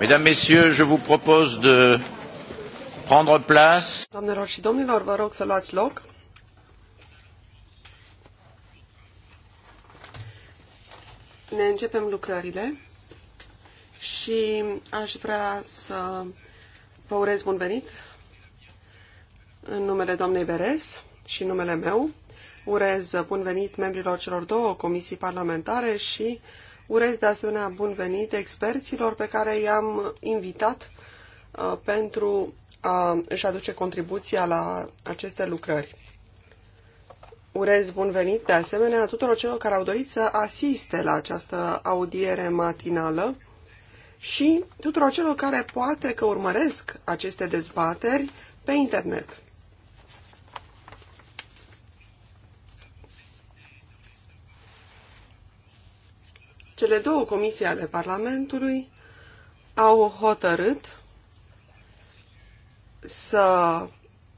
Mesdames, Messieurs, je vous propose de prendre place. Doamnelor și domnilor, vă rog să luați loc. Ne începem lucrările și aș vrea să vă urez bun venit în numele doamnei Beres și numele meu. Urez bun venit membrilor celor două comisii parlamentare și uh, Urez de asemenea bun venit experților pe care i-am invitat uh, pentru a își aduce contribuția la aceste lucrări. Urez bun venit de asemenea tuturor celor care au dorit să asiste la această audiere matinală și tuturor celor care poate că urmăresc aceste dezbateri pe internet. Cele două comisii ale Parlamentului au hotărât să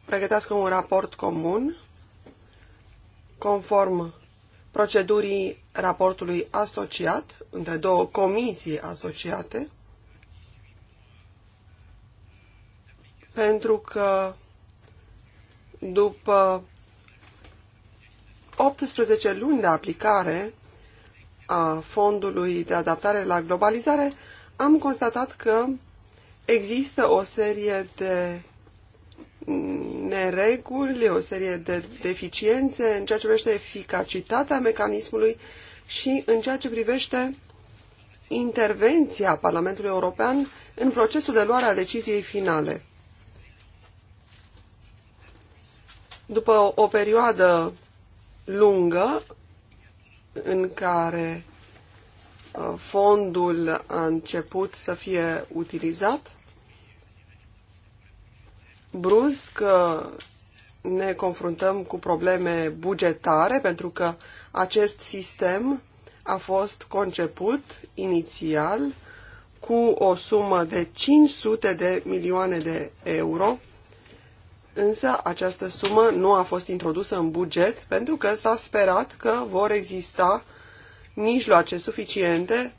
pregătească un raport comun conform procedurii raportului asociat între două comisii asociate pentru că după 18 luni de aplicare a Fondului de Adaptare la Globalizare, am constatat că există o serie de nereguli, o serie de deficiențe în ceea ce privește eficacitatea mecanismului și în ceea ce privește intervenția Parlamentului European în procesul de luare a deciziei finale. După o perioadă lungă, în care uh, fondul a început să fie utilizat, brusc uh, ne confruntăm cu probleme bugetare, pentru că acest sistem a fost conceput inițial cu o sumă de 500 de milioane de euro însă această sumă nu a fost introdusă în buget pentru că s-a sperat că vor exista mijloace suficiente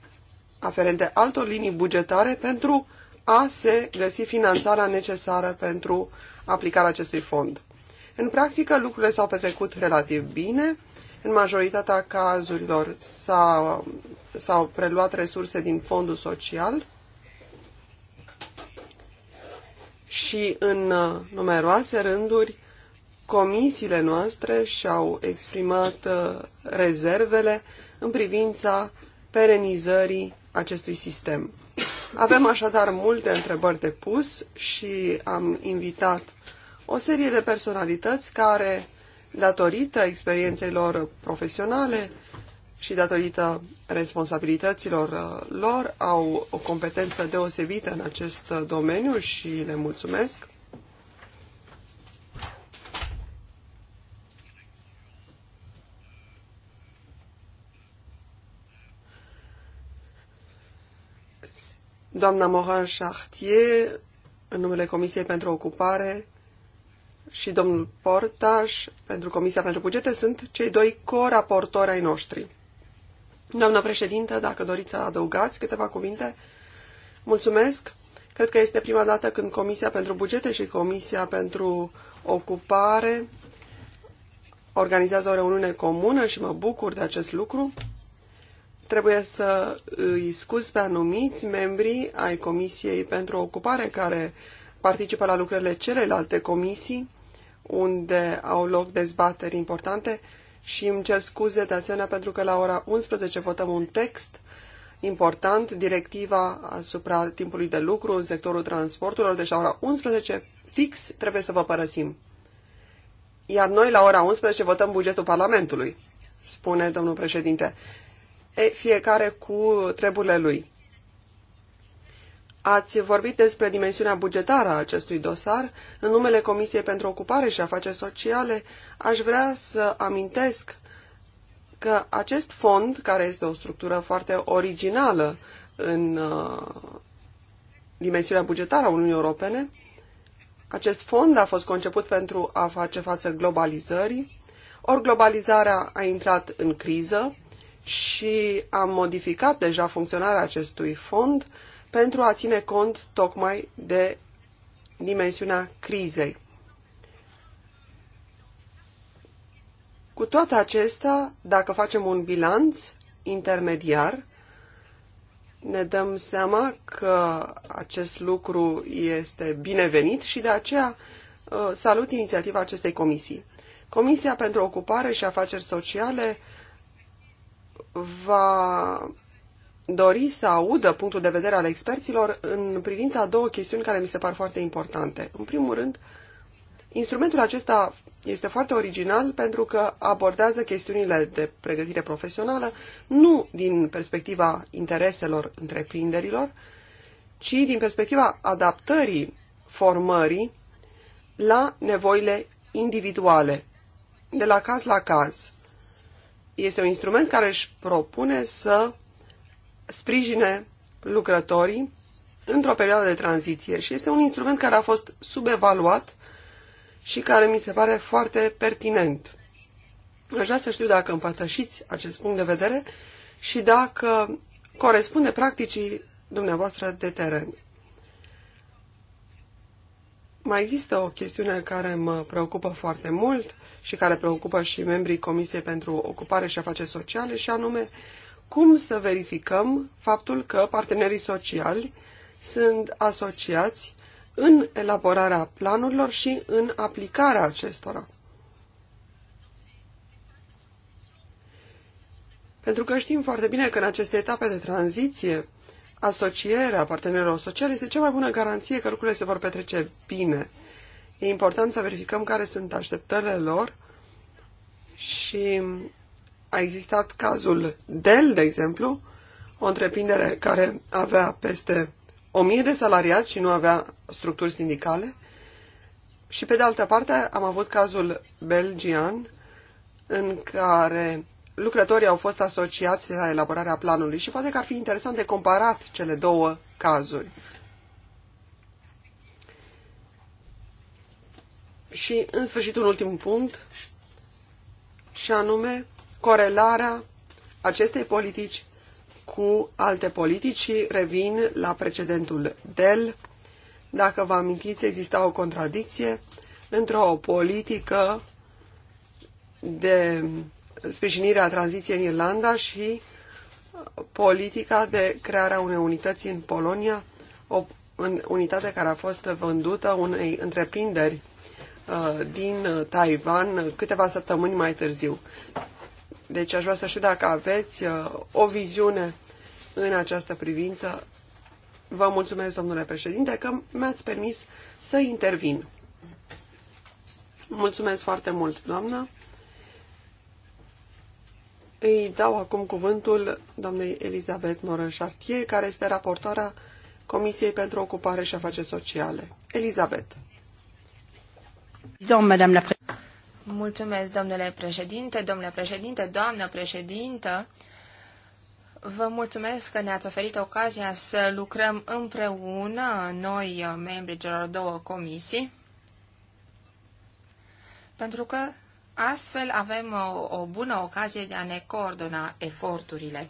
aferente altor linii bugetare pentru a se găsi finanțarea necesară pentru aplicarea acestui fond. În practică, lucrurile s-au petrecut relativ bine. În majoritatea cazurilor s-au preluat resurse din fondul social și în uh, numeroase rânduri comisiile noastre și-au exprimat uh, rezervele în privința perenizării acestui sistem. Avem așadar multe întrebări de pus și am invitat o serie de personalități care, datorită experienței lor profesionale, și datorită responsabilităților uh, lor au o competență deosebită în acest uh, domeniu și le mulțumesc. Doamna Morin Chartier, în numele Comisiei pentru Ocupare, și domnul Portaș, pentru Comisia pentru Bugete, sunt cei doi coraportori ai noștri. Doamna președintă, dacă doriți să adăugați câteva cuvinte, mulțumesc. Cred că este prima dată când Comisia pentru Bugete și Comisia pentru Ocupare organizează o reuniune comună și mă bucur de acest lucru. Trebuie să îi scuz pe anumiți membri ai Comisiei pentru Ocupare care participă la lucrările celelalte comisii unde au loc dezbateri importante și îmi cer scuze de asemenea pentru că la ora 11 votăm un text important, directiva asupra timpului de lucru în sectorul transporturilor, deci la ora 11 fix trebuie să vă părăsim. Iar noi la ora 11 votăm bugetul Parlamentului, spune domnul președinte. E, fiecare cu treburile lui. Ați vorbit despre dimensiunea bugetară a acestui dosar. În numele Comisiei pentru Ocupare și Afaceri Sociale, aș vrea să amintesc că acest fond, care este o structură foarte originală în uh, dimensiunea bugetară a Uniunii Europene, acest fond a fost conceput pentru a face față globalizării, ori globalizarea a intrat în criză și am modificat deja funcționarea acestui fond, pentru a ține cont tocmai de dimensiunea crizei. Cu toate acestea, dacă facem un bilanț intermediar, ne dăm seama că acest lucru este binevenit și de aceea uh, salut inițiativa acestei comisii. Comisia pentru Ocupare și Afaceri Sociale va dori să audă punctul de vedere al experților în privința a două chestiuni care mi se par foarte importante. În primul rând, instrumentul acesta este foarte original pentru că abordează chestiunile de pregătire profesională nu din perspectiva intereselor întreprinderilor, ci din perspectiva adaptării formării la nevoile individuale, de la caz la caz. Este un instrument care își propune să sprijine lucrătorii într-o perioadă de tranziție și este un instrument care a fost subevaluat și care mi se pare foarte pertinent. Aș vrea să știu dacă împărtășiți acest punct de vedere și dacă corespunde practicii dumneavoastră de teren. Mai există o chestiune care mă preocupă foarte mult și care preocupă și membrii Comisiei pentru Ocupare și Afaceri Sociale și anume cum să verificăm faptul că partenerii sociali sunt asociați în elaborarea planurilor și în aplicarea acestora. Pentru că știm foarte bine că în aceste etape de tranziție, asocierea partenerilor sociale este cea mai bună garanție că lucrurile se vor petrece bine. E important să verificăm care sunt așteptările lor și a existat cazul Dell, de exemplu, o întreprindere care avea peste 1000 de salariați și nu avea structuri sindicale. Și pe de altă parte am avut cazul belgian în care lucrătorii au fost asociați la elaborarea planului și poate că ar fi interesant de comparat cele două cazuri. Și, în sfârșit, un ultim punct, și anume corelarea acestei politici cu alte politici și revin la precedentul DEL. Dacă vă amintiți, exista o contradicție între o politică de sprijinire a tranziției în Irlanda și politica de crearea unei unități în Polonia, o unitate care a fost vândută unei întreprinderi uh, din Taiwan câteva săptămâni mai târziu. Deci aș vrea să știu dacă aveți uh, o viziune în această privință. Vă mulțumesc, domnule președinte, că mi-ați permis să intervin. Mulțumesc foarte mult, doamnă. Îi dau acum cuvântul doamnei Elizabeth Morășartie, care este raportoarea Comisiei pentru Ocupare și Afaceri Sociale. Elizabeth. Madame la Mulțumesc, domnule președinte, domnule președinte, doamnă președintă. Vă mulțumesc că ne-ați oferit ocazia să lucrăm împreună, noi, membrii celor două comisii, pentru că astfel avem o, o bună ocazie de a ne coordona eforturile.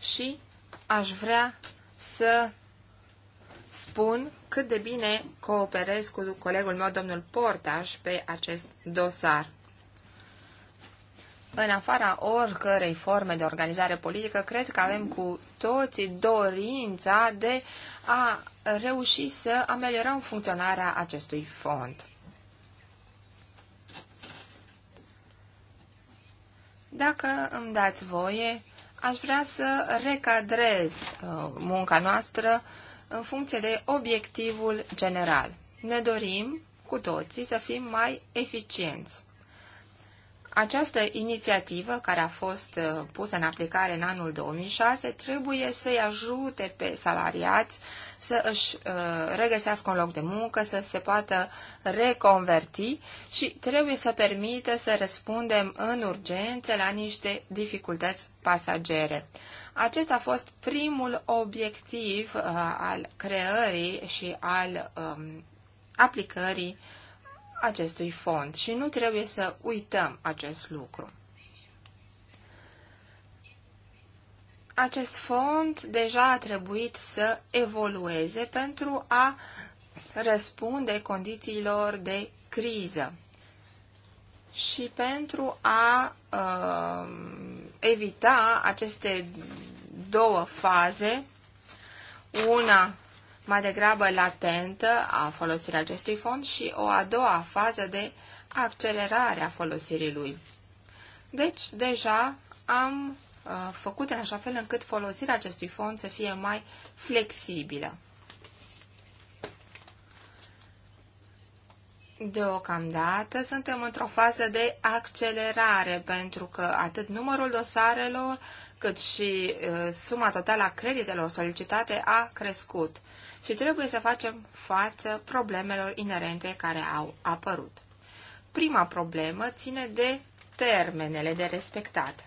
Și aș vrea să spun cât de bine cooperez cu colegul meu, domnul Portaș, pe acest dosar. În afara oricărei forme de organizare politică, cred că avem cu toții dorința de a reuși să ameliorăm funcționarea acestui fond. Dacă îmi dați voie, aș vrea să recadrez uh, munca noastră în funcție de obiectivul general. Ne dorim cu toții să fim mai eficienți. Această inițiativă care a fost uh, pusă în aplicare în anul 2006 trebuie să-i ajute pe salariați să își uh, regăsească un loc de muncă, să se poată reconverti și trebuie să permită să răspundem în urgență la niște dificultăți pasagere. Acesta a fost primul obiectiv uh, al creării și al um, aplicării acestui fond și nu trebuie să uităm acest lucru. Acest fond deja a trebuit să evolueze pentru a răspunde condițiilor de criză și pentru a uh, evita aceste două faze, una mai degrabă latentă a folosirii acestui fond și o a doua fază de accelerare a folosirii lui. Deci, deja am uh, făcut în așa fel încât folosirea acestui fond să fie mai flexibilă. Deocamdată suntem într-o fază de accelerare, pentru că atât numărul dosarelor, cât și uh, suma totală a creditelor solicitate a crescut și trebuie să facem față problemelor inerente care au apărut. Prima problemă ține de termenele de respectat.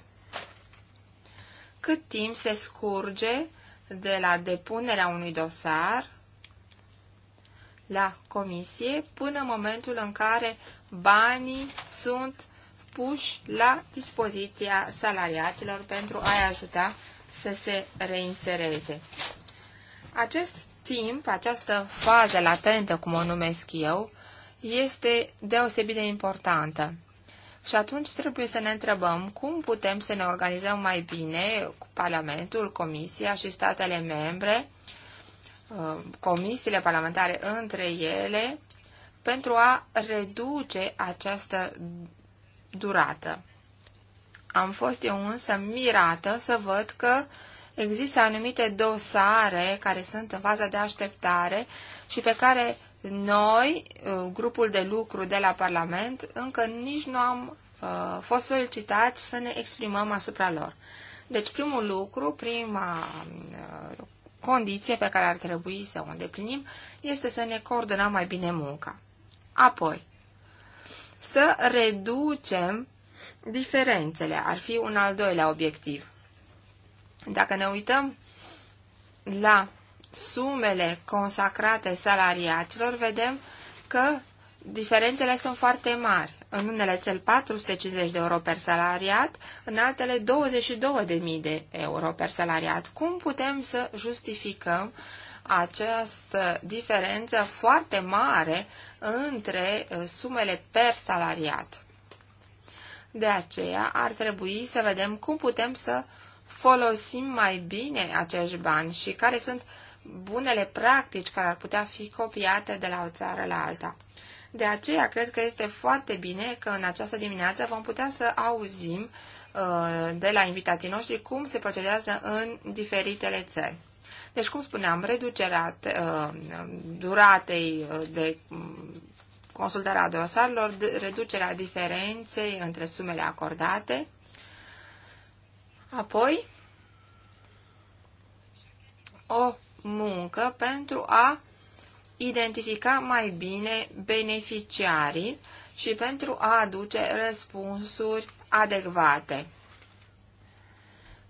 Cât timp se scurge de la depunerea unui dosar la comisie până în momentul în care banii sunt puși la dispoziția salariaților pentru a-i ajuta să se reinsereze. Acest timp, această fază latentă, cum o numesc eu, este deosebit de importantă. Și atunci trebuie să ne întrebăm cum putem să ne organizăm mai bine cu Parlamentul, Comisia și statele membre Uh, comisiile parlamentare între ele pentru a reduce această durată. Am fost eu însă mirată să văd că există anumite dosare care sunt în faza de așteptare și pe care noi, uh, grupul de lucru de la Parlament, încă nici nu am uh, fost solicitați să ne exprimăm asupra lor. Deci primul lucru, prima uh, condiție pe care ar trebui să o îndeplinim este să ne coordonăm mai bine munca. Apoi, să reducem diferențele ar fi un al doilea obiectiv. Dacă ne uităm la sumele consacrate salariaților, vedem că diferențele sunt foarte mari în unele țări 450 de euro per salariat, în altele 22.000 de euro per salariat. Cum putem să justificăm această diferență foarte mare între uh, sumele per salariat? De aceea ar trebui să vedem cum putem să folosim mai bine acești bani și care sunt bunele practici care ar putea fi copiate de la o țară la alta. De aceea cred că este foarte bine că în această dimineață vom putea să auzim uh, de la invitații noștri cum se procedează în diferitele țări. Deci, cum spuneam, reducerea uh, duratei uh, de mm, consultare a dosarelor, reducerea diferenței între sumele acordate, apoi o muncă pentru a identifica mai bine beneficiarii și pentru a aduce răspunsuri adecvate.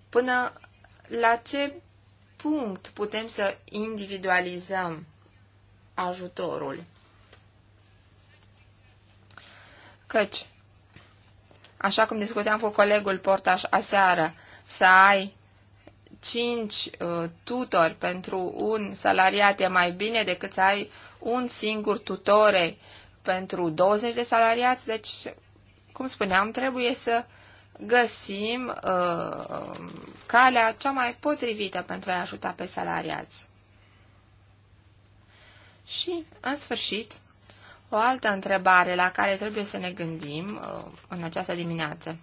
Până la ce punct putem să individualizăm ajutorul? Căci, așa cum discutam cu colegul Portaș aseară, să ai cinci uh, tutori pentru un salariat e mai bine decât să ai un singur tutore pentru 20 de salariați. Deci, cum spuneam, trebuie să găsim uh, calea cea mai potrivită pentru a ajuta pe salariați. Și, în sfârșit, o altă întrebare la care trebuie să ne gândim uh, în această dimineață.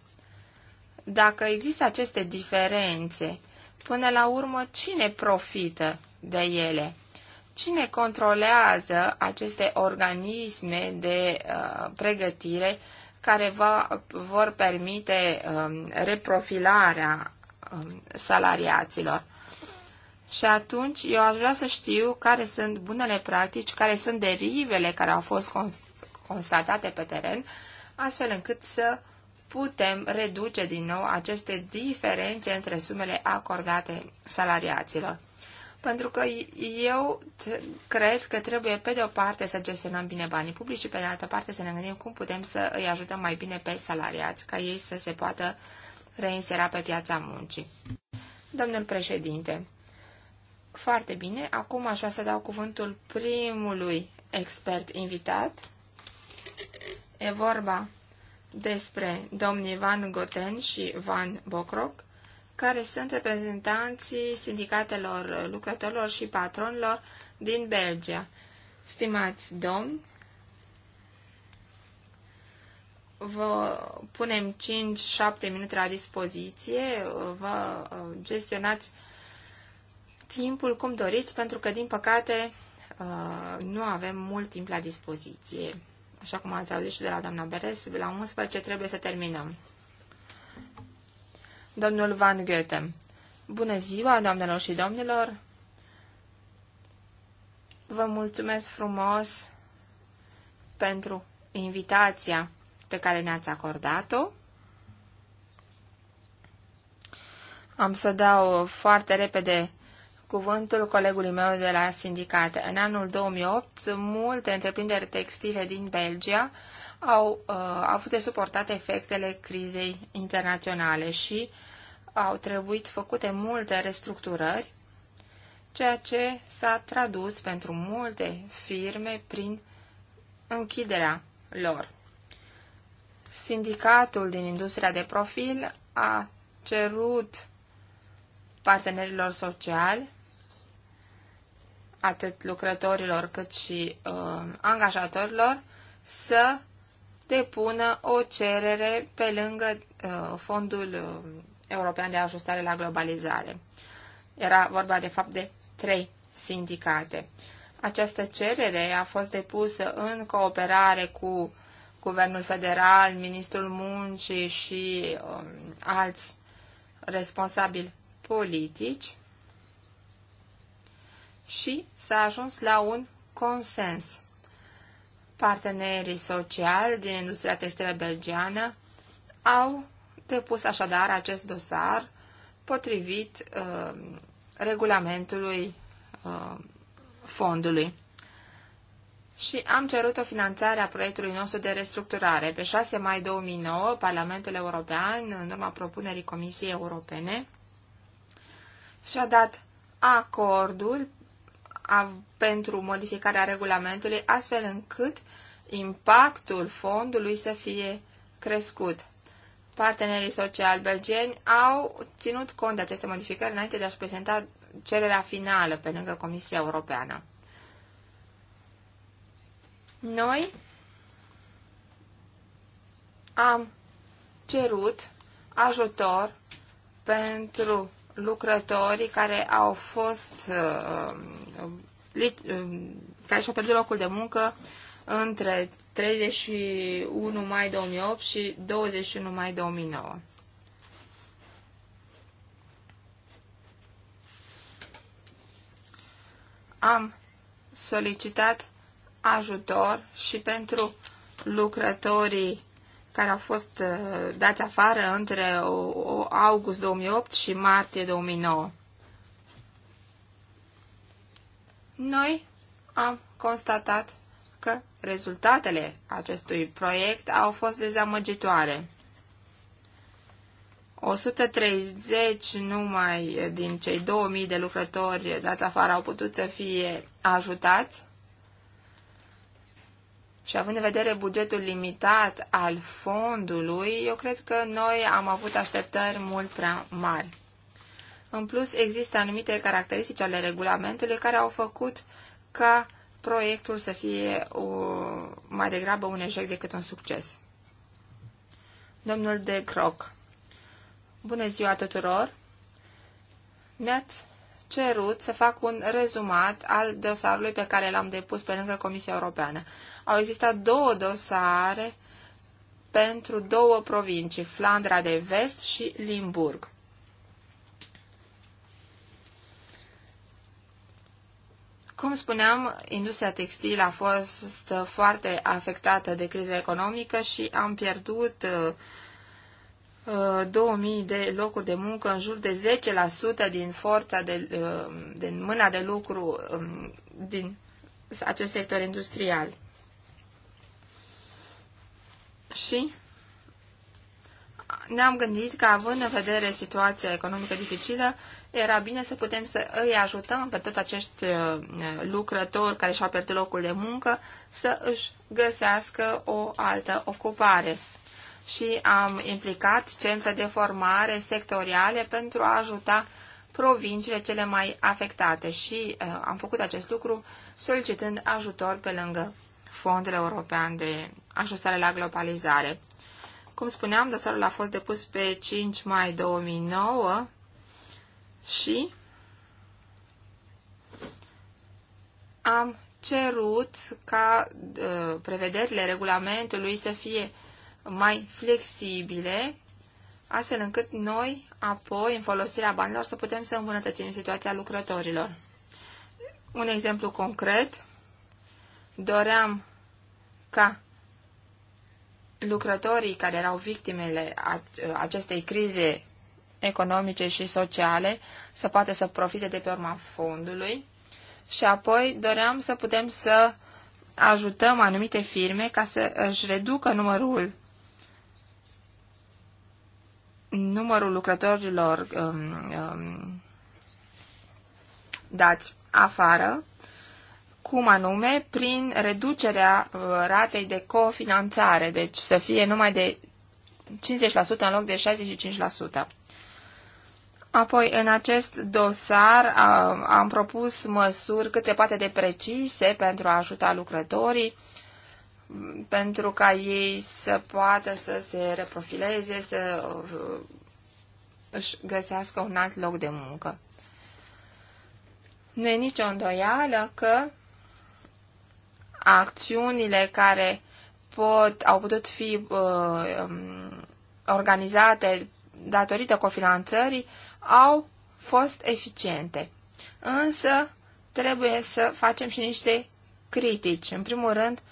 Dacă există aceste diferențe Până la urmă, cine profită de ele? Cine controlează aceste organisme de uh, pregătire care va, vor permite um, reprofilarea um, salariaților? Și atunci eu aș vrea să știu care sunt bunele practici, care sunt derivele care au fost constatate pe teren, astfel încât să putem reduce din nou aceste diferențe între sumele acordate salariaților. Pentru că eu cred că trebuie, pe de o parte, să gestionăm bine banii publici și, pe de altă parte, să ne gândim cum putem să îi ajutăm mai bine pe salariați, ca ei să se poată reinsera pe piața muncii. Domnul președinte, foarte bine, acum aș vrea să dau cuvântul primului expert invitat. E vorba despre domnii Van Goten și Van Bocroc, care sunt reprezentanții sindicatelor lucrătorilor și patronilor din Belgia. Stimați domni, vă punem 5-7 minute la dispoziție, vă uh, gestionați timpul cum doriți, pentru că, din păcate, uh, nu avem mult timp la dispoziție așa cum ați auzit și de la doamna Beres, la 11 trebuie să terminăm. Domnul Van Goethe. Bună ziua, doamnelor și domnilor! Vă mulțumesc frumos pentru invitația pe care ne-ați acordat-o. Am să dau foarte repede cuvântul colegului meu de la sindicate. În anul 2008, multe întreprinderi textile din Belgia au uh, avut de suportat efectele crizei internaționale și au trebuit făcute multe restructurări, ceea ce s-a tradus pentru multe firme prin închiderea lor. Sindicatul din industria de profil a cerut partenerilor sociali atât lucrătorilor cât și uh, angajatorilor, să depună o cerere pe lângă uh, Fondul uh, European de Ajustare la Globalizare. Era vorba de fapt de trei sindicate. Această cerere a fost depusă în cooperare cu Guvernul Federal, Ministrul Muncii și um, alți responsabili politici și s-a ajuns la un consens. Partenerii sociali din industria textilă belgeană au depus așadar acest dosar potrivit uh, regulamentului uh, fondului. Și am cerut o finanțare a proiectului nostru de restructurare. Pe 6 mai 2009, Parlamentul European, în urma propunerii Comisiei Europene, și-a dat acordul a, pentru modificarea regulamentului, astfel încât impactul fondului să fie crescut. Partenerii sociali belgeni au ținut cont de aceste modificări înainte de a-și prezenta cererea finală pe lângă Comisia Europeană. Noi am cerut ajutor pentru lucrătorii care au fost uh, um, um, care și-au pierdut locul de muncă între 31 mai 2008 și 21 mai 2009. Am solicitat ajutor și pentru lucrătorii care au fost uh, dați afară între august 2008 și martie 2009. Noi am constatat că rezultatele acestui proiect au fost dezamăgitoare. 130 numai din cei 2000 de lucrători dați afară au putut să fie ajutați și având în vedere bugetul limitat al fondului, eu cred că noi am avut așteptări mult prea mari. În plus, există anumite caracteristici ale regulamentului care au făcut ca proiectul să fie o, mai degrabă un eșec decât un succes. Domnul de Croc. Bună ziua tuturor! Mi-ați cerut să fac un rezumat al dosarului pe care l-am depus pe lângă Comisia Europeană. Au existat două dosare pentru două provincii, Flandra de Vest și Limburg. Cum spuneam, industria textilă a fost foarte afectată de criza economică și am pierdut uh, 2000 de locuri de muncă, în jur de 10% din forța de, uh, din mâna de lucru um, din acest sector industrial. Și ne-am gândit că, având în vedere situația economică dificilă, era bine să putem să îi ajutăm pe toți acești uh, lucrători care și-au pierdut locul de muncă să își găsească o altă ocupare și am implicat centre de formare sectoriale pentru a ajuta provinciile cele mai afectate și uh, am făcut acest lucru solicitând ajutor pe lângă Fondul European de Ajustare la Globalizare. Cum spuneam, dosarul a fost depus pe 5 mai 2009 și am cerut ca uh, prevederile regulamentului să fie mai flexibile, astfel încât noi, apoi, în folosirea banilor, să putem să îmbunătățim situația lucrătorilor. Un exemplu concret, doream ca lucrătorii care erau victimele acestei crize economice și sociale să poată să profite de pe urma fondului și apoi doream să putem să ajutăm anumite firme ca să își reducă numărul numărul lucrătorilor um, um, dați afară, cum anume, prin reducerea uh, ratei de cofinanțare, deci să fie numai de 50% în loc de 65%. Apoi, în acest dosar uh, am propus măsuri cât se poate de precise pentru a ajuta lucrătorii, pentru ca ei să poată să se reprofileze, să uh, își găsească un alt loc de muncă. Nu e nicio îndoială că acțiunile care pot, au putut fi uh, um, organizate datorită cofinanțării au fost eficiente. Însă trebuie să facem și niște critici. În primul rând, uh,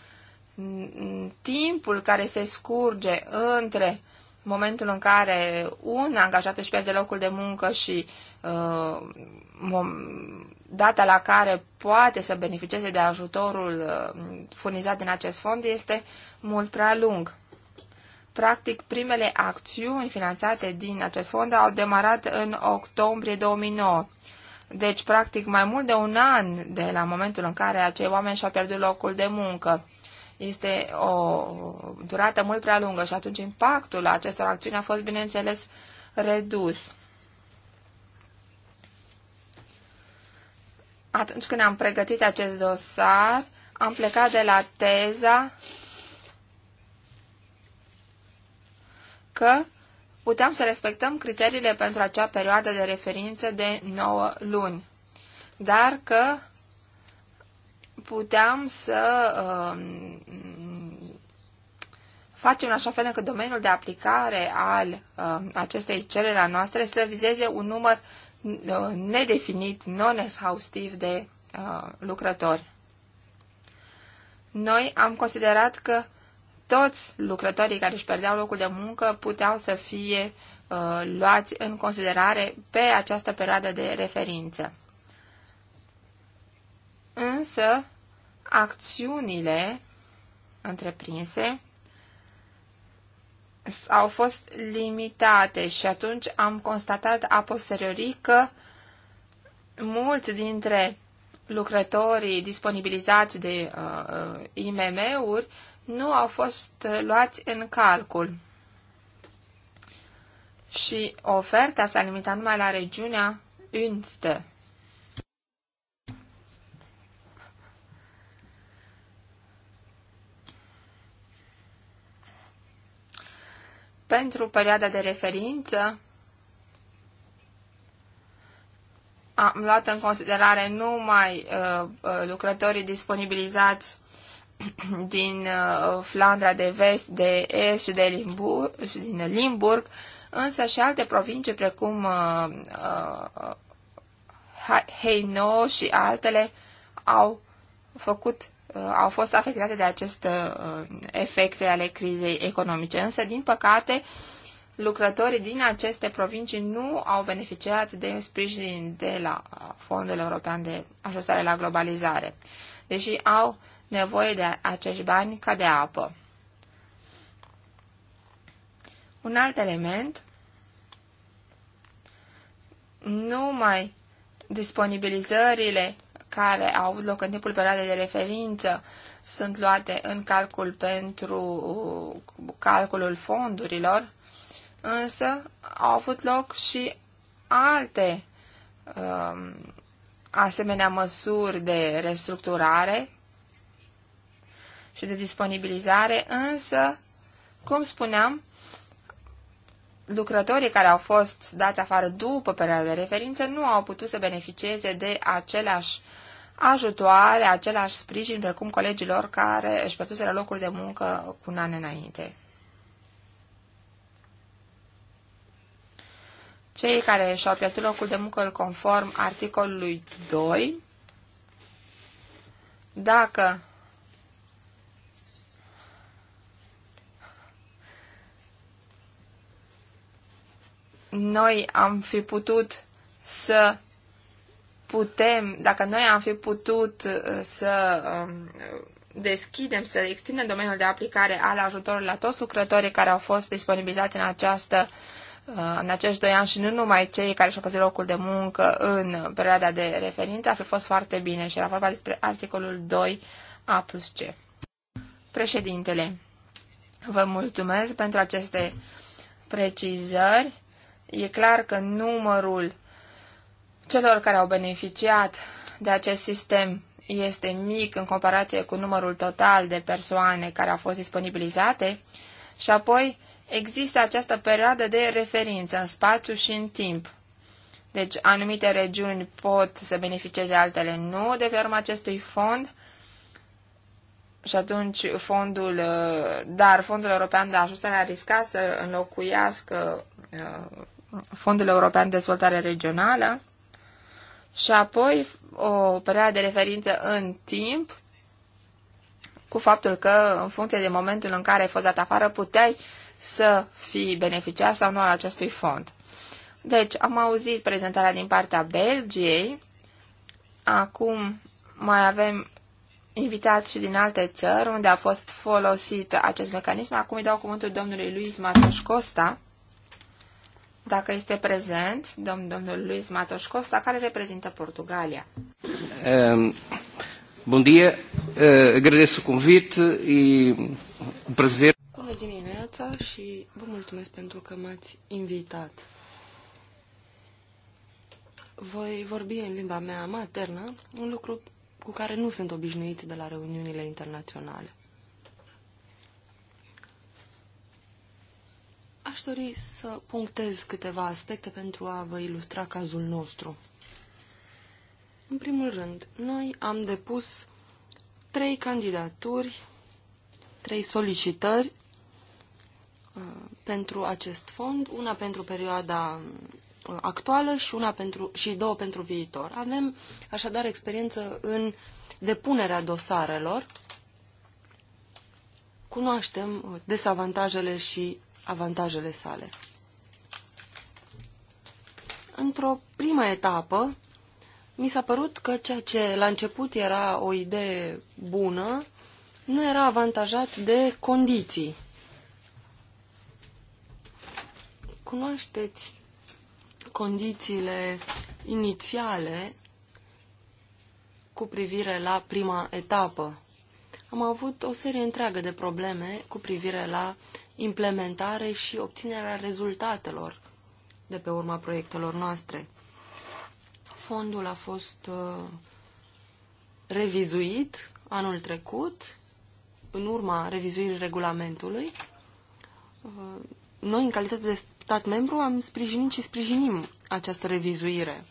timpul care se scurge între momentul în care un angajat își pierde locul de muncă și uh, data la care poate să beneficieze de ajutorul uh, furnizat din acest fond este mult prea lung. Practic, primele acțiuni finanțate din acest fond au demarat în octombrie 2009. Deci, practic, mai mult de un an de la momentul în care acei oameni și-au pierdut locul de muncă este o durată mult prea lungă și atunci impactul acestor acțiuni a fost, bineînțeles, redus. Atunci când am pregătit acest dosar, am plecat de la teza că puteam să respectăm criteriile pentru acea perioadă de referință de 9 luni, dar că puteam să um, facem în așa fel încât domeniul de aplicare al um, acestei cereri a noastre să vizeze un număr uh, nedefinit, non-exhaustiv de uh, lucrători. Noi am considerat că toți lucrătorii care își pierdeau locul de muncă puteau să fie uh, luați în considerare pe această perioadă de referință. Însă, acțiunile întreprinse au fost limitate și atunci am constatat a posteriori că mulți dintre lucrătorii disponibilizați de uh, uh IMM-uri nu au fost luați în calcul. Și oferta s-a limitat numai la regiunea Unste. pentru perioada de referință am luat în considerare numai uh, uh lucrătorii disponibilizați din uh, Flandra de vest, de est și, de Limburg, și din Limburg, însă și alte provincii precum uh, uh, Hainaut și altele au făcut Uh, au fost afectate de aceste uh, efecte ale crizei economice. Însă, din păcate, lucrătorii din aceste provincii nu au beneficiat de sprijin de la Fondul European de Ajustare la Globalizare, deși au nevoie de acești bani ca de apă. Un alt element, numai disponibilizările care au avut loc în timpul perioadei de referință sunt luate în calcul pentru uh, calculul fondurilor, însă au avut loc și alte um, asemenea măsuri de restructurare și de disponibilizare, însă, cum spuneam, lucrătorii care au fost dați afară după perioada de referință nu au putut să beneficieze de aceleași ajutoare, același sprijin precum colegilor care își pătuseră locuri de muncă cu un an înainte. Cei care și-au pierdut locul de muncă conform articolului 2, dacă noi am fi putut să putem, dacă noi am fi putut uh, să um, deschidem, să extindem domeniul de aplicare al ajutorului la toți lucrătorii care au fost disponibilizați în această uh, în acești doi ani și nu numai cei care și-au pierdut locul de muncă în perioada de referință, ar fi fost foarte bine și era vorba despre articolul 2 A plus C. Președintele, vă mulțumesc pentru aceste precizări. E clar că numărul celor care au beneficiat de acest sistem este mic în comparație cu numărul total de persoane care au fost disponibilizate și apoi există această perioadă de referință în spațiu și în timp. Deci anumite regiuni pot să beneficieze, altele nu, de pe urma acestui fond și atunci fondul, uh, dar fondul european de ajustare a riscat să înlocuiască uh, Fondul European de Dezvoltare Regională și apoi o perioadă de referință în timp cu faptul că în funcție de momentul în care ai fost dat afară puteai să fii beneficiat sau nu al acestui fond. Deci, am auzit prezentarea din partea Belgiei, acum mai avem invitați și din alte țări unde a fost folosit acest mecanism. Acum îi dau cuvântul domnului Luis Matos Costa, dacă este prezent domn, domnul Luis Matos Costa, care reprezintă Portugalia. Um, bun dia, uh, eh, agradez o convite e o um prazer. Bună dimineața și vă mulțumesc pentru că m-ați invitat. Voi vorbi în limba mea maternă, un lucru cu care nu sunt obișnuit de la reuniunile internaționale. Aș dori să punctez câteva aspecte pentru a vă ilustra cazul nostru. În primul rând, noi am depus trei candidaturi, trei solicitări uh, pentru acest fond, una pentru perioada uh, actuală și, una pentru, și două pentru viitor. Avem așadar experiență în depunerea dosarelor, cunoaștem uh, dezavantajele și avantajele sale. Într-o primă etapă, mi s-a părut că ceea ce la început era o idee bună, nu era avantajat de condiții. Cunoașteți condițiile inițiale cu privire la prima etapă. Am avut o serie întreagă de probleme cu privire la implementare și obținerea rezultatelor de pe urma proiectelor noastre. Fondul a fost uh, revizuit anul trecut, în urma revizuirii regulamentului. Uh, noi, în calitate de stat membru, am sprijinit și sprijinim această revizuire.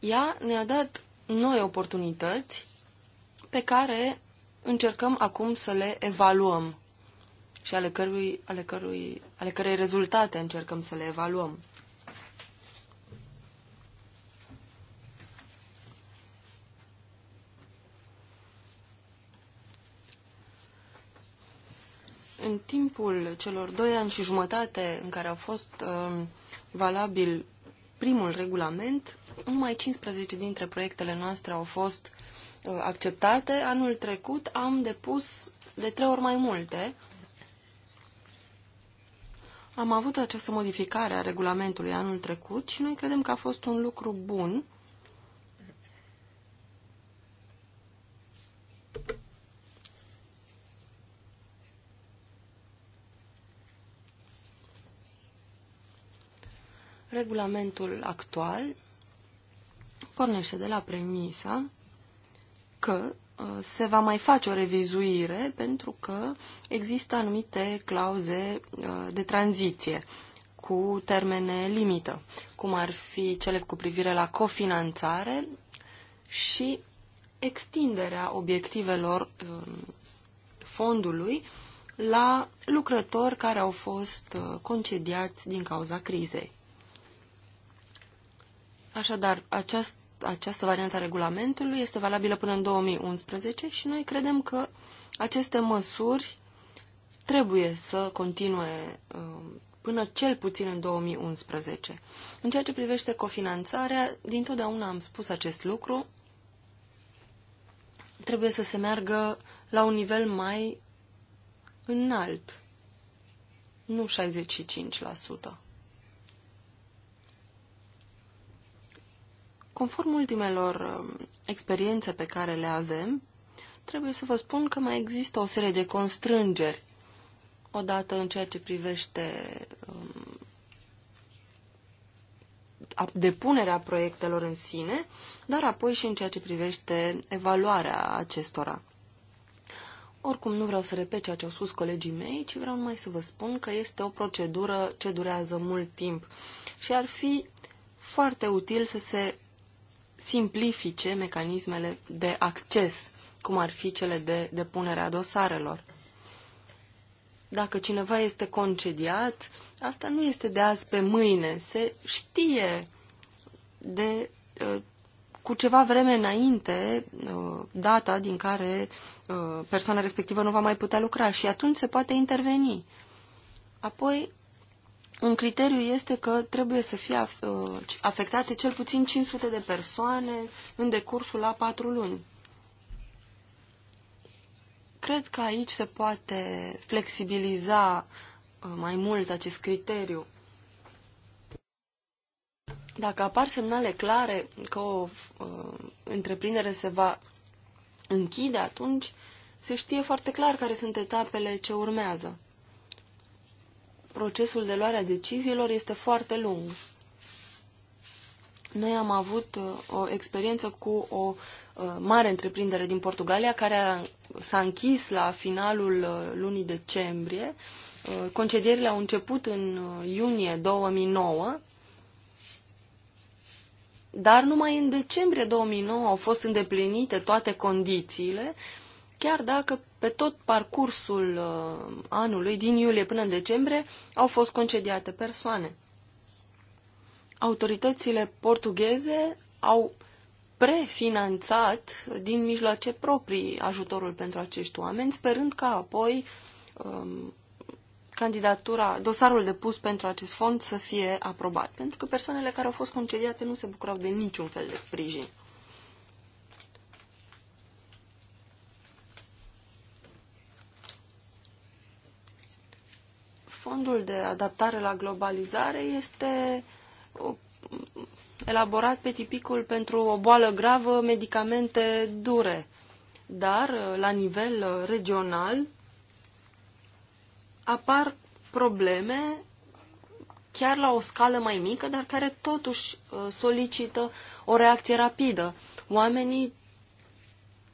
Ea ne-a dat noi oportunități pe care încercăm acum să le evaluăm și ale, cărui, ale, cărui, ale cărei rezultate încercăm să le evaluăm. În timpul celor doi ani și jumătate în care a fost uh, valabil primul regulament, numai 15 dintre proiectele noastre au fost uh, acceptate. Anul trecut am depus de trei ori mai multe, am avut această modificare a regulamentului anul trecut și noi credem că a fost un lucru bun. Regulamentul actual pornește de la premisa că se va mai face o revizuire pentru că există anumite clauze uh, de tranziție cu termene limită, cum ar fi cele cu privire la cofinanțare și extinderea obiectivelor um, fondului la lucrători care au fost uh, concediați din cauza crizei. Așadar, acest această variantă a regulamentului este valabilă până în 2011 și noi credem că aceste măsuri trebuie să continue um, până cel puțin în 2011. În ceea ce privește cofinanțarea, dintotdeauna am spus acest lucru, trebuie să se meargă la un nivel mai înalt, nu 65%. Conform ultimelor um, experiențe pe care le avem, trebuie să vă spun că mai există o serie de constrângeri. Odată în ceea ce privește um, depunerea proiectelor în sine, dar apoi și în ceea ce privește evaluarea acestora. Oricum, nu vreau să repet ceea ce au spus colegii mei, ci vreau numai să vă spun că este o procedură ce durează mult timp și ar fi foarte util să se simplifice mecanismele de acces, cum ar fi cele de depunere a dosarelor. Dacă cineva este concediat, asta nu este de azi pe mâine, se știe de ă, cu ceva vreme înainte ă, data din care ă, persoana respectivă nu va mai putea lucra și atunci se poate interveni. Apoi, un criteriu este că trebuie să fie uh, afectate cel puțin 500 de persoane în decursul la patru luni. Cred că aici se poate flexibiliza uh, mai mult acest criteriu. Dacă apar semnale clare că o uh, întreprindere se va închide, atunci se știe foarte clar care sunt etapele ce urmează procesul de luare a deciziilor este foarte lung. Noi am avut uh, o experiență cu o uh, mare întreprindere din Portugalia care s-a închis la finalul uh, lunii decembrie. Concedierile au început în iunie 2009, dar numai în decembrie 2009 au fost îndeplinite toate condițiile, chiar dacă pe tot parcursul uh, anului, din iulie până în decembrie, au fost concediate persoane. Autoritățile portugheze au prefinanțat din mijloace proprii ajutorul pentru acești oameni, sperând ca apoi um, candidatura, dosarul depus pentru acest fond să fie aprobat, pentru că persoanele care au fost concediate nu se bucurau de niciun fel de sprijin. Fondul de adaptare la globalizare este elaborat pe tipicul pentru o boală gravă, medicamente dure. Dar, la nivel regional, apar probleme chiar la o scală mai mică, dar care totuși uh, solicită o reacție rapidă. Oamenii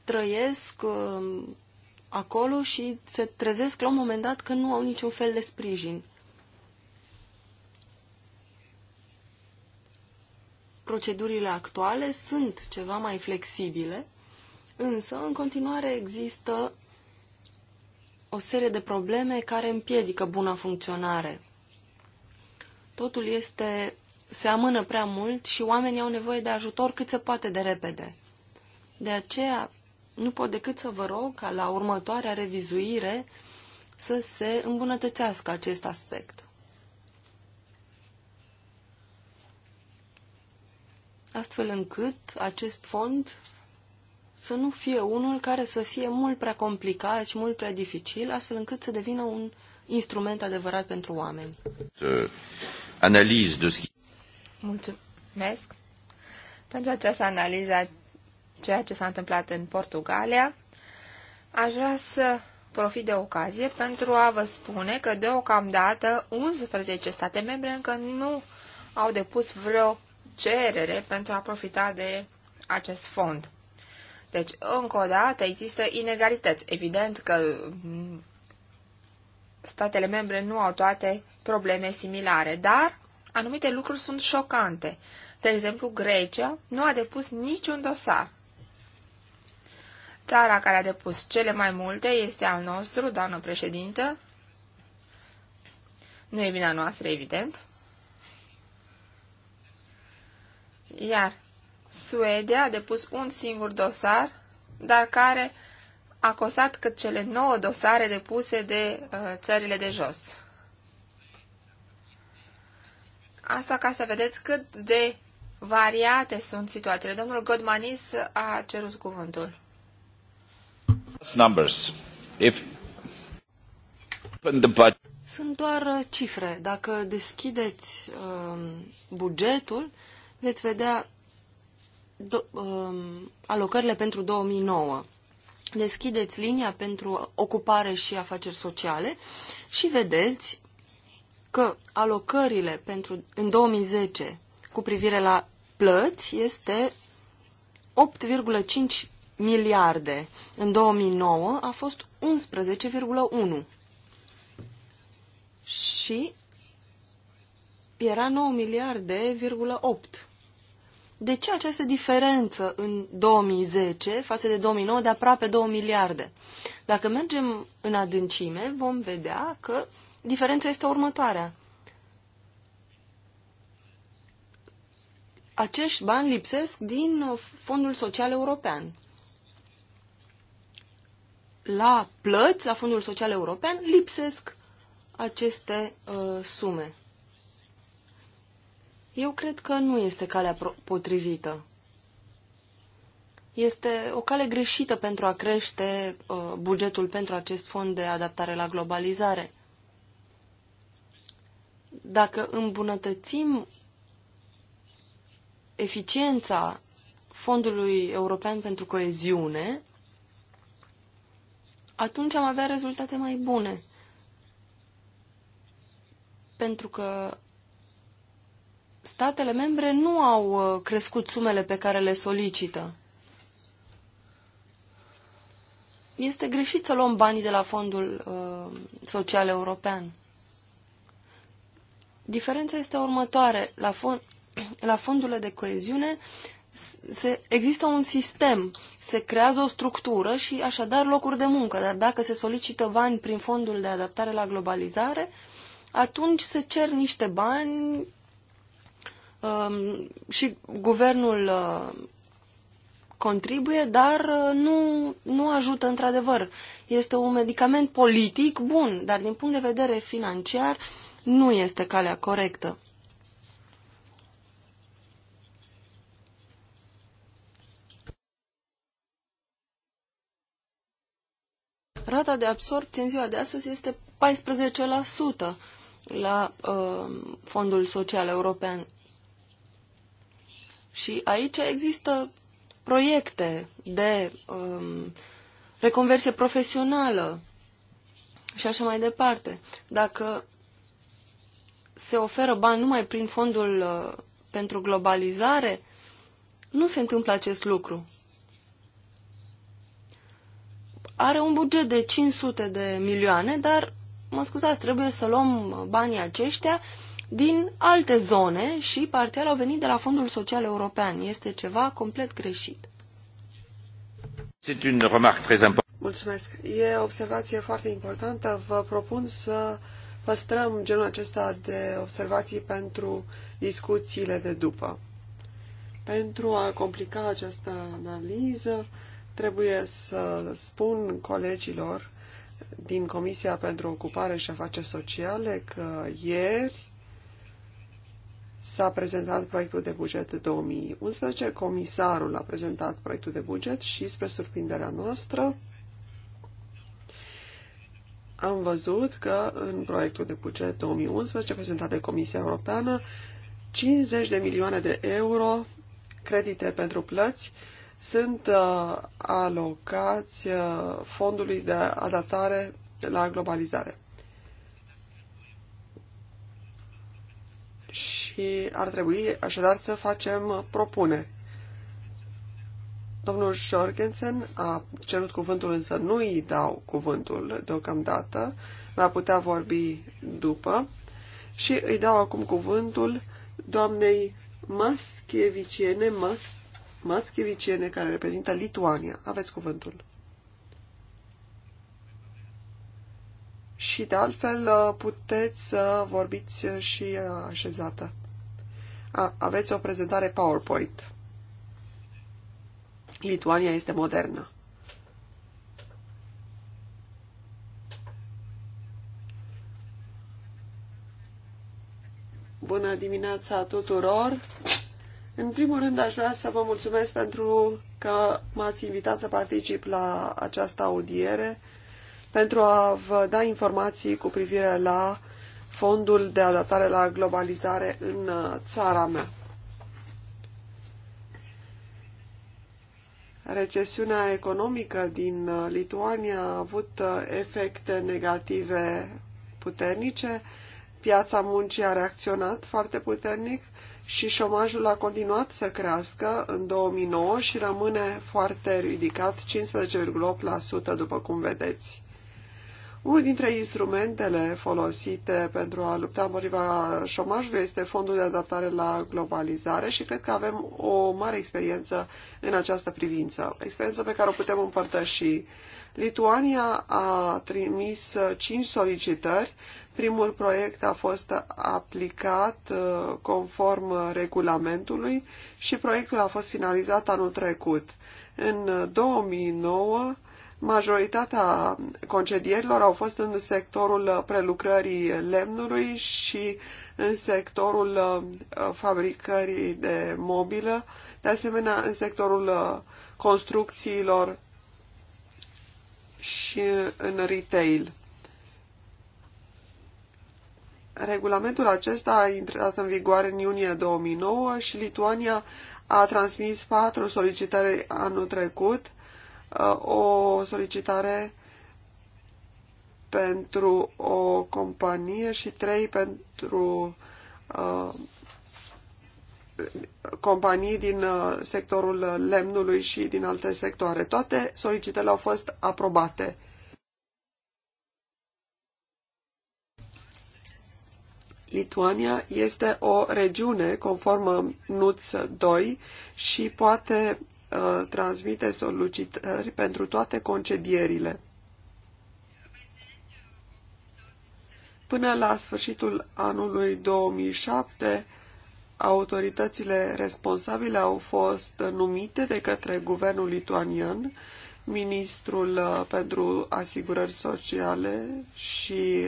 trăiesc uh, acolo și se trezesc la un moment dat că nu au niciun fel de sprijin. Procedurile actuale sunt ceva mai flexibile, însă în continuare există o serie de probleme care împiedică buna funcționare. Totul este, se amână prea mult și oamenii au nevoie de ajutor cât se poate de repede. De aceea, nu pot decât să vă rog ca la următoarea revizuire să se îmbunătățească acest aspect. Astfel încât acest fond să nu fie unul care să fie mult prea complicat și mult prea dificil, astfel încât să devină un instrument adevărat pentru oameni. Analiză de Mulțumesc pentru această analiză a ceea ce s-a întâmplat în Portugalia, aș vrea să profit de ocazie pentru a vă spune că deocamdată 11 state membre încă nu au depus vreo cerere pentru a profita de acest fond. Deci, încă o dată, există inegalități. Evident că mm, statele membre nu au toate probleme similare, dar anumite lucruri sunt șocante. De exemplu, Grecia nu a depus niciun dosar. Țara care a depus cele mai multe este al nostru, doamnă președintă. Nu e vina noastră, evident. Iar Suedia a depus un singur dosar, dar care a costat cât cele nouă dosare depuse de uh, țările de jos. Asta ca să vedeți cât de variate sunt situațiile. Domnul Godmanis a cerut cuvântul. Numbers. If... Sunt doar uh, cifre. Dacă deschideți um, bugetul, veți vedea do, um, alocările pentru 2009. Deschideți linia pentru ocupare și afaceri sociale și vedeți că alocările pentru, în 2010 cu privire la plăți este 8,5 miliarde. În 2009 a fost 11,1 și era 9 miliarde, De ce această diferență în 2010 față de 2009 de aproape 2 miliarde? Dacă mergem în adâncime, vom vedea că diferența este următoarea. Acești bani lipsesc din Fondul Social European la plăți, la Fondul Social European, lipsesc aceste uh, sume. Eu cred că nu este calea potrivită. Este o cale greșită pentru a crește uh, bugetul pentru acest fond de adaptare la globalizare. Dacă îmbunătățim eficiența Fondului European pentru Coeziune, atunci am avea rezultate mai bune. Pentru că statele membre nu au uh, crescut sumele pe care le solicită. Este greșit să luăm banii de la Fondul uh, Social European. Diferența este următoare. La, fond, la fondurile de coeziune uh, se, există un sistem, se creează o structură și așadar locuri de muncă, dar dacă se solicită bani prin fondul de adaptare la globalizare, atunci se cer niște bani um, și guvernul uh, contribuie, dar uh, nu, nu ajută într-adevăr. Este un medicament politic bun, dar din punct de vedere financiar nu este calea corectă. Rata de absorpție în ziua de astăzi este 14% la uh, Fondul Social European. Și aici există proiecte de um, reconversie profesională și așa mai departe. Dacă se oferă bani numai prin fondul uh, pentru globalizare, nu se întâmplă acest lucru are un buget de 500 de milioane, dar, mă scuzați, trebuie să luăm banii aceștia din alte zone și parțial au venit de la Fondul Social European. Este ceva complet greșit. Mulțumesc. E o observație foarte importantă. Vă propun să păstrăm genul acesta de observații pentru discuțiile de după. Pentru a complica această analiză, Trebuie să spun colegilor din Comisia pentru Ocupare și Afaceri Sociale că ieri s-a prezentat proiectul de buget 2011, comisarul a prezentat proiectul de buget și, spre surprinderea noastră, am văzut că în proiectul de buget 2011 prezentat de Comisia Europeană, 50 de milioane de euro credite pentru plăți sunt uh, alocați uh, fondului de adaptare la globalizare. Și ar trebui așadar să facem propune. Domnul Jorgensen a cerut cuvântul, însă nu îi dau cuvântul deocamdată. Va putea vorbi după. Și îi dau acum cuvântul doamnei Mascheviciene Matschiviciene, care reprezintă Lituania. Aveți cuvântul. Și de altfel puteți să vorbiți și uh, așezată. A, aveți o prezentare PowerPoint. Lituania este modernă. Bună dimineața tuturor! În primul rând, aș vrea să vă mulțumesc pentru că m-ați invitat să particip la această audiere pentru a vă da informații cu privire la fondul de adaptare la globalizare în uh, țara mea. Recesiunea economică din uh, Lituania a avut uh, efecte negative puternice, piața muncii a reacționat foarte puternic, și șomajul a continuat să crească în 2009 și rămâne foarte ridicat, 15,8% după cum vedeți. Unul dintre instrumentele folosite pentru a lupta împotriva șomajului este Fondul de Adaptare la Globalizare și cred că avem o mare experiență în această privință, experiență pe care o putem împărtăși. Lituania a trimis 5 solicitări Primul proiect a fost aplicat uh, conform regulamentului și proiectul a fost finalizat anul trecut. În 2009, uh, majoritatea concedierilor au fost în sectorul uh, prelucrării lemnului și în sectorul fabricării de mobilă, de asemenea în sectorul construcțiilor și în retail. Regulamentul acesta a intrat în vigoare în iunie 2009 și Lituania a transmis patru solicitări anul trecut, uh, o solicitare pentru o companie și trei pentru uh, companii din uh, sectorul lemnului și din alte sectoare. Toate solicitările au fost aprobate. Lituania este o regiune conform NUTS 2 și poate uh, transmite solicitări pentru toate concedierile. Până la sfârșitul anului 2007, autoritățile responsabile au fost numite de către guvernul lituanian, ministrul uh, pentru asigurări sociale și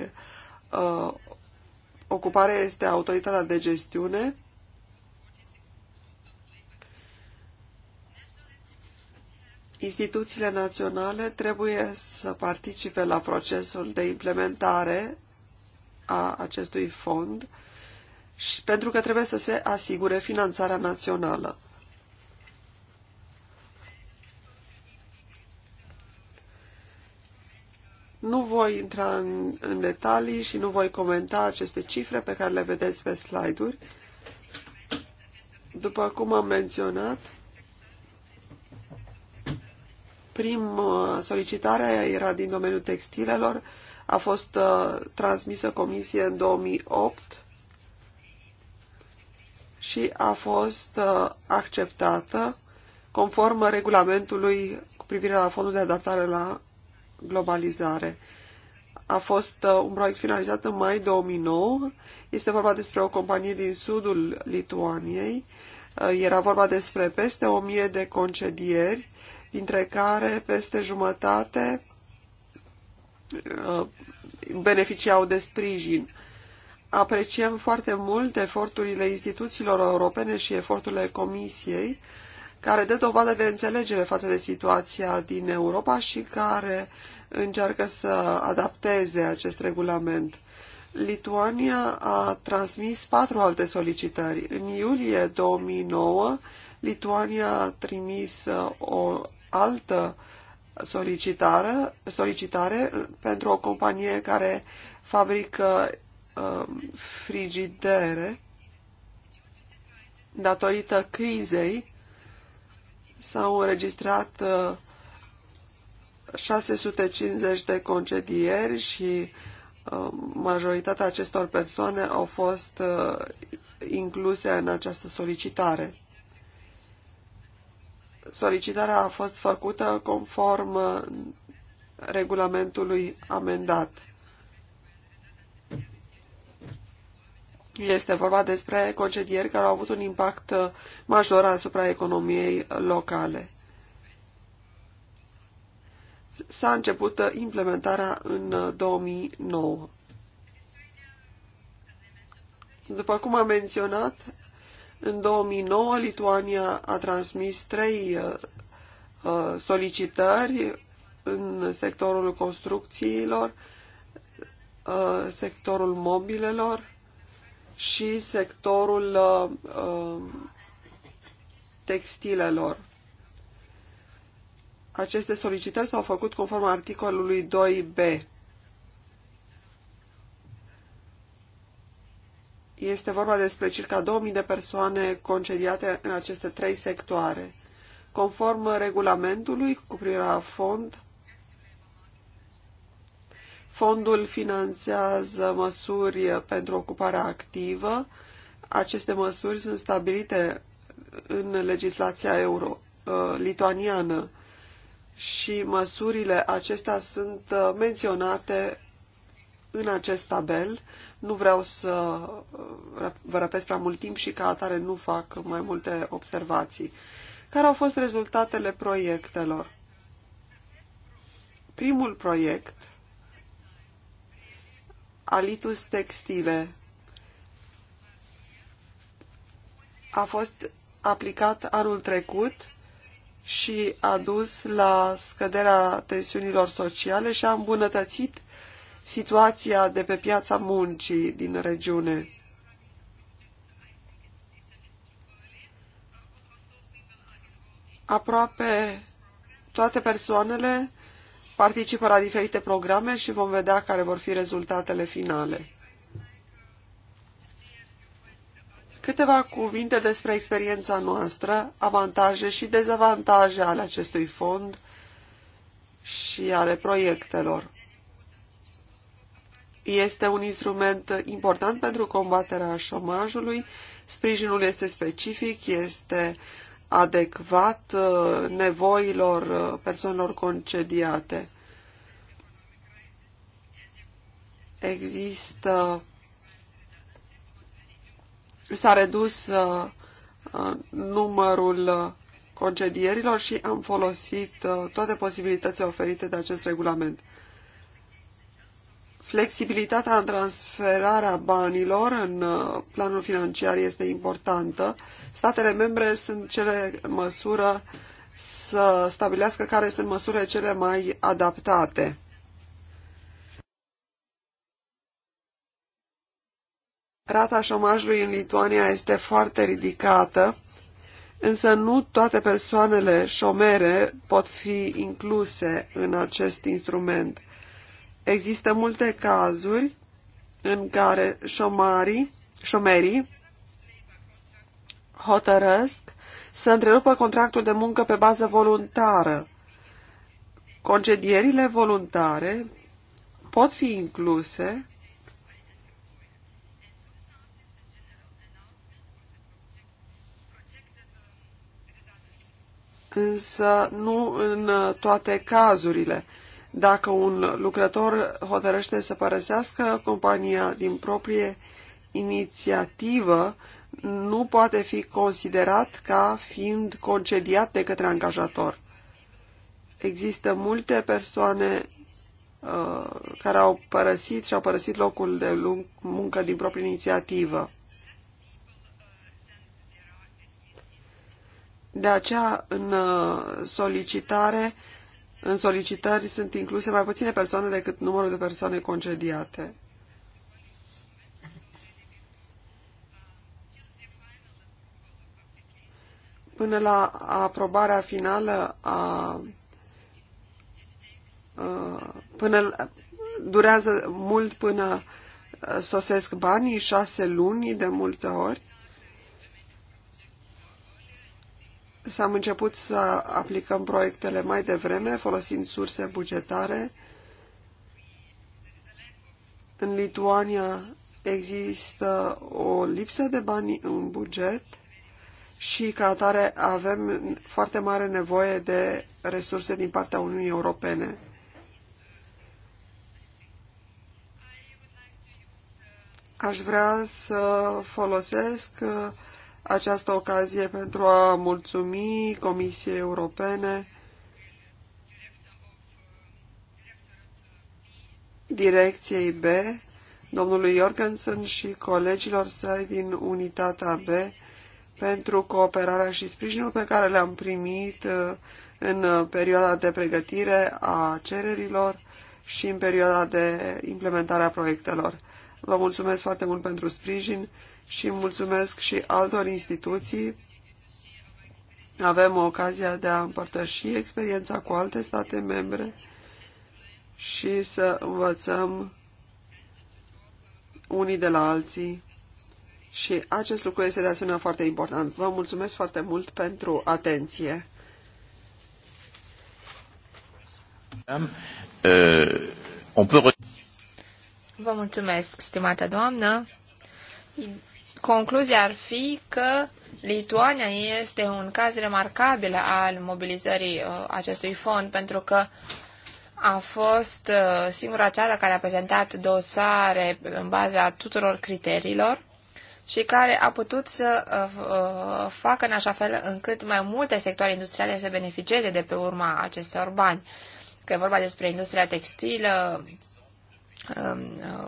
uh, ocupare este autoritatea de gestiune. Instituțiile naționale trebuie să participe la procesul de implementare a acestui fond și pentru că trebuie să se asigure finanțarea națională. Nu voi intra în, în detalii și nu voi comenta aceste cifre pe care le vedeți pe slide-uri. După cum am menționat, prim solicitarea era din domeniul textilelor, a fost uh, transmisă comisie în 2008 și a fost uh, acceptată conform regulamentului cu privire la fondul de adaptare la globalizare. A fost uh, un proiect finalizat în mai 2009. Este vorba despre o companie din sudul Lituaniei. Uh, era vorba despre peste 1000 de concedieri, dintre care peste jumătate uh, beneficiau de sprijin. Apreciem foarte mult eforturile instituțiilor europene și eforturile Comisiei care dă dovadă de înțelegere față de situația din Europa și care încearcă să adapteze acest regulament. Lituania a transmis patru alte solicitări. În iulie 2009, Lituania a trimis uh, o altă solicitare, solicitare uh, pentru o companie care fabrică uh, frigidere datorită crizei s-au înregistrat 650 uh, de concedieri și uh, majoritatea acestor persoane au fost uh, incluse în această solicitare. Solicitarea a fost făcută conform regulamentului amendat. Este vorba despre concedieri care au avut un impact major asupra economiei locale. S-a început implementarea în 2009. După cum am menționat, în 2009 Lituania a transmis trei uh, solicitări în sectorul construcțiilor, uh, sectorul mobilelor și sectorul uh, uh, textilelor. Aceste solicitări s-au făcut conform articolului 2b. Este vorba despre circa 2000 de persoane concediate în aceste trei sectoare. Conform regulamentului cu privire la fond, Fondul finanțează măsuri pentru ocuparea activă. Aceste măsuri sunt stabilite în legislația euro, uh, lituaniană și măsurile acestea sunt uh, menționate în acest tabel. Nu vreau să uh, vă răpesc prea mult timp și ca atare nu fac mai multe observații. Care au fost rezultatele proiectelor? Primul proiect Alitus Textile a fost aplicat anul trecut și a dus la scăderea tensiunilor sociale și a îmbunătățit situația de pe piața muncii din regiune. Aproape toate persoanele participă la diferite programe și vom vedea care vor fi rezultatele finale. Câteva cuvinte despre experiența noastră, avantaje și dezavantaje ale acestui fond și ale proiectelor. Este un instrument important pentru combaterea șomajului, sprijinul este specific, este uh, adecvat uh, nevoilor uh, persoanelor concediate. Există s-a redus uh, numărul concedierilor și am folosit toate posibilitățile oferite de acest regulament. Flexibilitatea în transferarea banilor în uh, planul financiar este importantă. Statele membre sunt cele în măsură să stabilească care sunt măsurile cele mai adaptate. Rata șomajului în Lituania este foarte ridicată, însă nu toate persoanele șomere pot fi incluse în acest instrument. Există multe cazuri în care șomarii, șomerii hotărăsc să întrerupă contractul de muncă pe bază voluntară. Concedierile voluntare pot fi incluse însă nu în toate cazurile. Dacă un lucrător hotărăște să părăsească compania din proprie inițiativă, nu poate fi considerat ca fiind concediat de către angajator. Există multe persoane uh, care au părăsit și au părăsit locul de muncă din proprie inițiativă. De aceea, în uh, solicitare, în solicitări sunt incluse mai puține persoane decât numărul de persoane concediate. Până la aprobarea finală a până durează mult până sosesc banii, șase luni de multe ori. s am început să aplicăm proiectele mai devreme, folosind surse bugetare. În Lituania există o lipsă de bani în buget și ca atare avem foarte mare nevoie de resurse din partea Uniunii Europene. Aș vrea să folosesc această ocazie pentru a mulțumi Comisiei Europene, Direcției B, domnului Jorgensen și colegilor săi din Unitatea B pentru cooperarea și sprijinul pe care le-am primit uh, în perioada de pregătire a cererilor și în perioada de implementare a proiectelor. Vă mulțumesc foarte mult pentru sprijin și mulțumesc și altor instituții. Avem ocazia de a împărtăși experiența cu alte state membre și să învățăm unii de la alții. Și acest lucru este de asemenea foarte important. Vă mulțumesc foarte mult pentru atenție. uh, on peut Vă mulțumesc, stimată doamnă. Concluzia ar fi că Lituania este un caz remarcabil al mobilizării uh, acestui fond, pentru că a fost uh, singura țară care a prezentat dosare în baza tuturor criteriilor și care a putut să uh, facă în așa fel încât mai multe sectoare industriale să beneficieze de pe urma acestor bani. Că e vorba despre industria textilă,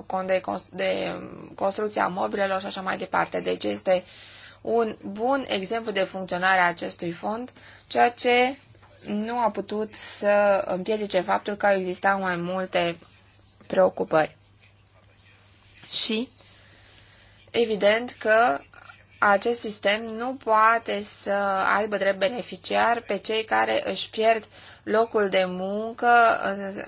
cont um, uh, de, de um, construcția mobilelor și așa mai departe. Deci este un bun exemplu de funcționare a acestui fond, ceea ce nu a putut să împiedice faptul că existau mai multe preocupări. Și evident că acest sistem nu poate să aibă drept beneficiar pe cei care își pierd locul de muncă uh,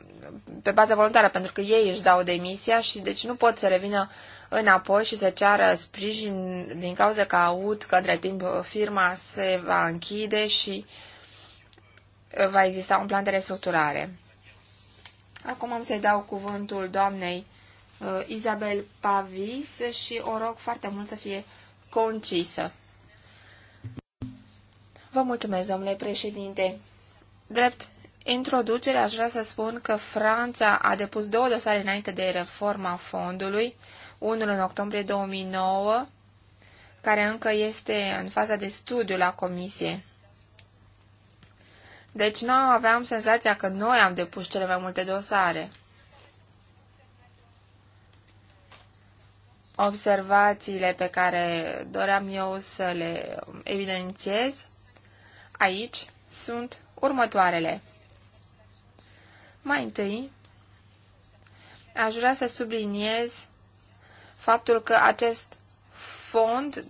pe bază voluntară, pentru că ei își dau demisia și deci nu pot să revină înapoi și să ceară sprijin din cauza că aud că între timp firma se va închide și uh, va exista un plan de restructurare. Acum am să-i dau cuvântul doamnei uh, Isabel Pavis și o rog foarte mult să fie concisă. Vă mulțumesc, domnule președinte. Drept introducere, aș vrea să spun că Franța a depus două dosare înainte de reforma fondului, unul în octombrie 2009, care încă este în faza de studiu la comisie. Deci noi aveam senzația că noi am depus cele mai multe dosare. Observațiile pe care doream eu să le evidențiez aici sunt următoarele. Mai întâi, aș vrea să subliniez faptul că acest fond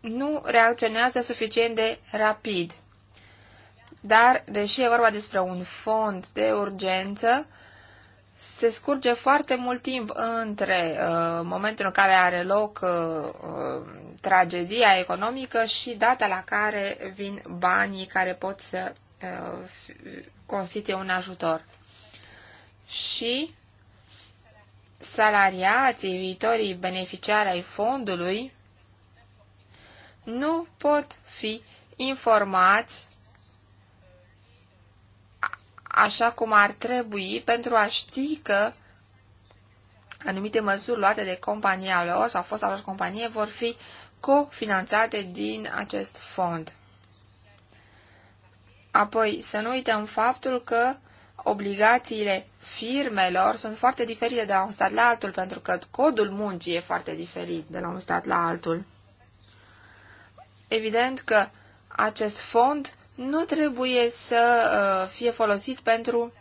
nu reacționează suficient de rapid. Dar, deși e vorba despre un fond de urgență, se scurge foarte mult timp între uh, momentul în care are loc uh, uh, tragedia economică și data la care vin banii care pot să uh, constituie un ajutor. Și salariații, viitorii beneficiari ai fondului, nu pot fi informați așa cum ar trebui pentru a ști că anumite măsuri luate de compania lor sau fost lor companie vor fi cofinanțate din acest fond. Apoi, să nu uităm faptul că obligațiile firmelor sunt foarte diferite de la un stat la altul, pentru că codul muncii e foarte diferit de la un stat la altul. Evident că acest fond nu trebuie să uh, fie folosit pentru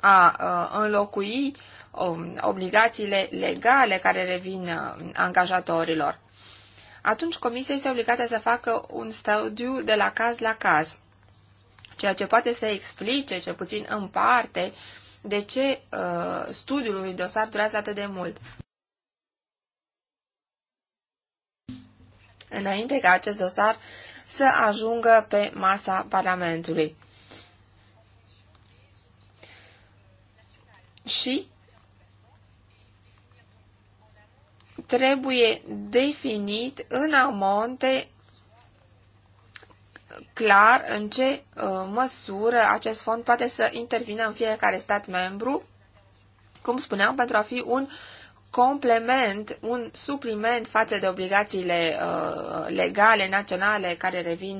a uh, înlocui um, obligațiile legale care revin uh, angajatorilor. Atunci comisia este obligată să facă un studiu de la caz la caz, ceea ce poate să explice, ce puțin în parte, de ce studiul unui dosar durează atât de mult. Înainte ca acest dosar să ajungă pe masa Parlamentului. Și trebuie definit în amonte clar în ce uh, măsură acest fond poate să intervină în fiecare stat membru, cum spuneam, pentru a fi un uh, complement, un supliment față de obligațiile uh, legale, naționale, care revin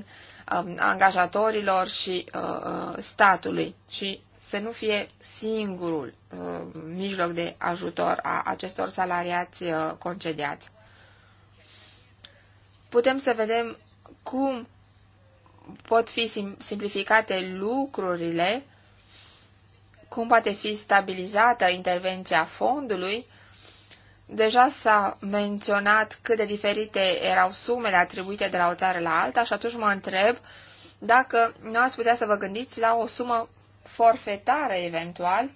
uh, angajatorilor și uh, uh, statului și să nu fie singurul uh, mijloc de ajutor a acestor salariați uh, concediați. Putem să vedem cum pot fi sim- simplificate lucrurile, cum poate fi stabilizată intervenția fondului, Deja s-a menționat cât de diferite erau sumele atribuite de la o țară la alta și atunci mă întreb dacă nu ați putea să vă gândiți la o sumă forfetară eventual,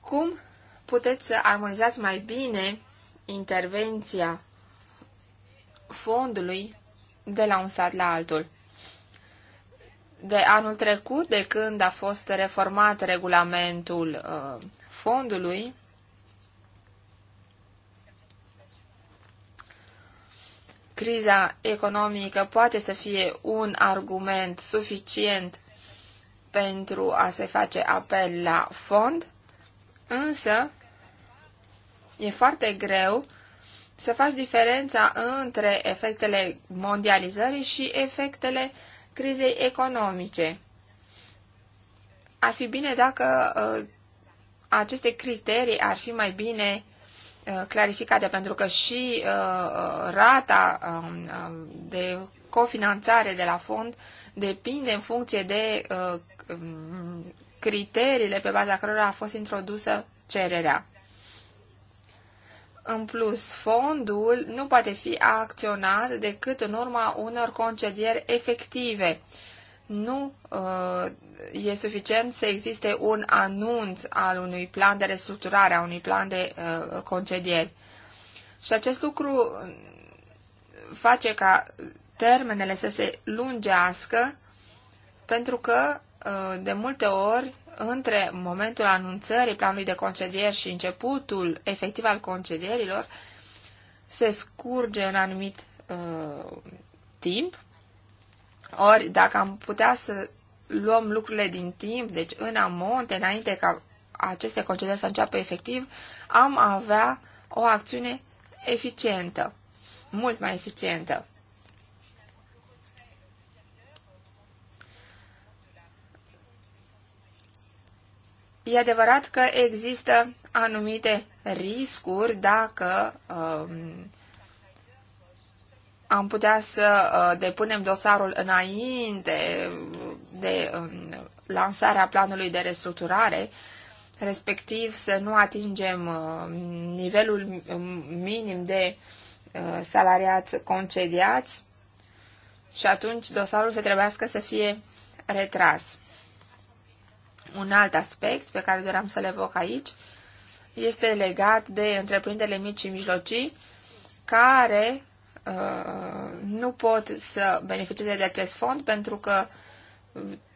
cum puteți să armonizați mai bine intervenția fondului de la un stat la altul. De anul trecut, de când a fost reformat regulamentul uh, fondului, criza economică poate să fie un argument suficient pentru a se face apel la fond, însă e foarte greu să faci diferența între efectele mondializării și efectele crizei economice. Ar fi bine dacă uh, aceste criterii ar fi mai bine Uh, clarificate, pentru că și uh, uh, rata um, de cofinanțare de la fond depinde în funcție de um, criteriile pe baza cărora a fost introdusă cererea. În plus, fondul nu poate fi acționat decât în urma unor concedieri efective nu uh, e suficient să existe un anunț al unui plan de restructurare, a unui plan de uh, concedieri. Și acest lucru face ca termenele să se lungească pentru că uh, de multe ori între momentul anunțării planului de concedieri și începutul efectiv al concedierilor se scurge un anumit uh, timp ori, dacă am putea să luăm lucrurile din timp, deci în amonte, înainte ca aceste concedieri să înceapă efectiv, am avea o acțiune eficientă, mult mai eficientă. E adevărat că există anumite riscuri dacă um, am putea să uh, depunem dosarul înainte de um, lansarea planului de restructurare, respectiv să nu atingem uh, nivelul um, minim de uh, salariați concediați și atunci dosarul se trebuiască să fie retras. Un alt aspect pe care doream să-l evoc aici este legat de întreprinderile mici și mijlocii care Uh, nu pot să beneficieze de acest fond pentru că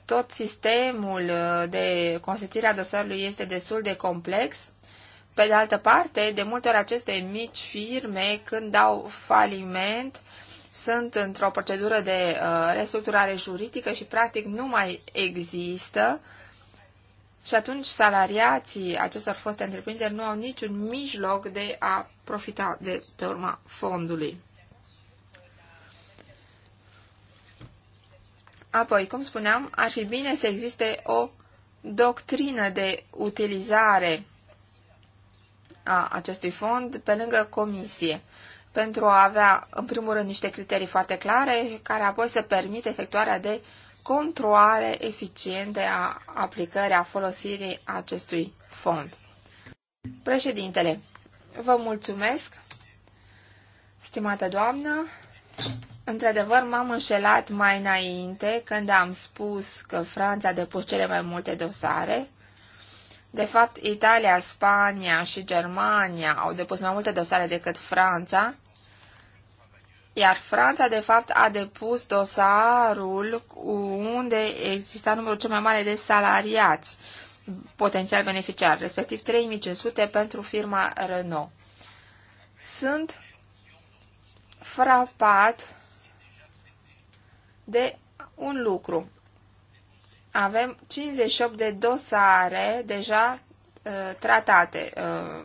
tot sistemul uh, de constituire a dosarului este destul de complex. Pe de altă parte, de multe ori aceste mici firme, când dau faliment, sunt într-o procedură de uh, restructurare juridică și practic nu mai există și atunci salariații acestor foste întreprinderi nu au niciun mijloc de a profita de pe urma fondului. Apoi, cum spuneam, ar fi bine să existe o doctrină de utilizare a acestui fond pe lângă comisie, pentru a avea, în primul rând, niște criterii foarte clare, care apoi să permit efectuarea de controle eficiente a aplicării, a folosirii acestui fond. Președintele, vă mulțumesc, stimată doamnă, Într-adevăr, m-am înșelat mai înainte când am spus că Franța a depus cele mai multe dosare. De fapt, Italia, Spania și Germania au depus mai multe dosare decât Franța, iar Franța, de fapt, a depus dosarul unde exista numărul cel mai mare de salariați potențial beneficiar, respectiv 3500 pentru firma Renault. Sunt frapat de un lucru. Avem 58 de dosare deja uh, tratate. Uh,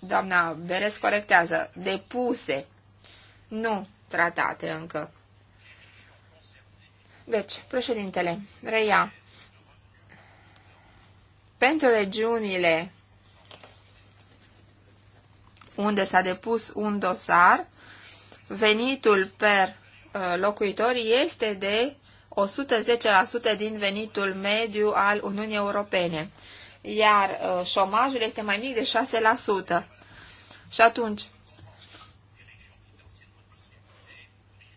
doamna Beres corectează. Depuse. Nu tratate încă. Deci, președintele, reia. Pentru regiunile unde s-a depus un dosar, venitul per Uh, locuitori este de 110% din venitul mediu al Uniunii Europene, iar uh, șomajul este mai mic de 6%. Și atunci,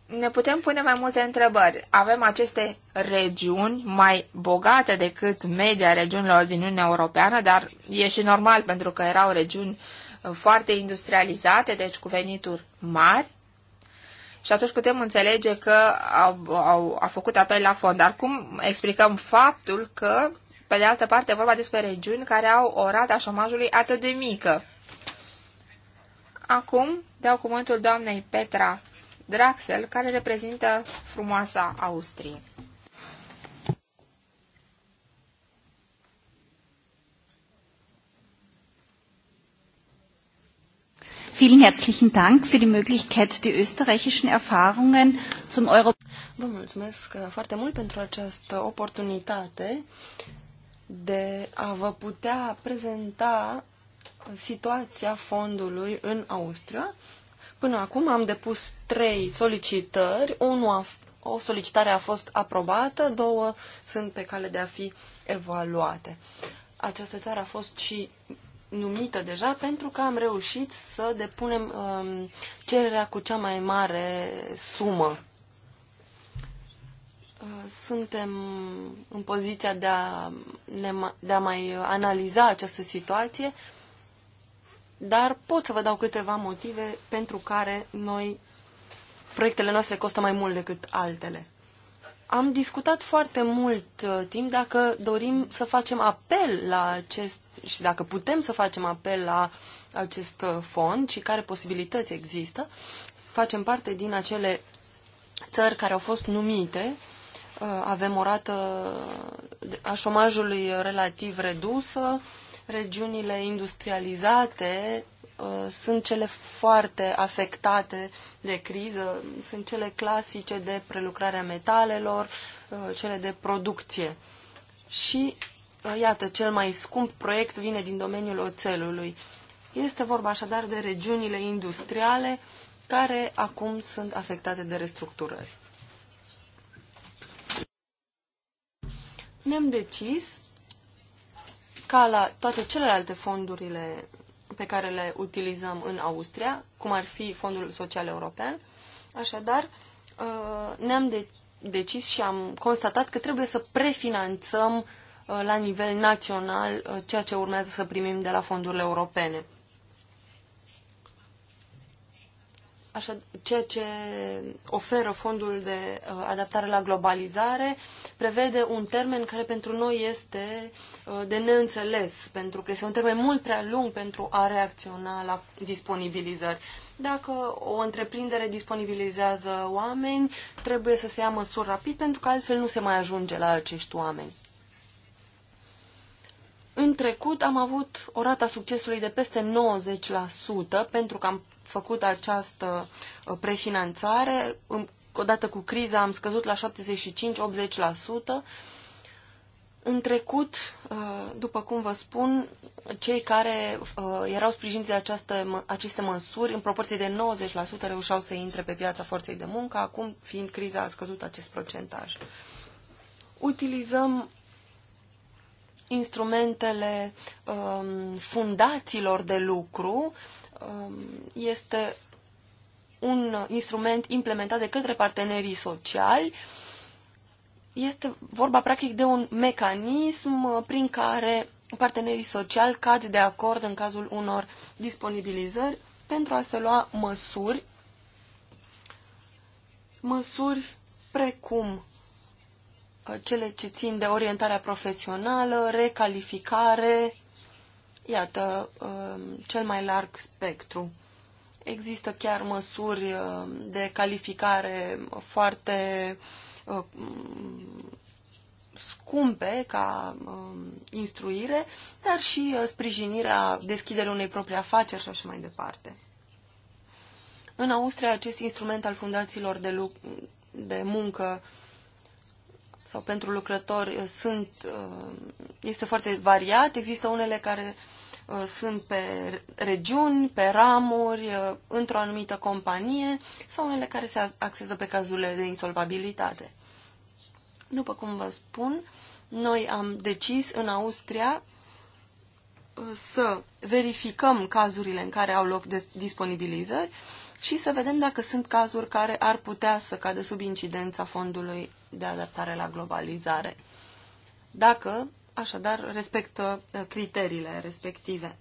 ne putem pune mai multe întrebări. Avem aceste regiuni mai bogate decât media regiunilor din Uniunea Europeană, dar e și normal pentru că erau regiuni uh, foarte industrializate, deci cu venituri mari, și atunci putem înțelege că au, au, a făcut apel la fond. Dar cum explicăm faptul că, pe de altă parte, vorba despre regiuni care au o rată a șomajului atât de mică? Acum dau cuvântul doamnei Petra Draxel, care reprezintă frumoasa Austrie. Vielen herzlichen Dank für die Möglichkeit, die österreichischen Erfahrungen zum Euro. Vă mulțumesc uh, foarte mult pentru această oportunitate de a vă putea prezenta situația fondului în Austria. Până acum am depus trei solicitări. Unu a, o solicitare a fost aprobată, două sunt pe cale de a fi evaluate. Această țară a fost și numită deja pentru că am reușit să depunem um, cererea cu cea mai mare sumă. Uh, suntem în poziția de a, ne, de a mai analiza această situație, dar pot să vă dau câteva motive pentru care noi proiectele noastre costă mai mult decât altele. Am discutat foarte mult uh, timp dacă dorim să facem apel la acest și dacă putem să facem apel la acest uh, fond și care posibilități există. Facem parte din acele țări care au fost numite. Uh, avem o rată a șomajului relativ redusă, regiunile industrializate Uh, sunt cele foarte afectate de criză, sunt cele clasice de prelucrarea metalelor, uh, cele de producție. Și, uh, iată, cel mai scump proiect vine din domeniul oțelului. Este vorba așadar de regiunile industriale care acum sunt afectate de restructurări. Ne-am decis ca la toate celelalte fondurile pe care le utilizăm în Austria, cum ar fi Fondul Social European. Așadar, uh, ne-am de- decis și am constatat că trebuie să prefinanțăm uh, la nivel național uh, ceea ce urmează să primim de la fondurile europene. așa, ceea ce oferă fondul de uh, adaptare la globalizare prevede un termen care pentru noi este uh, de neînțeles, pentru că este un termen mult prea lung pentru a reacționa la disponibilizări. Dacă o întreprindere disponibilizează oameni, trebuie să se ia măsuri rapid, pentru că altfel nu se mai ajunge la acești oameni. În trecut am avut o rata succesului de peste 90% pentru că am făcut această uh, prefinanțare. Odată cu criza am scăzut la 75-80%. În trecut, uh, după cum vă spun, cei care uh, erau sprijiniți de această, aceste măsuri, în proporție de 90% reușeau să intre pe piața forței de muncă, acum fiind criza a scăzut acest procentaj. Utilizăm instrumentele um, fundațiilor de lucru um, este un instrument implementat de către partenerii sociali. Este vorba practic de un mecanism prin care partenerii sociali cad de acord în cazul unor disponibilizări pentru a se lua măsuri, măsuri precum cele ce țin de orientarea profesională, recalificare, iată, um, cel mai larg spectru. Există chiar măsuri um, de calificare foarte uh, scumpe ca um, instruire, dar și uh, sprijinirea deschiderii unei proprii afaceri și așa mai departe. În Austria, acest instrument al fundațiilor de, de muncă uh, sau pentru lucrători uh, sunt, uh, este foarte variat. Există unele care uh, sunt pe regiuni, pe ramuri, într-o anumită companie sau unele care se axează pe cazurile de insolvabilitate. După cum vă spun, noi am decis în Austria să verificăm cazurile în care au loc disponibilizări și să vedem dacă sunt cazuri care ar putea să cadă sub incidența fondului de adaptare la globalizare, dacă, așadar, respectă uh, criteriile respective.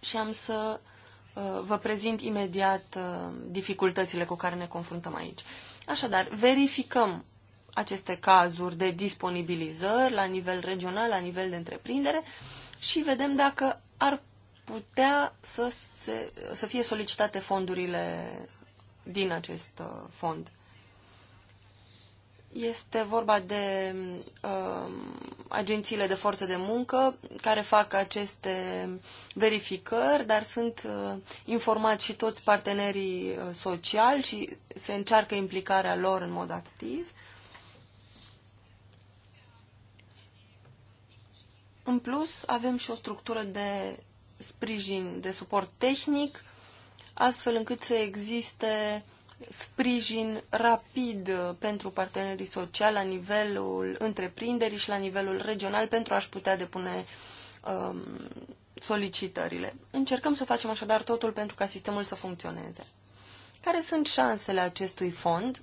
Și am să uh, vă prezint imediat uh, dificultățile cu care ne confruntăm aici. Așadar, verificăm aceste cazuri de disponibilizări la nivel regional, la nivel de întreprindere și vedem dacă ar putea să, se, să fie solicitate fondurile din acest fond. Este vorba de uh, agențiile de forță de muncă care fac aceste verificări, dar sunt uh, informați și toți partenerii uh, sociali și se încearcă implicarea lor în mod activ. În plus, avem și o structură de sprijin, de suport tehnic, astfel încât să existe sprijin rapid uh, pentru partenerii sociali la nivelul întreprinderii și la nivelul regional pentru a-și putea depune um, solicitările. Încercăm să facem așadar totul pentru ca sistemul să funcționeze. Care sunt șansele acestui fond?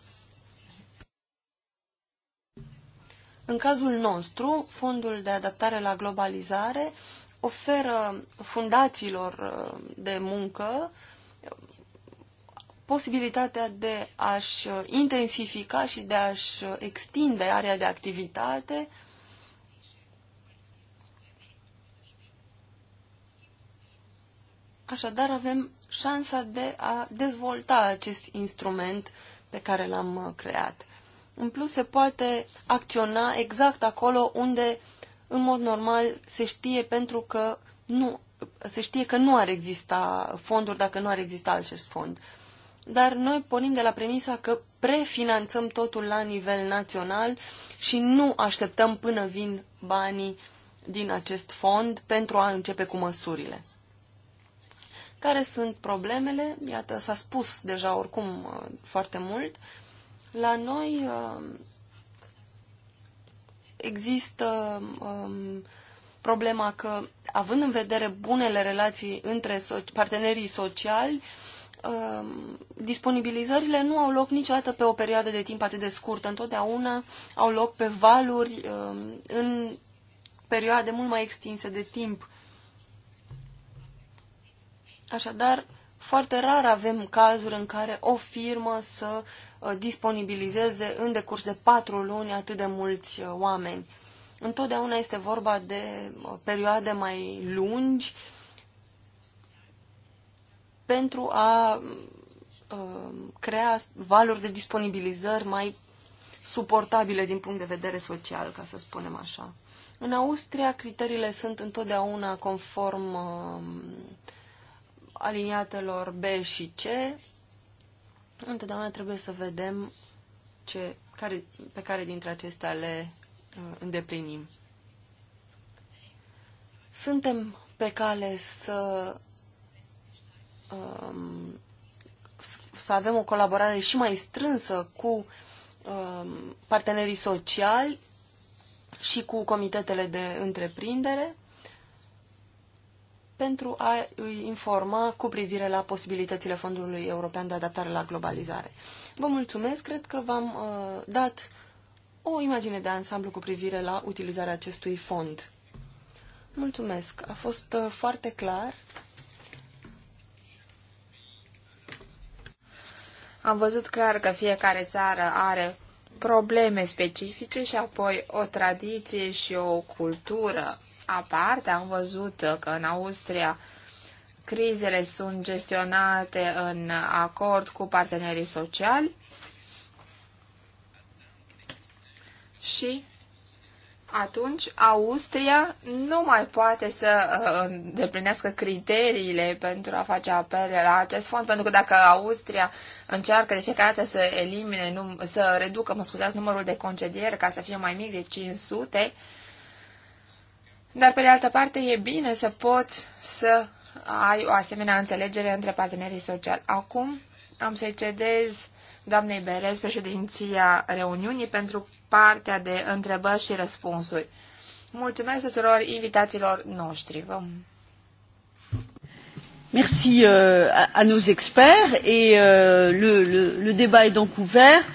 În cazul nostru, Fondul de Adaptare la Globalizare oferă fundațiilor uh, de muncă posibilitatea de a-și uh, intensifica și de a-și uh, extinde area de activitate Așadar, avem șansa de a dezvolta acest instrument pe care l-am uh, creat. În plus, se poate acționa exact acolo unde, în mod normal, se știe pentru că nu, se știe că nu ar exista fonduri dacă nu ar exista acest fond dar noi pornim de la premisa că prefinanțăm totul la nivel național și nu așteptăm până vin banii din acest fond pentru a începe cu măsurile. Care sunt problemele? Iată, s-a spus deja oricum uh, foarte mult. La noi uh, există um, problema că, având în vedere bunele relații între partenerii sociali, Um, disponibilizările nu au loc niciodată pe o perioadă de timp atât de scurtă. Întotdeauna au loc pe valuri um, în perioade mult mai extinse de timp. Așadar, foarte rar avem cazuri în care o firmă să uh, disponibilizeze în decurs de patru luni atât de mulți uh, oameni. Întotdeauna este vorba de uh, perioade mai lungi pentru a uh, crea valori de disponibilizări mai suportabile din punct de vedere social, ca să spunem așa. În Austria, criteriile sunt întotdeauna conform uh, aliniatelor B și C. Întotdeauna trebuie să vedem ce, care, pe care dintre acestea le uh, îndeplinim. Suntem pe cale să um, să avem o colaborare și mai strânsă cu um, partenerii sociali și cu comitetele de întreprindere pentru a îi informa cu privire la posibilitățile Fondului European de Adaptare la Globalizare. Vă mulțumesc, cred că v-am uh, dat o imagine de ansamblu cu privire la utilizarea acestui fond. Mulțumesc, a fost uh, foarte clar. Am văzut clar că fiecare țară are probleme specifice și apoi o tradiție și o cultură aparte. Am văzut că în Austria crizele sunt gestionate în acord cu partenerii sociali și atunci Austria nu mai poate să uh, îndeplinească criteriile pentru a face apel la acest fond, pentru că dacă Austria încearcă de fiecare dată să elimine, să reducă, mă scuzați, numărul de concedieri ca să fie mai mic de 500, dar pe de altă parte e bine să poți să ai o asemenea înțelegere între partenerii sociali. Acum am să-i cedez doamnei Berez președinția reuniunii pentru partea de întrebări și răspunsuri. Mulțumesc tuturor invitațiilor noștri. Vă Merci euh, à, nos experts et euh, le, le, le débat est donc ouvert.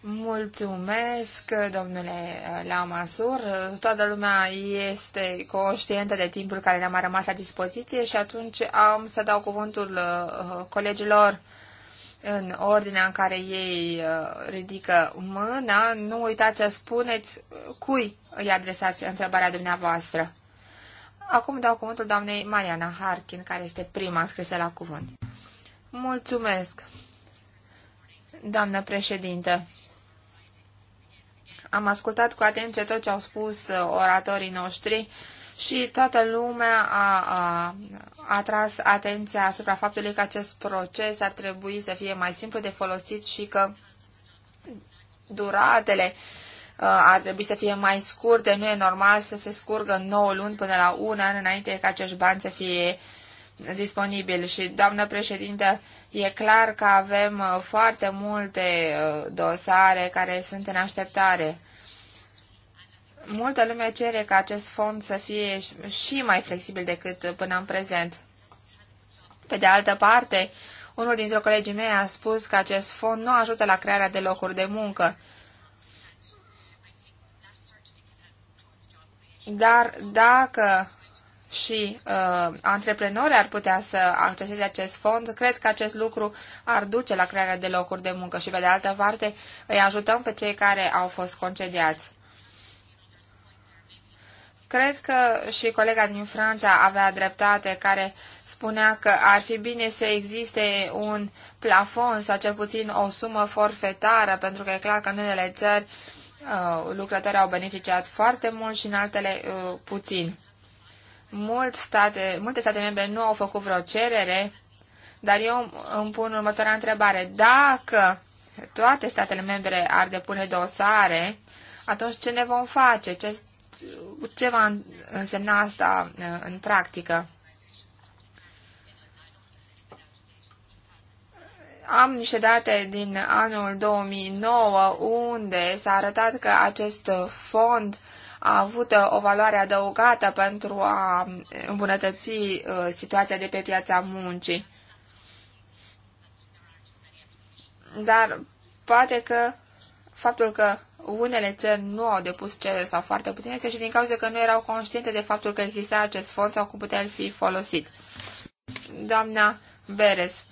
Mulțumesc, domnule uh, Lamasur. Toată lumea este conștientă de timpul care ne-a mai rămas la dispoziție și atunci am să dau cuvântul uh, colegilor în ordinea în care ei uh, ridică mâna, nu uitați să spuneți uh, cui îi adresați întrebarea dumneavoastră. Acum dau cuvântul doamnei Mariana Harkin, care este prima scrisă la cuvânt. Mulțumesc, doamnă președintă. Am ascultat cu atenție tot ce au spus uh, oratorii noștri și toată lumea a, a atras atenția asupra faptului că acest proces ar trebui să fie mai simplu de folosit și că duratele uh, ar trebui să fie mai scurte. Nu e normal să se scurgă 9 luni până la un an înainte ca acești bani să fie disponibili. Și, doamnă președinte, e clar că avem uh, foarte multe uh, dosare care sunt în așteptare multă lume cere ca acest fond să fie și mai flexibil decât până în prezent. Pe de altă parte, unul dintre colegii mei a spus că acest fond nu ajută la crearea de locuri de muncă. Dar dacă și uh, antreprenorii ar putea să acceseze acest fond, cred că acest lucru ar duce la crearea de locuri de muncă și, pe de altă parte, îi ajutăm pe cei care au fost concediați. Cred că și colega din Franța avea dreptate care spunea că ar fi bine să existe un plafon sau cel puțin o sumă forfetară, pentru că e clar că în unele țări uh, lucrătorii au beneficiat foarte mult și în altele uh, puțin. Mult state, multe state membre nu au făcut vreo cerere, dar eu îmi pun următoarea întrebare. Dacă toate statele membre ar depune dosare, atunci ce ne vom face? Ce ce va însemna asta uh, în practică? Am niște date din anul 2009 unde s-a arătat că acest fond a avut o valoare adăugată pentru a uh, îmbunătăți uh, situația de pe piața muncii. Dar poate că faptul că unele țări nu au depus cereri sau foarte puține, este și din cauza că nu erau conștiente de faptul că exista acest fond sau cum putea fi folosit. Doamna Beres,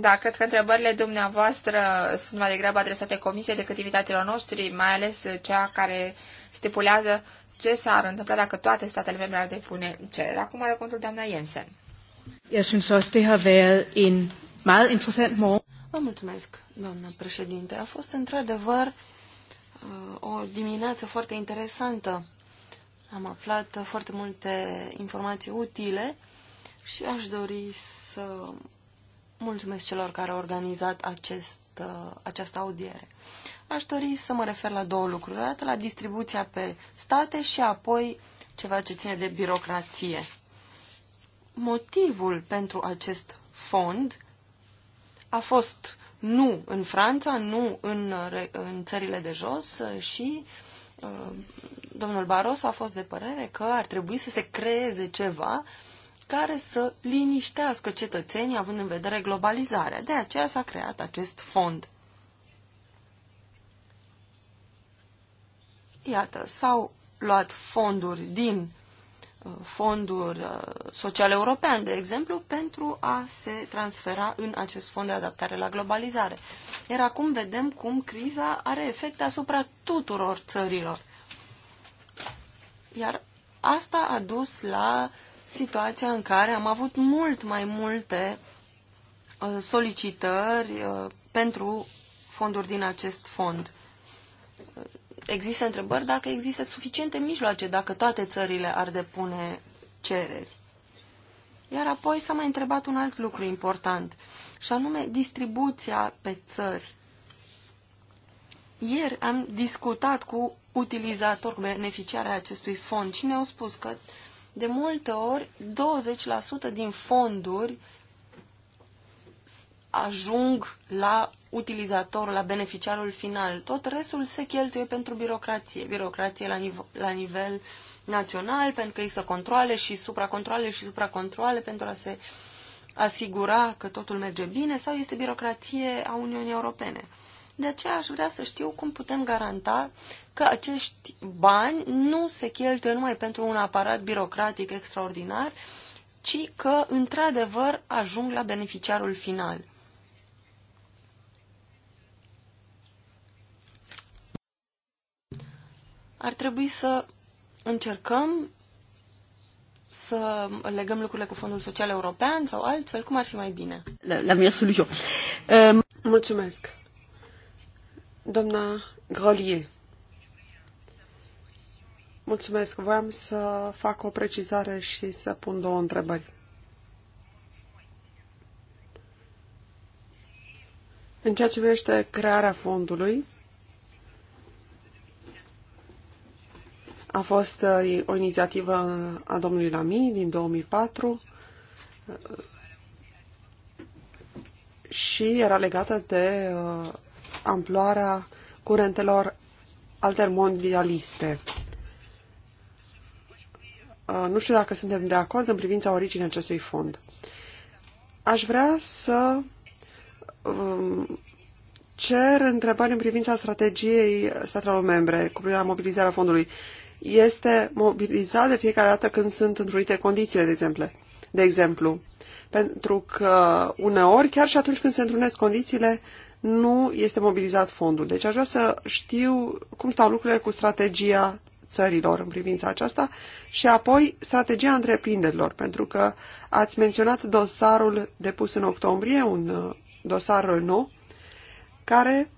da, cred că întrebările dumneavoastră sunt mai degrabă adresate comisiei decât invitațiilor noștri, mai ales cea care stipulează ce s-ar întâmpla dacă toate statele membre ar depune cereri. Acum are contul doamna Jensen. Vă mulțumesc, doamna președinte. A fost într-adevăr Uh, o dimineață foarte interesantă. Am aflat foarte multe informații utile și aș dori să mulțumesc celor care au organizat acest, uh, această audiere. Aș dori să mă refer la două lucruri. atât la distribuția pe state și apoi ceva ce ține de birocrație. Motivul pentru acest fond a fost nu în Franța, nu în, în țările de jos și uh, domnul Barroso a fost de părere că ar trebui să se creeze ceva care să liniștească cetățenii având în vedere globalizarea. De aceea s-a creat acest fond. Iată, s-au luat fonduri din Uh, fonduri uh, social european, de exemplu, pentru a se transfera în acest fond de adaptare la globalizare. Iar acum vedem cum criza are efecte asupra tuturor țărilor. Iar asta a dus la situația în care am avut mult mai multe uh, solicitări pentru fonduri din acest fond există întrebări dacă există suficiente mijloace, dacă toate țările ar depune cereri. Iar apoi s-a mai întrebat un alt lucru important, și anume distribuția pe țări. Ieri am discutat cu utilizator, cu beneficiarea acestui fond și mi-au spus că de multe ori 20% din fonduri ajung la utilizatorul, la beneficiarul final. Tot restul se cheltuie pentru birocrație. Birocrație la, nive- la nivel național, pentru că există controle și supracontroale și supracontroale pentru a se asigura că totul merge bine sau este birocrație a Uniunii Europene. De aceea aș vrea să știu cum putem garanta că acești bani nu se cheltuie numai pentru un aparat birocratic extraordinar, ci că, într-adevăr, ajung la beneficiarul final. ar trebui să încercăm să legăm lucrurile cu Fondul Social European sau altfel, cum ar fi mai bine? La, la mea soluție. Uh, um, mulțumesc. Doamna Grolier. Mulțumesc. Voiam să fac o precizare și să pun două întrebări. În ceea ce privește crearea fondului, A fost uh, o inițiativă a domnului Lamy din 2004 și era legată de uh, amploarea curentelor altermondialiste. Uh, nu știu dacă suntem de acord în privința originii acestui fond. Aș vrea să um, cer întrebări în privința strategiei statelor membre cu privire la mobilizarea fondului este mobilizat de fiecare dată când sunt întrunite condițiile, de exemplu. De exemplu, pentru că uneori, chiar și atunci când se întrunesc condițiile, nu este mobilizat fondul. Deci aș vrea să știu cum stau lucrurile cu strategia țărilor în privința aceasta și apoi strategia întreprinderilor, pentru că ați menționat dosarul depus în octombrie, un uh, dosar nou, care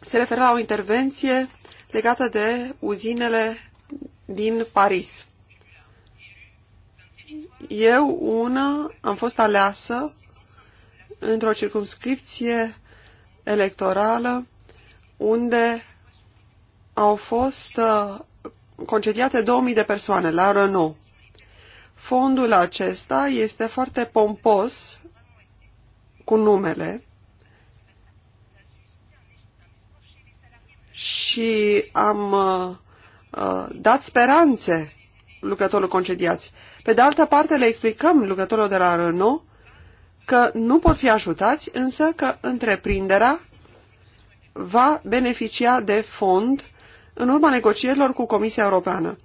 se referă la o intervenție legată de uzinele din Paris. Eu, una, am fost aleasă într-o circumscripție electorală unde au fost uh, concediate 2000 de persoane la Renault. Fondul acesta este foarte pompos cu numele și am uh, uh dat speranțe lucrătorilor concediați. Pe de altă parte, le explicăm lucrătorilor de la Renault că nu pot fi ajutați, însă că întreprinderea va beneficia de fond în urma negocierilor cu Comisia Europeană.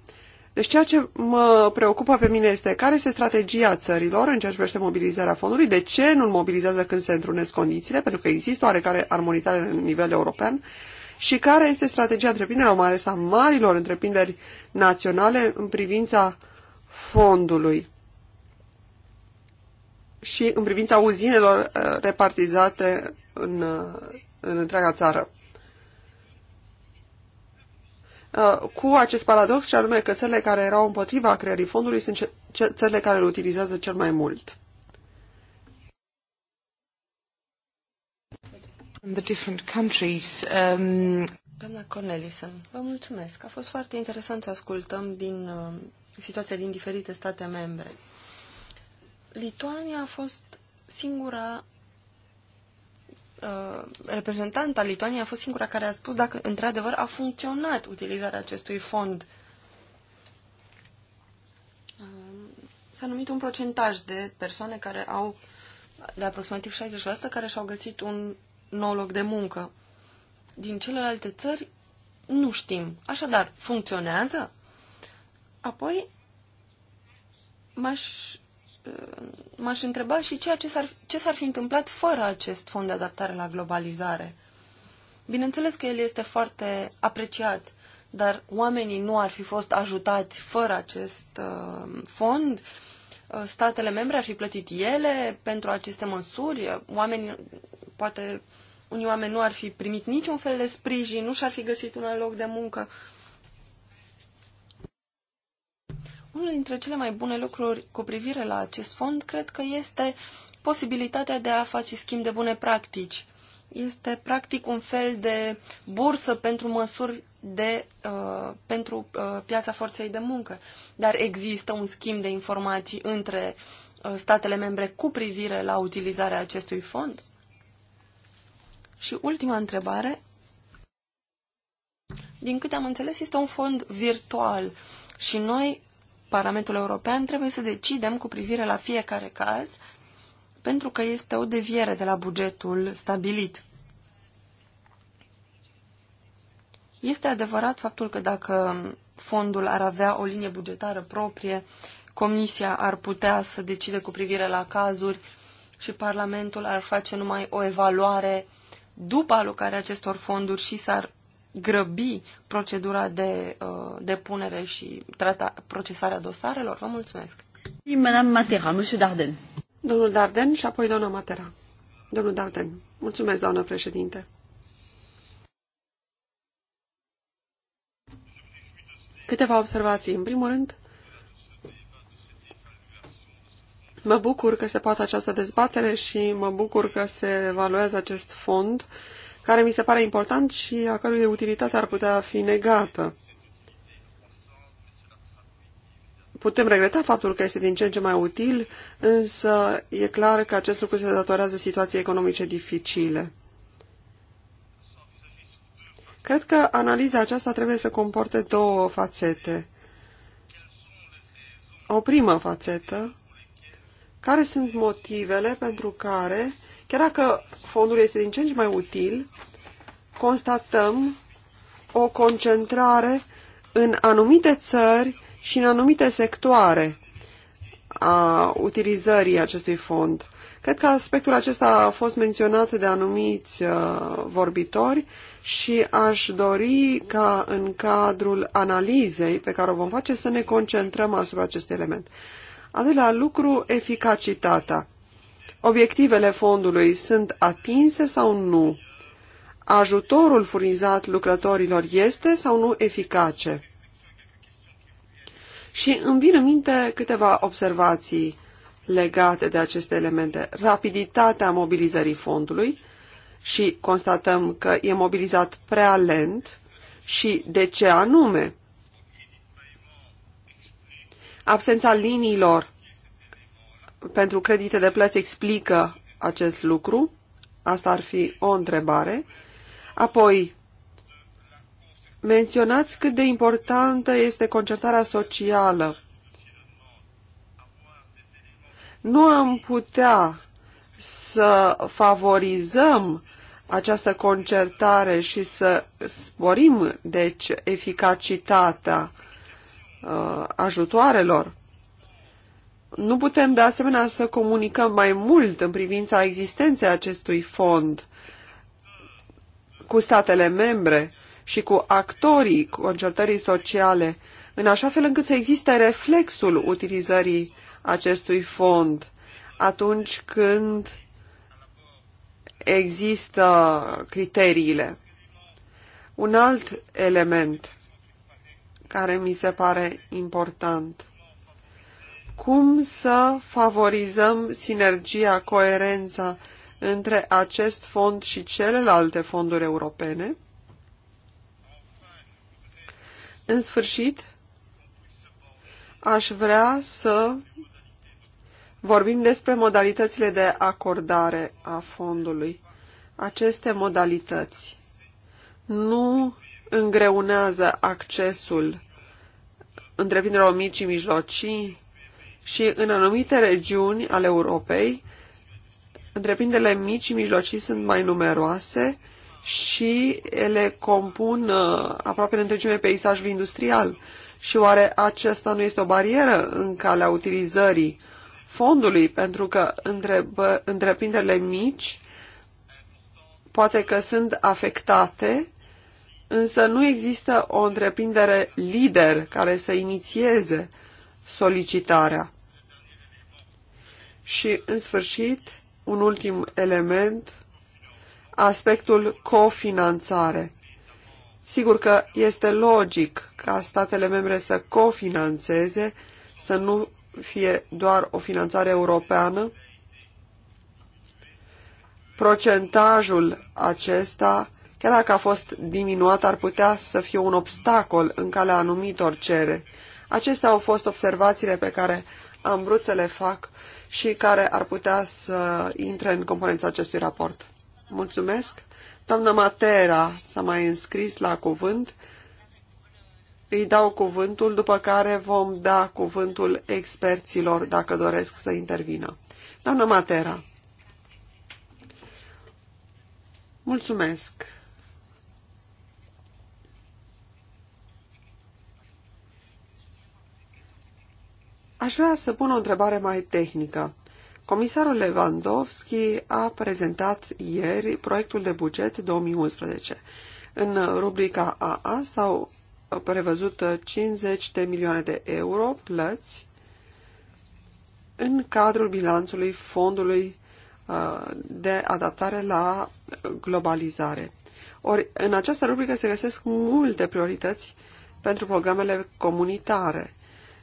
Deci ceea ce mă preocupă pe mine este care este strategia țărilor în ceea ce privește mobilizarea fondului, de ce nu-l mobilizează când se întrunesc condițiile, pentru că există oarecare armonizare la nivel european și care este strategia întreprinderilor, mai ales a marilor întreprinderi naționale în privința fondului și în privința uzinelor uh, repartizate în, uh, în întreaga țară. Uh, cu acest paradox și anume că țările care erau împotriva creării fondului sunt țările care îl utilizează cel mai mult. Um, Doamna Cornelison, vă mulțumesc. A fost foarte interesant să ascultăm din uh, situația din diferite state membre. Lituania a fost singura uh, reprezentanta Lituaniei a fost singura care a spus dacă într-adevăr a funcționat utilizarea acestui fond. Uh, s-a numit un procentaj de persoane care au de aproximativ 60% care și-au găsit un nou loc de muncă. Din celelalte țări nu știm. Așadar, funcționează? Apoi m-aș, uh, m-aș întreba și ceea ce s-ar, ce s-ar fi întâmplat fără acest fond de adaptare la globalizare. Bineînțeles că el este foarte apreciat, dar oamenii nu ar fi fost ajutați fără acest uh, fond. Uh, statele membre ar fi plătit ele pentru aceste măsuri. Oamenii poate uh, unii oameni nu ar fi primit niciun fel de sprijin, nu și-ar fi găsit un loc de muncă. Unul dintre cele mai bune lucruri cu privire la acest fond, cred că este posibilitatea de a face schimb de bune practici. Este practic un fel de bursă pentru măsuri de, uh, pentru uh, piața forței de muncă. Dar există un schimb de informații între uh, statele membre cu privire la utilizarea acestui fond? Și ultima întrebare. Din câte am înțeles, este un fond virtual și noi, Parlamentul European, trebuie să decidem cu privire la fiecare caz, pentru că este o deviere de la bugetul stabilit. Este adevărat faptul că dacă fondul ar avea o linie bugetară proprie, Comisia ar putea să decide cu privire la cazuri și Parlamentul ar face numai o evaluare după alocarea acestor fonduri și s-ar grăbi procedura de uh, depunere și trata, procesarea dosarelor? Vă mulțumesc. Madame Matera, Monsieur Darden. Domnul Darden și apoi doamna Matera. Domnul Darden, mulțumesc, doamnă președinte. Câteva observații. În primul rând, Mă bucur că se poate această dezbatere și mă bucur că se evaluează acest fond, care mi se pare important și a cărui utilitate ar putea fi negată. Putem regreta faptul că este din ce în ce mai util, însă e clar că acest lucru se datorează situației economice dificile. Cred că analiza aceasta trebuie să comporte două fațete. O primă fațetă care sunt motivele pentru care, chiar dacă fondul este din ce în ce mai util, constatăm o concentrare în anumite țări și în anumite sectoare a utilizării acestui fond. Cred că aspectul acesta a fost menționat de anumiți uh, vorbitori și aș dori ca în cadrul analizei pe care o vom face să ne concentrăm asupra acestui element. Al doilea lucru, eficacitatea. Obiectivele fondului sunt atinse sau nu? Ajutorul furnizat lucrătorilor este sau nu eficace? Și îmi vin în minte câteva observații legate de aceste elemente. Rapiditatea mobilizării fondului și constatăm că e mobilizat prea lent și de ce anume. Absența liniilor pentru credite de plăți explică acest lucru? Asta ar fi o întrebare. Apoi, menționați cât de importantă este concertarea socială. Nu am putea să favorizăm această concertare și să sporim, deci, eficacitatea uh, ajutoarelor. Nu putem de asemenea să comunicăm mai mult în privința existenței acestui fond cu statele membre și cu actorii concertării sociale, în așa fel încât să existe reflexul utilizării acestui fond atunci când există criteriile. Un alt element care mi se pare important. Cum să favorizăm sinergia, coerența între acest fond și celelalte fonduri europene? În sfârșit, aș vrea să vorbim despre modalitățile de acordare a fondului. Aceste modalități nu îngreunează accesul întreprinderilor mici și mijlocii și în anumite regiuni ale Europei, întreprinderile mici și mijlocii sunt mai numeroase și ele compun uh, aproape în întregime peisajul industrial. Și oare acesta nu este o barieră în calea utilizării fondului? Pentru că întreprinderile mici poate că sunt afectate însă nu există o întreprindere lider care să inițieze solicitarea. Și, în sfârșit, un ultim element, aspectul cofinanțare. Sigur că este logic ca statele membre să cofinanțeze, să nu fie doar o finanțare europeană. Procentajul acesta chiar dacă a fost diminuat, ar putea să fie un obstacol în calea anumitor cere. Acestea au fost observațiile pe care am vrut să le fac și care ar putea să intre în componența acestui raport. Mulțumesc! Doamna Matera s-a mai înscris la cuvânt. Îi dau cuvântul, după care vom da cuvântul experților dacă doresc să intervină. Doamna Matera. Mulțumesc. Aș vrea să pun o întrebare mai tehnică. Comisarul Lewandowski a prezentat ieri proiectul de buget 2011. În rubrica AA s-au prevăzut 50 de milioane de euro plăți în cadrul bilanțului Fondului uh, de adaptare la globalizare. Ori în această rubrică se găsesc multe priorități pentru programele comunitare.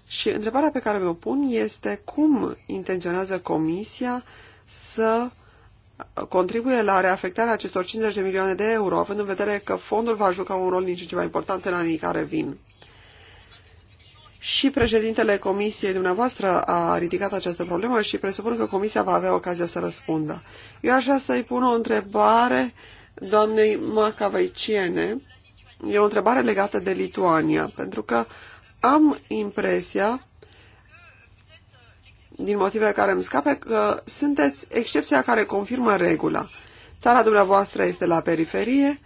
Și întrebarea pe care mi-o pun este cum intenționează Comisia să contribuie la reafectarea acestor 50 de milioane de euro, având în vedere că fondul va juca un rol din ce important în anii care vin. Și președintele comisiei dumneavoastră a ridicat această problemă și presupun că comisia va avea ocazia să răspundă. Eu aș vrea să-i pun o întrebare doamnei Macaveiciene. E o întrebare legată de Lituania, pentru că am impresia, din motive care îmi scape, că sunteți excepția care confirmă regula. Țara dumneavoastră este la periferie,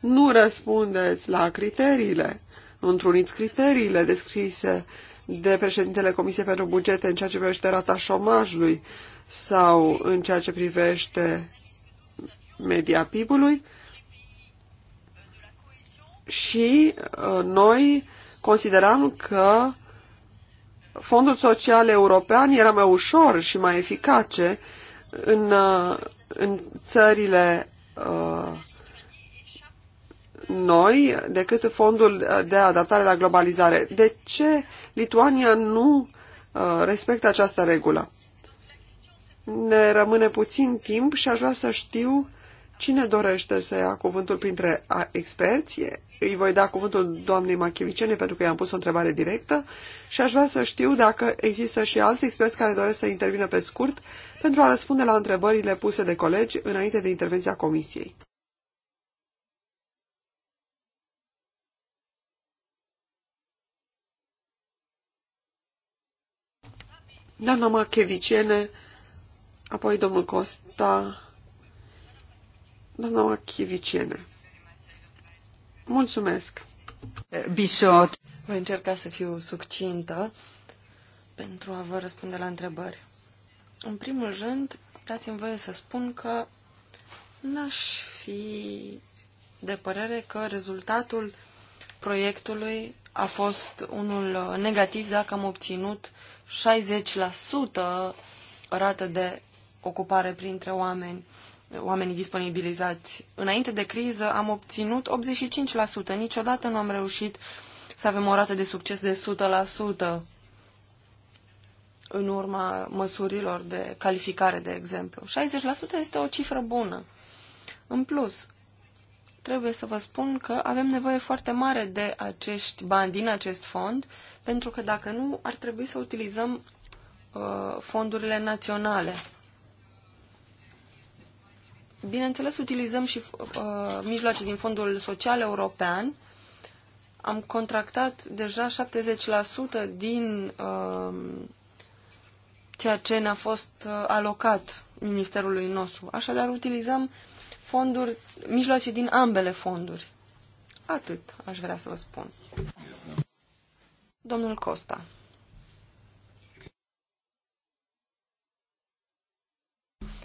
nu răspundeți la criteriile, nu întruniți criteriile descrise de președintele Comisiei pentru Bugete în ceea ce privește rata șomajului sau în ceea ce privește media PIB-ului și uh, noi consideram că fondul social european era mai ușor și mai eficace în, uh, în țările uh, noi decât fondul de adaptare la globalizare. De ce Lituania nu uh, respectă această regulă? Ne rămâne puțin timp și aș vrea să știu cine dorește să ia cuvântul printre experți îi voi da cuvântul doamnei Machivicene pentru că i-am pus o întrebare directă și aș vrea să știu dacă există și alți experți care doresc să intervină pe scurt pentru a răspunde la întrebările puse de colegi înainte de intervenția comisiei. Doamna Machivicene, apoi domnul Costa, doamna Machivicene. Mulțumesc! Bișot! Voi încerca să fiu succintă pentru a vă răspunde la întrebări. În primul rând, dați-mi voie să spun că n-aș fi de părere că rezultatul proiectului a fost unul negativ dacă am obținut 60% rată de ocupare printre oameni oamenii disponibilizați. Înainte de criză am obținut 85%. Niciodată nu am reușit să avem o rată de succes de 100% în urma măsurilor de calificare, de exemplu. 60% este o cifră bună. În plus, trebuie să vă spun că avem nevoie foarte mare de acești bani din acest fond, pentru că dacă nu, ar trebui să utilizăm uh, fondurile naționale. Bineînțeles, utilizăm și uh, mijloace din Fondul Social European. Am contractat deja 70% din uh, ceea ce ne-a fost uh, alocat ministerului nostru. Așadar, utilizăm fonduri, mijloace din ambele fonduri. Atât aș vrea să vă spun. Domnul Costa.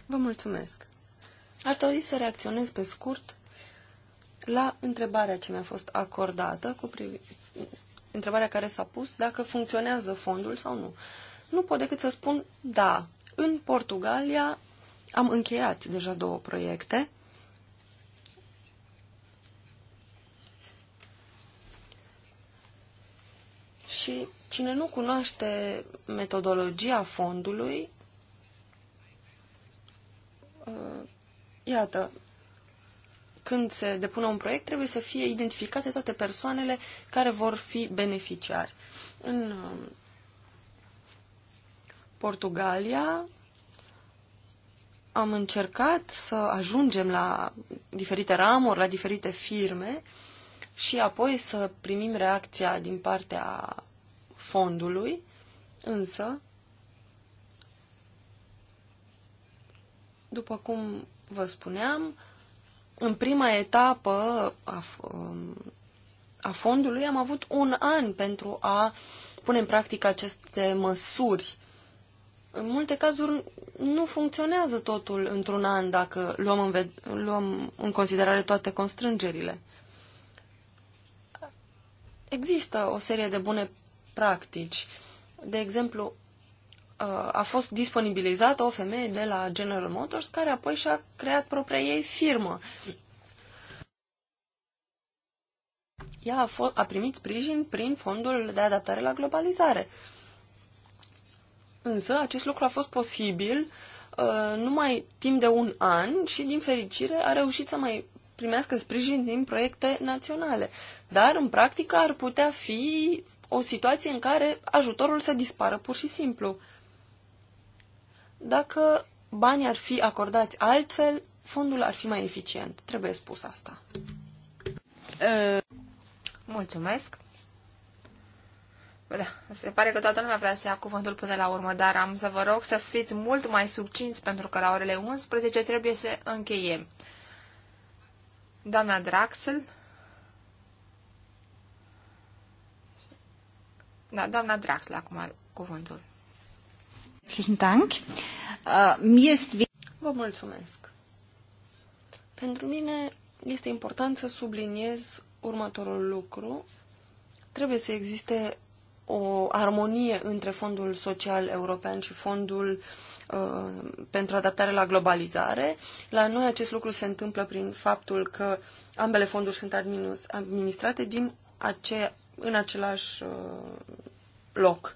Vă mulțumesc. Ar trebui să reacționez pe scurt la întrebarea ce mi-a fost acordată, cu privi... întrebarea care s-a pus dacă funcționează fondul sau nu. Nu pot decât să spun da. În Portugalia am încheiat deja două proiecte. Și cine nu cunoaște metodologia fondului, uh, Iată, când se depune un proiect, trebuie să fie identificate toate persoanele care vor fi beneficiari. În um, Portugalia am încercat să ajungem la diferite ramuri, la diferite firme și apoi să primim reacția din partea fondului, însă, după cum vă spuneam, în prima etapă a, um, a fondului am avut un an pentru a pune în practică aceste măsuri. În multe cazuri nu funcționează totul într-un an dacă luăm în, luăm în considerare toate constrângerile. Există o serie de bune practici. De exemplu, Uh, a fost disponibilizată o femeie de la General Motors care apoi și-a creat propria ei firmă. Ea a, fost, a primit sprijin prin fondul de adaptare la globalizare. Însă acest lucru a fost posibil uh, numai timp de un an și, din fericire, a reușit să mai primească sprijin din proiecte naționale. Dar, în practică, ar putea fi o situație în care ajutorul se dispară pur și simplu. Dacă banii ar fi acordați altfel, fondul ar fi mai eficient. Trebuie spus asta. Uh. Mulțumesc. Da, se pare că toată lumea vrea să ia cuvântul până la urmă, dar am să vă rog să fiți mult mai subcinți pentru că la orele 11 trebuie să încheiem. Doamna Draxel. Da, doamna Draxel acum are cuvântul. Herzlichen Dank. Äh, mir ist Vă mulțumesc. Pentru mine este important să subliniez următorul lucru. Trebuie să existe o armonie între Fondul Social European și Fondul uh, pentru adaptare la globalizare. La noi acest lucru se întâmplă prin faptul că ambele fonduri sunt administrate din ace- în același uh, loc.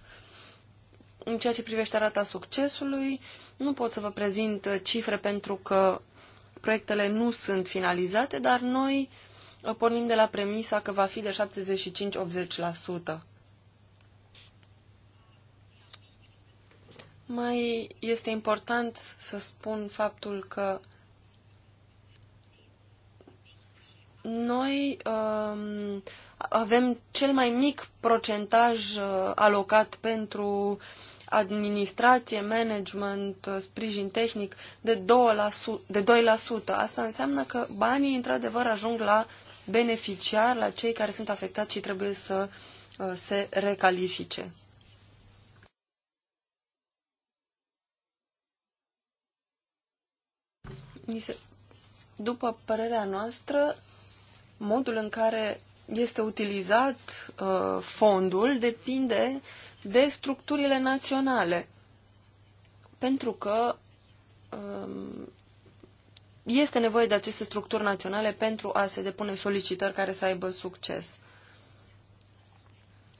În ceea ce privește rata succesului, nu pot să vă prezint cifre pentru că proiectele nu sunt finalizate, dar noi uh, pornim de la premisa că va fi de 75-80%. Mai este important să spun faptul că noi um, avem cel mai mic procentaj uh, alocat pentru administrație, management, uh, sprijin tehnic de 2%. De 2%. Asta înseamnă că banii, într-adevăr, ajung la beneficiar, la cei care sunt afectați și trebuie să uh, se recalifice. După părerea noastră, modul în care este utilizat uh, fondul depinde uh, de structurile naționale. Pentru că um, este nevoie de aceste structuri naționale pentru a se depune solicitări care să aibă succes.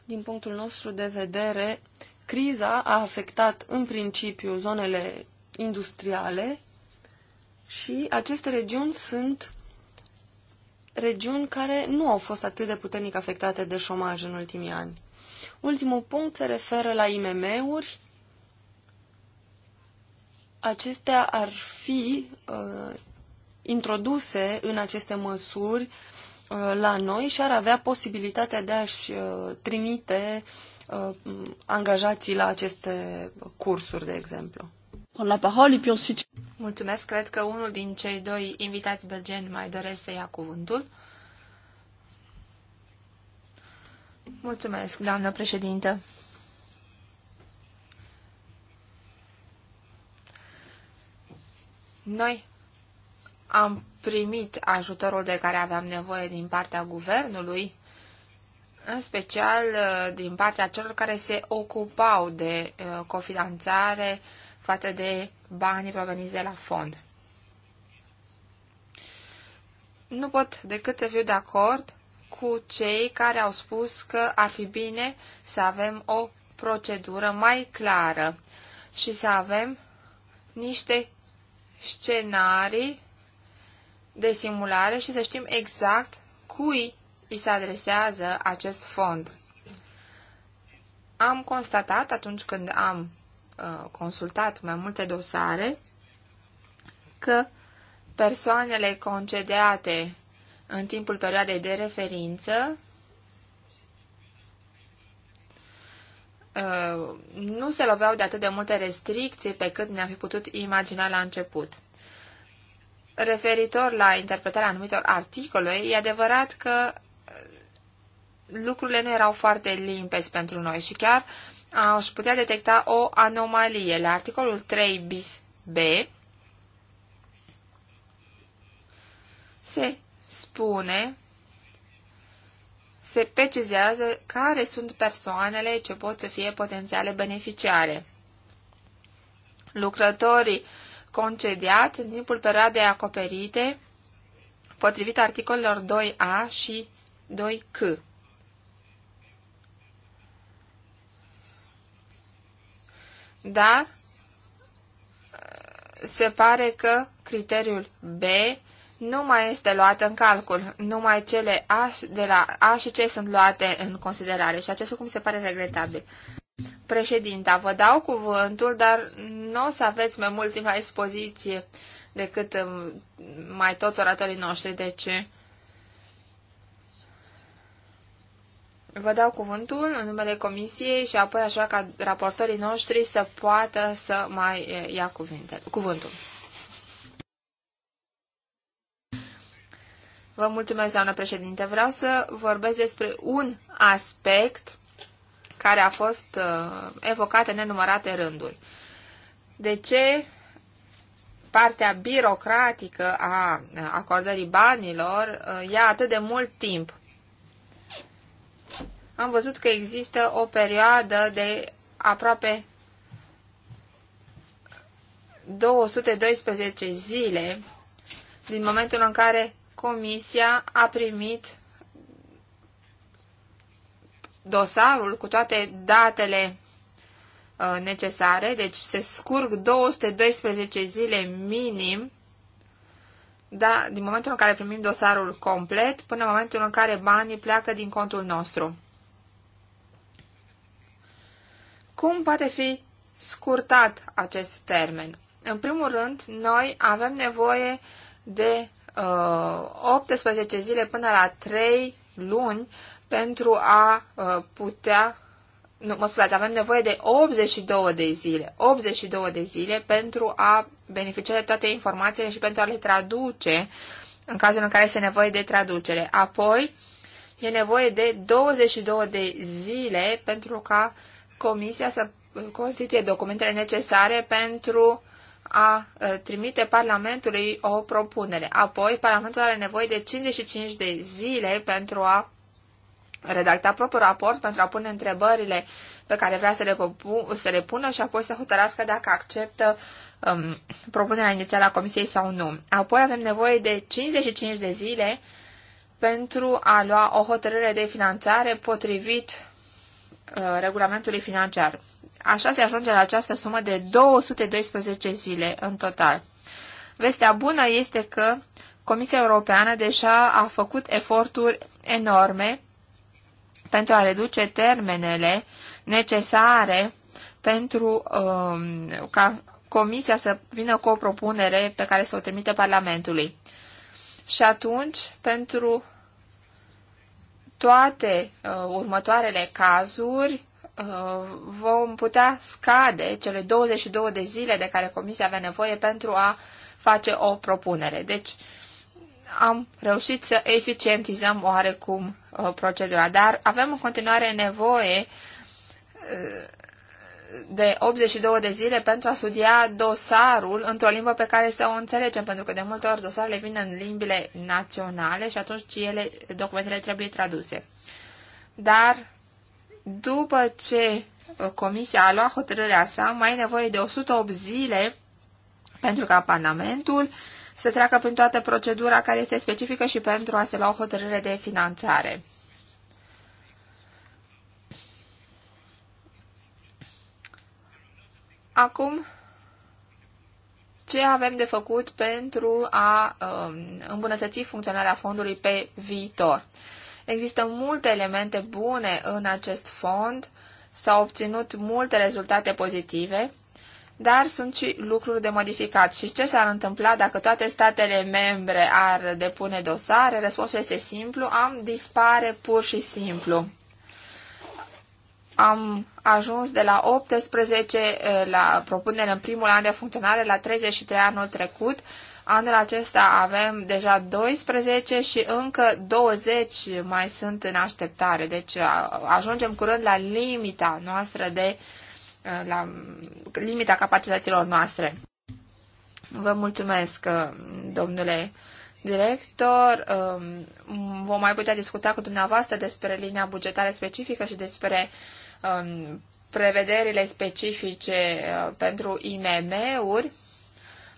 Din punctul nostru de vedere, criza a afectat în principiu zonele industriale și aceste regiuni sunt regiuni care nu au fost atât de puternic afectate de șomaj în ultimii ani. Ultimul punct se referă la IMM-uri. Acestea ar fi uh, introduse în aceste măsuri uh, la noi și ar avea posibilitatea de a-și uh, trimite uh, angajații la aceste cursuri, de exemplu. La Mulțumesc, cred că unul din cei doi invitați belgeni mai doresc să ia cuvântul. Mulțumesc, doamnă președintă. Noi am primit ajutorul de care aveam nevoie din partea guvernului, în special uh, din partea celor care se ocupau de uh, cofinanțare față de banii proveniți de la fond. Nu pot decât să fiu de acord cu cei care au spus că ar fi bine să avem o procedură mai clară și să avem niște scenarii de simulare și să știm exact cui îi se adresează acest fond. Am constatat atunci când am uh, consultat mai multe dosare că persoanele concedeate în timpul perioadei de referință, uh, nu se loveau de atât de multe restricții pe cât ne-am fi putut imagina la început. Referitor la interpretarea anumitor articole, e adevărat că uh, lucrurile nu erau foarte limpezi pentru noi și chiar aș putea detecta o anomalie. La articolul 3 bis B se spune, se precizează care sunt persoanele ce pot să fie potențiale beneficiare. Lucrătorii concediați în timpul perioadei acoperite, potrivit articolelor 2a și 2c. Dar se pare că criteriul B nu mai este luată în calcul. Numai cele A, de la A și C sunt luate în considerare și acest lucru mi se pare regretabil. Președinta, vă dau cuvântul, dar nu o să aveți mai mult timp la expoziție decât um, mai toți oratorii noștri, deci vă dau cuvântul în numele comisiei și apoi așa ca raportorii noștri să poată să mai eh, ia cuvintele, cuvântul. Vă mulțumesc, doamnă președinte. Vreau să vorbesc despre un aspect care a fost uh, evocat în nenumărate rânduri. De ce partea birocratică a acordării banilor uh, ia atât de mult timp? Am văzut că există o perioadă de aproape 212 zile din momentul în care Comisia a primit dosarul cu toate datele uh, necesare, deci se scurg 212 zile minim da, din momentul în care primim dosarul complet până în momentul în care banii pleacă din contul nostru. Cum poate fi scurtat acest termen? În primul rând, noi avem nevoie de 18 uh, zile până la 3 luni pentru a uh, putea nu, mă scuzați, avem nevoie de 82 de zile, 82 de zile pentru a beneficia de toate informațiile și pentru a le traduce în cazul în care este nevoie de traducere. Apoi, e nevoie de 22 de zile pentru ca comisia să constituie documentele necesare pentru uh, a trimite Parlamentului o propunere. Apoi, Parlamentul are nevoie de 55 de zile pentru a redacta propriul raport, pentru a pune întrebările pe care vrea să le, să le pună și apoi să hotărască dacă acceptă um, propunerea inițială a Comisiei sau nu. Apoi avem nevoie de 55 de zile pentru a lua o hotărâre de finanțare potrivit uh, regulamentului financiar. Așa se ajunge la această sumă de 212 zile în total. Vestea bună este că Comisia Europeană deja a făcut eforturi enorme pentru a reduce termenele necesare pentru um, ca Comisia să vină cu o propunere pe care să o trimite Parlamentului. Și atunci, pentru toate uh, următoarele cazuri, Uh, vom putea scade cele 22 de zile de care Comisia avea nevoie pentru a face o propunere. Deci am reușit să eficientizăm oarecum uh, procedura, dar avem în continuare nevoie uh, de 82 de zile pentru a studia dosarul într-o limbă pe care să o înțelegem, pentru că de multe ori dosarele vin în limbile naționale și atunci ele, documentele trebuie traduse. Dar după ce uh, Comisia a luat hotărârea sa, mai e nevoie de 108 zile pentru ca Parlamentul să treacă prin toată procedura care este specifică și pentru a se lua o hotărâre de finanțare. Acum, ce avem de făcut pentru a um, îmbunătăți funcționarea fondului pe viitor? Există multe elemente bune în acest fond, s-au obținut multe rezultate pozitive, dar sunt și lucruri de modificat. Și ce s-ar întâmpla dacă toate statele membre ar depune dosare? Răspunsul este simplu, am dispare pur și simplu. Am ajuns de la 18 eh, la propunere în primul an de funcționare la 33 anul trecut Anul acesta avem deja 12 și încă 20 mai sunt în așteptare. Deci ajungem curând la limita noastră de la limita capacităților noastre. Vă mulțumesc, domnule director. Vom mai putea discuta cu dumneavoastră despre linia bugetară specifică și despre prevederile specifice pentru IMM-uri.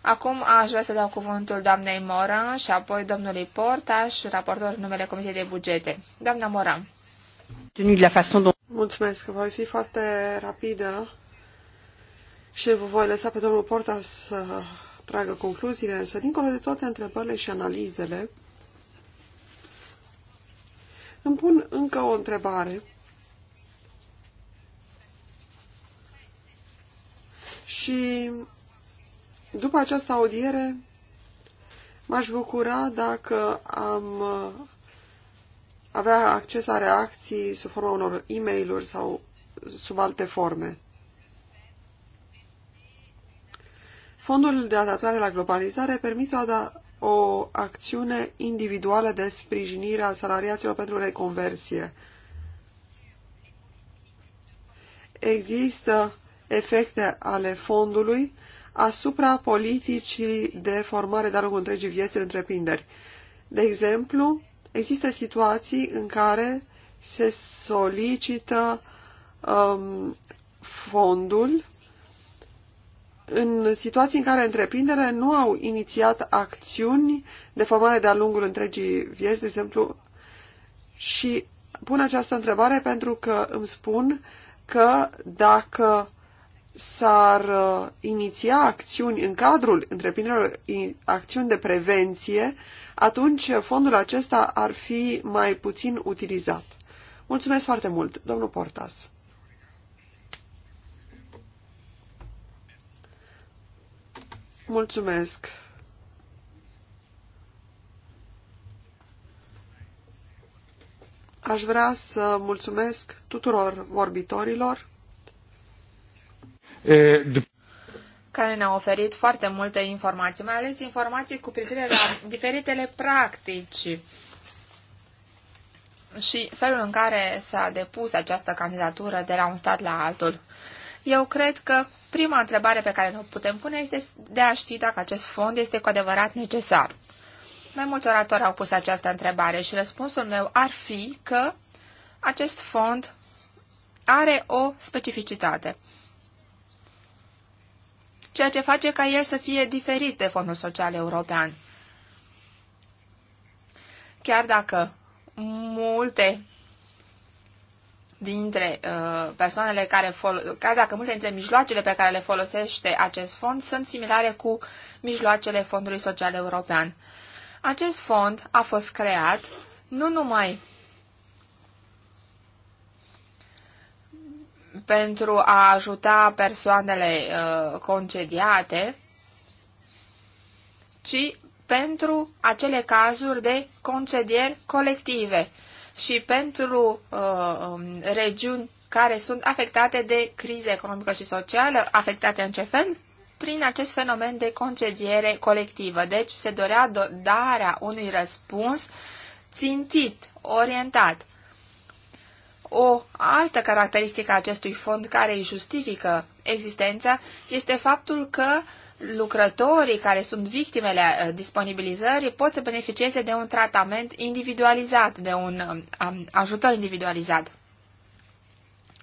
Acum aș vrea să dau cuvântul doamnei Moran și apoi domnului Portaș, raportor în numele Comisiei de Bugete. Doamna Moran. Mulțumesc, voi fi foarte rapidă și vă voi lăsa pe domnul Porta să tragă concluziile, însă dincolo de toate întrebările și analizele, îmi pun încă o întrebare. Și după această audiere, m-aș bucura dacă am uh, avea acces la reacții sub forma unor e mail sau sub alte forme. Fondul de adaptare la globalizare permite o, da-, o acțiune individuală de sprijinire a salariaților pentru reconversie. Există efecte ale fondului asupra politicii de formare de-a lungul întregii vieți în întreprinderi. De exemplu, există situații în care se solicită um, fondul în situații în care întreprinderile nu au inițiat acțiuni de formare de-a lungul întregii vieți, de exemplu, și pun această întrebare pentru că îmi spun că dacă s-ar uh, iniția acțiuni în cadrul întreprinderilor acțiuni de prevenție, atunci fondul acesta ar fi mai puțin utilizat. Mulțumesc foarte mult, domnul Portas. Mulțumesc. Aș vrea să mulțumesc tuturor vorbitorilor care ne-a oferit foarte multe informații, mai ales informații cu privire la diferitele practici și felul în care s-a depus această candidatură de la un stat la altul. Eu cred că prima întrebare pe care o putem pune este de a ști dacă acest fond este cu adevărat necesar. Mai mulți oratori au pus această întrebare și răspunsul meu ar fi că acest fond are o specificitate ceea ce face ca el să fie diferit de Fondul Social European. Chiar dacă multe dintre uh, persoanele care chiar dacă multe dintre mijloacele pe care le folosește acest fond sunt similare cu mijloacele Fondului Social European. Acest fond a fost creat nu numai pentru a ajuta persoanele uh, concediate, ci pentru acele cazuri de concedieri colective și pentru uh, um, regiuni care sunt afectate de crize economică și socială, afectate în ce fel? Prin acest fenomen de concediere colectivă. Deci se dorea darea unui răspuns țintit, orientat o altă caracteristică a acestui fond care îi justifică existența este faptul că lucrătorii care sunt victimele uh, disponibilizării pot să beneficieze de un tratament individualizat, de un um, ajutor individualizat.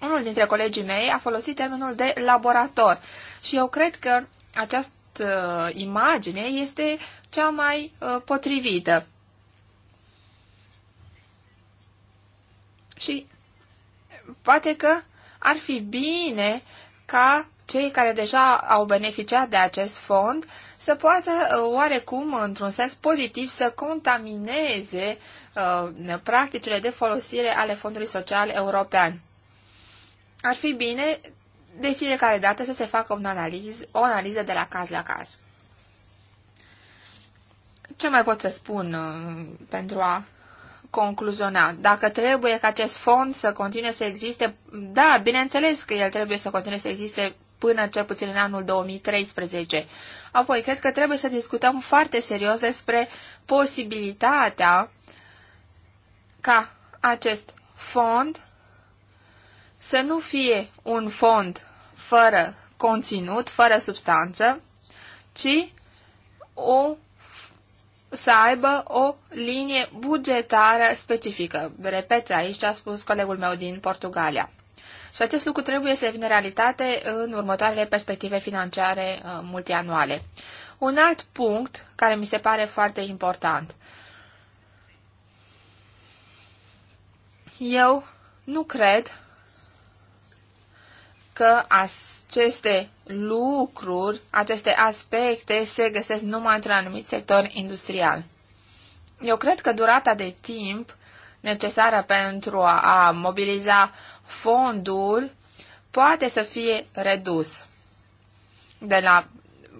Unul dintre colegii mei a folosit termenul de laborator și eu cred că această uh, imagine este cea mai uh, potrivită. Și poate că ar fi bine ca cei care deja au beneficiat de acest fond să poată uh, oarecum, într-un sens pozitiv, să contamineze uh, practicile de folosire ale Fondului Social European. Ar fi bine de fiecare dată să se facă un analiz, o analiză de la caz la caz. Ce mai pot să spun uh, pentru a concluziona. Dacă trebuie ca acest fond să continue să existe, da, bineînțeles că el trebuie să continue să existe până cel puțin în anul 2013. Apoi, cred că trebuie să discutăm foarte serios despre posibilitatea ca acest fond să nu fie un fond fără conținut, fără substanță, ci o să aibă o linie bugetară specifică. Repet aici ce a spus colegul meu din Portugalia. Și acest lucru trebuie să devină realitate în următoarele perspective financiare uh, multianuale. Un alt punct care mi se pare foarte important. Eu nu cred că as aceste lucruri, aceste aspecte se găsesc numai într-un anumit sector industrial. Eu cred că durata de timp necesară pentru a mobiliza fondul poate să fie redus. De la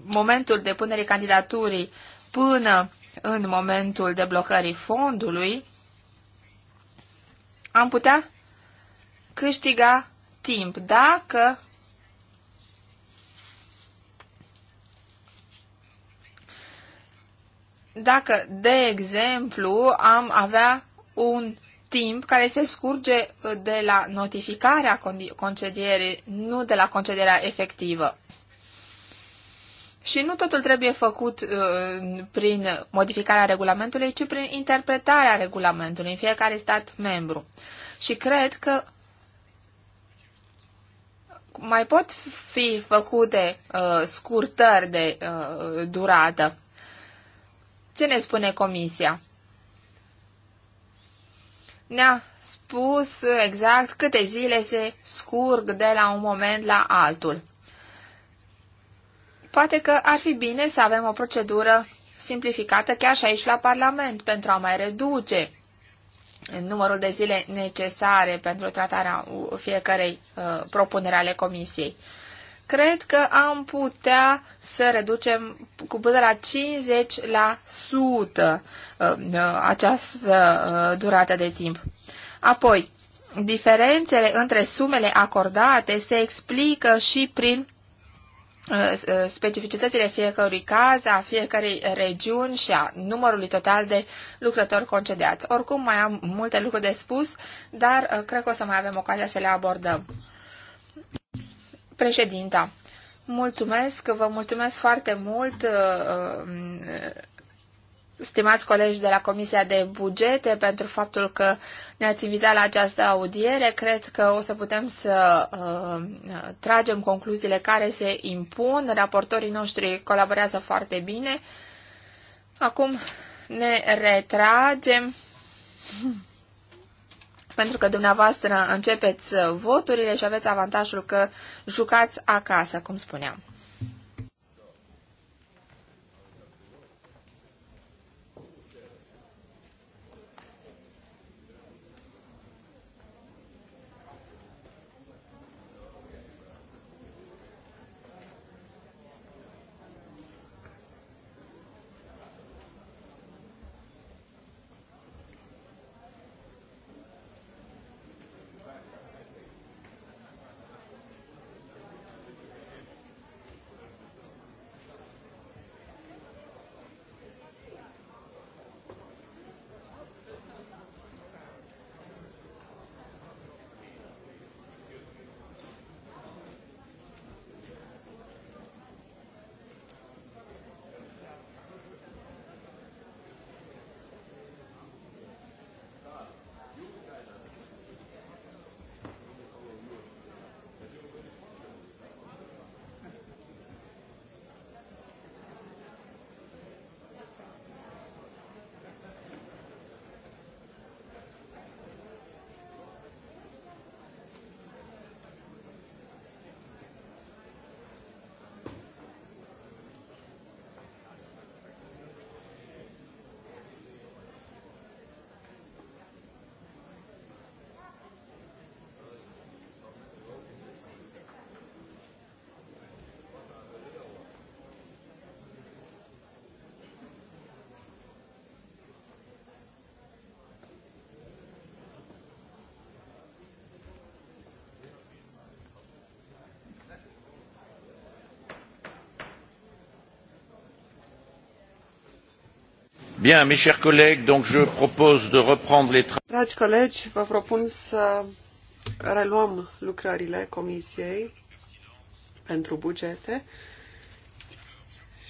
momentul depunerii candidaturii până în momentul deblocării fondului, am putea câștiga timp dacă dacă, de exemplu, am avea un timp care se scurge uh, de la notificarea concedierii, nu de la concedierea efectivă. Și nu totul trebuie făcut uh, prin modificarea regulamentului, ci prin interpretarea regulamentului în fiecare stat membru. Și cred că mai pot fi făcute uh, scurtări de uh, durată. Ce ne spune comisia? Ne-a spus exact câte zile se scurg de la un moment la altul. Poate că ar fi bine să avem o procedură simplificată chiar și aici la Parlament pentru a mai reduce numărul de zile necesare pentru tratarea fiecarei uh, propunere ale Comisiei. Uh, cred că am putea să reducem cu până la 50% uh, uh, această uh, durată de timp. Apoi, diferențele între sumele acordate se explică și prin specificitățile fiecărui caz, a fiecărei regiuni și a numărului total de lucrători concediați. Oricum, mai am multe lucruri de spus, dar cred că o să mai avem ocazia să le abordăm. Președinta, mulțumesc, vă mulțumesc foarte mult, uh, uh, stimați colegi de la Comisia de Bugete, pentru faptul că ne-ați invitat la această audiere. Cred că o să putem să uh, tragem concluziile care se impun. Raportorii noștri colaborează foarte bine. Acum ne retragem. pentru că dumneavoastră începeți voturile și aveți avantajul că jucați acasă, cum spuneam. Dragi colegi, vă propun să reluăm lucrările Comisiei pentru bugete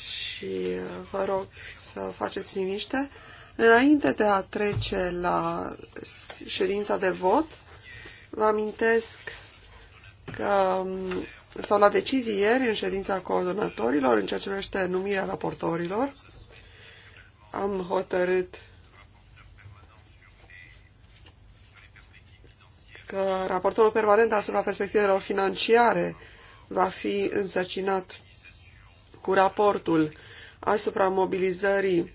și uh, vă rog să faceți liniște. Înainte de a trece la ședința de vot, vă amintesc că um, sau la decizii ieri în ședința coordonatorilor în ceea ce privește numirea raportorilor am hotărât că raportorul permanent asupra perspectivelor financiare va fi însărcinat cu raportul asupra mobilizării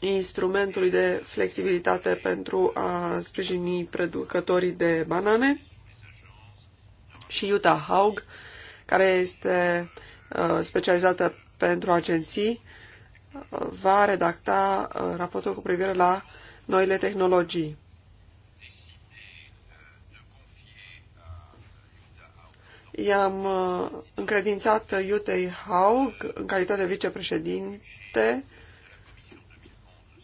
instrumentului de flexibilitate pentru a sprijini producătorii de banane și Utah Haug, care este uh, specializată pentru agenții, va redacta uh, raportul cu privire la noile tehnologii. I-am uh, încredințat Iutei Haug în calitate de vicepreședinte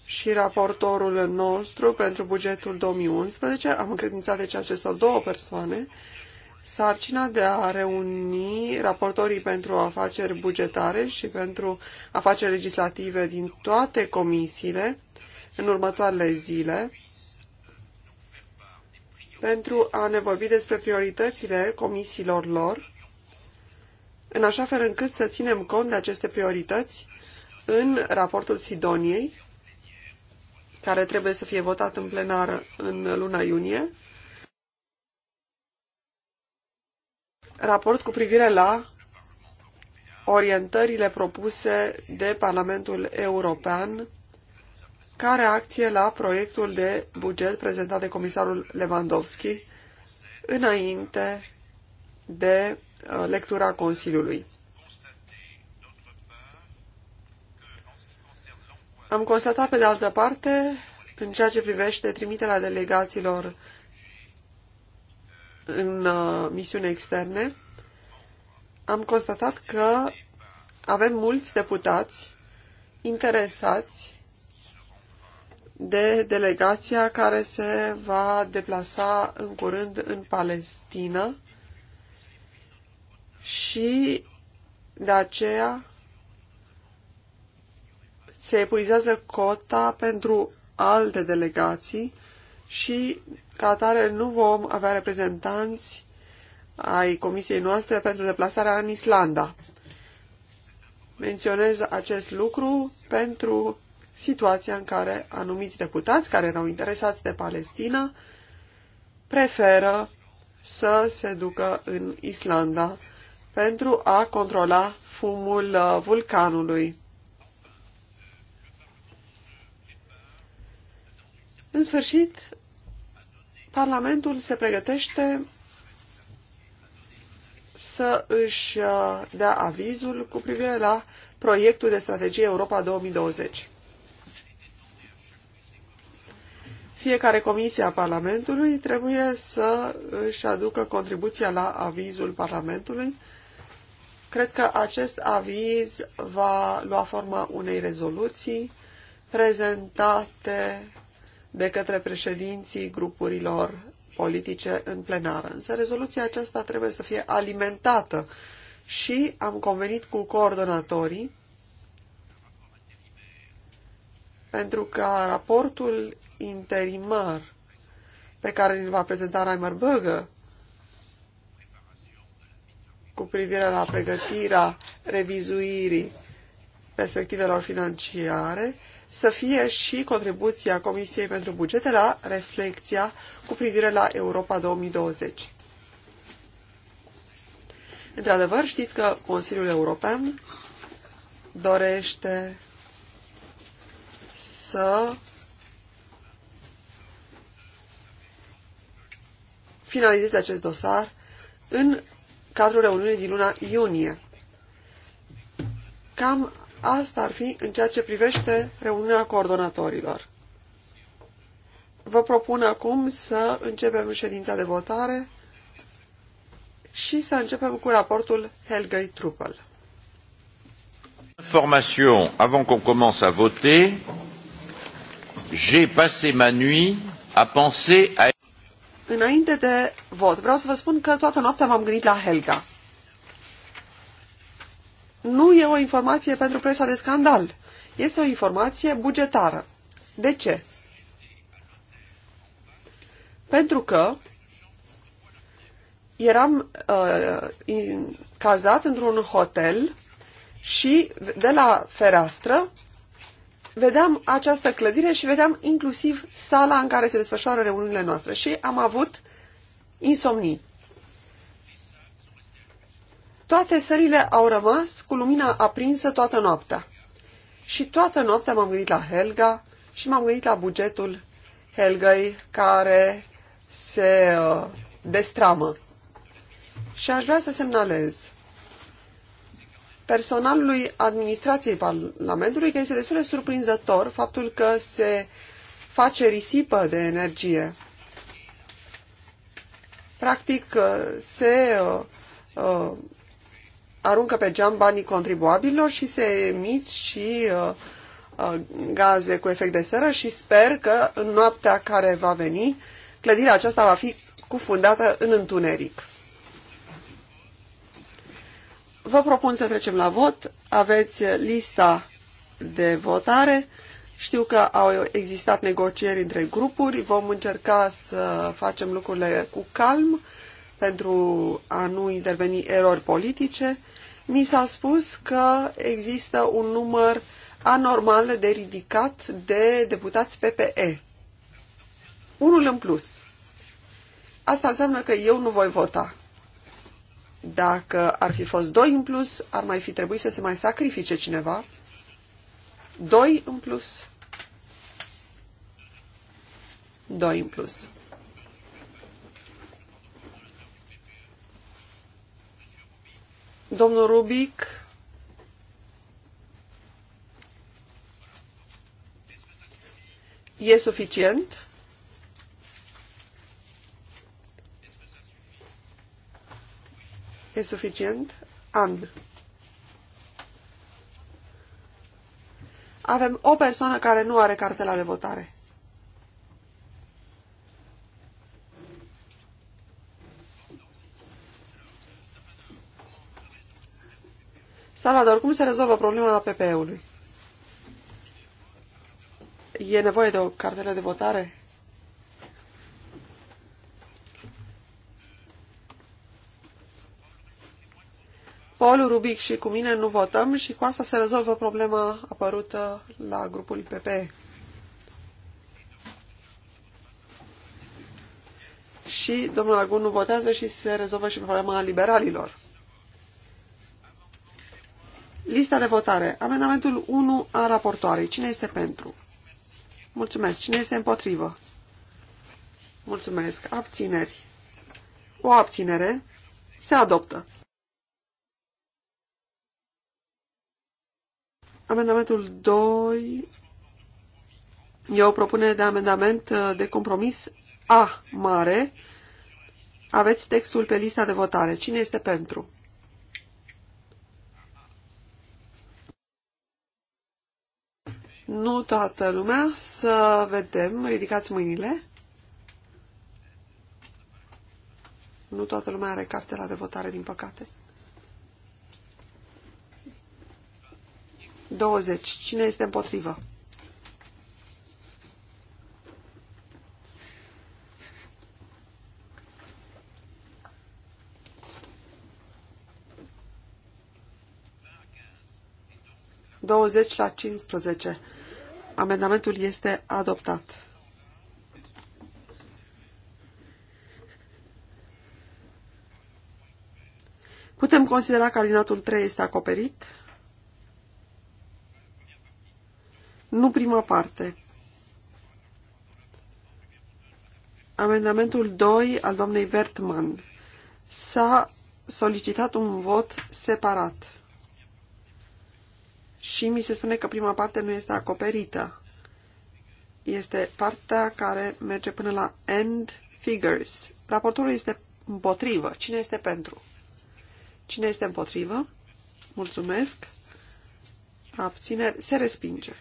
și raportorul nostru pentru bugetul 2011. Am încredințat deci acestor două persoane sarcina de a reuni raportorii pentru afaceri bugetare și pentru afaceri legislative din toate comisiile în următoarele zile pentru a ne vorbi despre prioritățile comisiilor lor, în așa fel încât să ținem cont de aceste priorități în raportul Sidoniei, care trebuie să fie votat în plenară în luna iunie, raport cu privire la orientările propuse de Parlamentul European ca reacție la proiectul de buget prezentat de comisarul Lewandowski înainte de uh, lectura Consiliului. Am constatat, pe de altă parte, în ceea ce privește trimiterea delegațiilor în uh, misiuni externe, am constatat că avem mulți deputați interesați de delegația care se va deplasa în curând în Palestina și de aceea se epuizează cota pentru alte delegații și ca atare, nu vom avea reprezentanți ai comisiei noastre pentru deplasarea în Islanda. Menționez acest lucru pentru situația în care anumiți deputați care erau interesați de Palestina preferă să se ducă în Islanda pentru a controla fumul uh, vulcanului. În sfârșit, Parlamentul se pregătește să își uh, dea avizul cu privire la proiectul de strategie Europa 2020. Fiecare comisie a Parlamentului trebuie să își aducă contribuția la avizul Parlamentului. Cred că acest aviz va lua forma unei rezoluții prezentate de către președinții grupurilor politice în plenară. Însă rezoluția aceasta trebuie să fie alimentată și am convenit cu coordonatorii pentru ca raportul interimar pe care îl va prezenta Reimer Băgă cu privire la pregătirea revizuirii perspectivelor financiare să fie și contribuția Comisiei pentru Bugete la reflecția cu privire la Europa 2020. Într-adevăr, știți că Consiliul European dorește să finalizeze acest dosar în cadrul reuniunii din luna iunie. Cam Asta ar fi în ceea ce privește reuniunea coordonatorilor. Vă propun acum să începem ședința de votare și să începem cu raportul Helgei Truppel. Information avant qu'on commence à voter, j'ai passé ma nuit à penser à Înainte de vot, vreau să vă spun că toată noaptea m-am gândit la Helga nu e o informație pentru presa de scandal. Este o informație bugetară. De ce? Pentru că eram uh, in, cazat într-un hotel și de la fereastră vedeam această clădire și vedeam inclusiv sala în care se desfășoară reuniunile noastre și am avut insomnii. Toate sările au rămas cu lumina aprinsă toată noaptea. Și toată noaptea m-am gândit la Helga și m-am gândit la bugetul Helgăi care se uh, destramă. Și aș vrea să semnalez personalului administrației Parlamentului că este destul de surprinzător faptul că se face risipă de energie. Practic, uh, se uh, aruncă pe geam banii contribuabililor și se emit și uh, uh, gaze cu efect de seră și sper că în noaptea care va veni, clădirea aceasta va fi cufundată în întuneric. Vă propun să trecem la vot. Aveți lista de votare. Știu că au existat negocieri între grupuri. Vom încerca să facem lucrurile cu calm pentru a nu interveni erori politice. Mi s-a spus că există un număr anormal de ridicat de deputați PPE. Unul în plus. Asta înseamnă că eu nu voi vota. Dacă ar fi fost doi în plus, ar mai fi trebuit să se mai sacrifice cineva. Doi în plus. Doi în plus. Domnul Rubic. E suficient? E suficient? An. Avem o persoană care nu are cartela de votare. Salvador, cum se rezolvă problema PPE-ului? E nevoie de o cartelă de votare? Paul Rubic și cu mine nu votăm și cu asta se rezolvă problema apărută la grupul PPE. Și domnul Argun nu votează și se rezolvă și problema liberalilor. Lista de votare. Amendamentul 1 a raportoarei. Cine este pentru? Mulțumesc. Cine este împotrivă? Mulțumesc. Abțineri. O abținere. Se adoptă. Amendamentul 2 e o propunere de amendament uh, de compromis A mare. Aveți textul pe lista de votare. Cine este pentru? Nu toată lumea. Să vedem. Ridicați mâinile. Nu toată lumea are cartela de votare, din păcate. 20. Cine este împotrivă? Douăzeci la 15. Amendamentul este adoptat. Putem considera că alinatul 3 este acoperit? Nu prima parte. Amendamentul 2 al doamnei Vertman. S-a solicitat un vot separat și mi se spune că prima parte nu este acoperită. Este partea care merge până la end figures. Raportorul este împotrivă. Cine este pentru? Cine este împotrivă? Mulțumesc. Abțineri. Se respinge.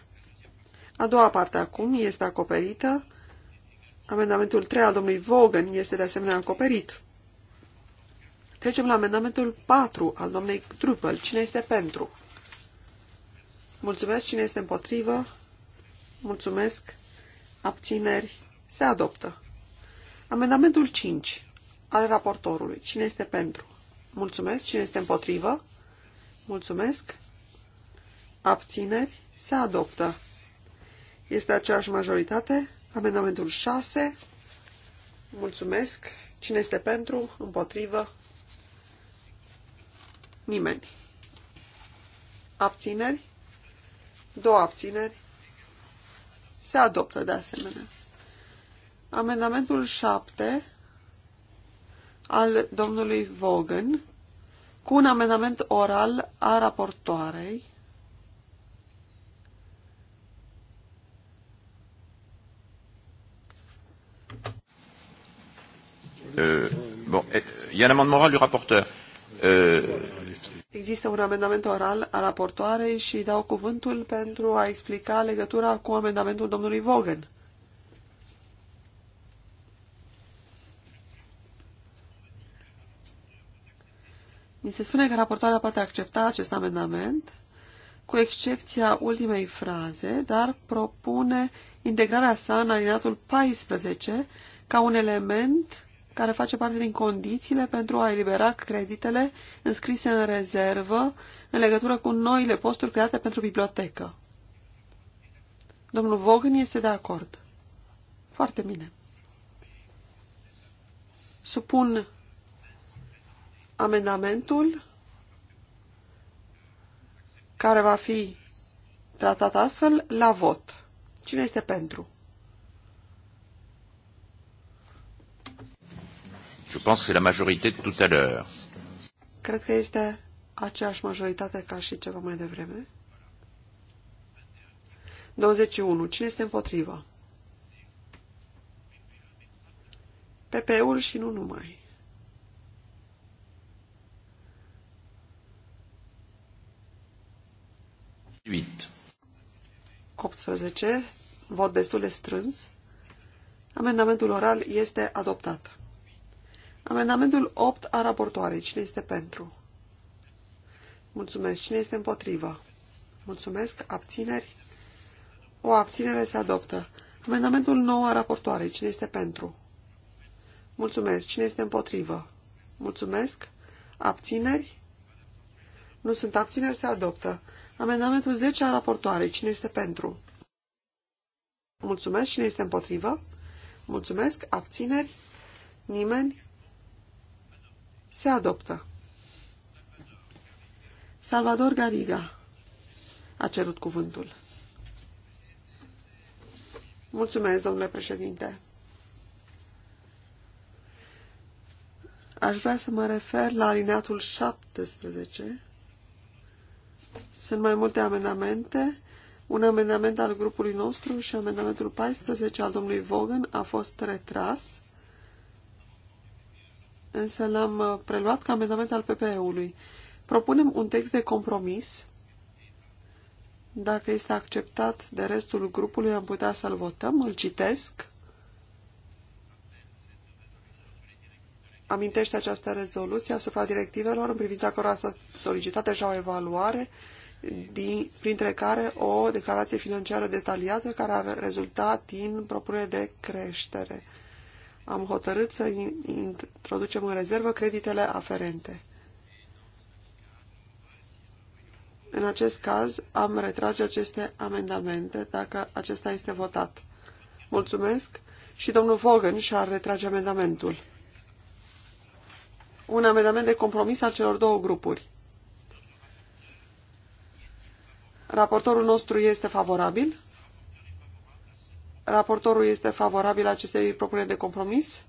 A doua parte acum este acoperită. Amendamentul 3 al domnului Vogan este de asemenea acoperit. Trecem la amendamentul 4 al domnului Trupel. Cine este pentru? Mulțumesc. Cine este împotrivă? Mulțumesc. Abțineri. Se adoptă. Amendamentul 5 al raportorului. Cine este pentru? Mulțumesc. Cine este împotrivă? Mulțumesc. Abțineri. Se adoptă. Este aceeași majoritate. Amendamentul 6. Mulțumesc. Cine este pentru? Împotrivă? Nimeni. Abțineri? două abțineri, se adoptă de asemenea. Amendamentul 7 al domnului Vogan cu un amendament oral a raportoarei Euh, bon, eh, il y a un amendement oral du rapporteur. Euh, Există un amendament oral a raportoarei și dau cuvântul pentru a explica legătura cu amendamentul domnului Vogan. Mi se spune că raportoarea poate accepta acest amendament, cu excepția ultimei fraze, dar propune integrarea sa în alinatul 14 ca un element care face parte din condițiile pentru a elibera creditele înscrise în rezervă în legătură cu noile posturi create pentru bibliotecă. Domnul Vogn este de acord. Foarte bine. Supun amendamentul care va fi tratat astfel la vot. Cine este pentru? Je pense que c'est la majorité de tout à l'heure. Cred că este aceeași majoritate ca și ceva mai devreme. 21. Cine este împotriva? PP-ul și nu numai. Uit. 18. Vot destul de strâns. Amendamentul oral este adoptat. Amendamentul 8 a raportoarei. Cine este pentru? Mulțumesc. Cine este împotrivă? Mulțumesc. Abțineri? O abținere se adoptă. Amendamentul 9 a raportoarei. Cine este pentru? Mulțumesc. Cine este împotrivă? Mulțumesc. Abțineri? Nu sunt abțineri, se adoptă. Amendamentul 10 a raportoarei. Cine este pentru? Mulțumesc. Cine este împotrivă? Mulțumesc. Abțineri? Nimeni? Se adoptă. Salvador Gariga a cerut cuvântul. Mulțumesc, domnule președinte. Aș vrea să mă refer la alineatul 17. Sunt mai multe amendamente. Un amendament al grupului nostru și amendamentul 14 al domnului Vogan a fost retras însă l-am uh, preluat ca amendament al PPE-ului. Propunem un text de compromis. Dacă este acceptat de restul grupului, am putea să-l votăm. Îl citesc. Amintește această rezoluție asupra directivelor în privința cărora s-a solicitat deja o evaluare, din, printre care o declarație financiară detaliată care ar rezulta din propunere de creștere am hotărât să introducem în rezervă creditele aferente. În acest caz, am retrage aceste amendamente dacă acesta este votat. Mulțumesc și domnul Vogan și ar retrage amendamentul. Un amendament de compromis al celor două grupuri. Raportorul nostru este favorabil? Raportorul este favorabil acestei propuneri de compromis.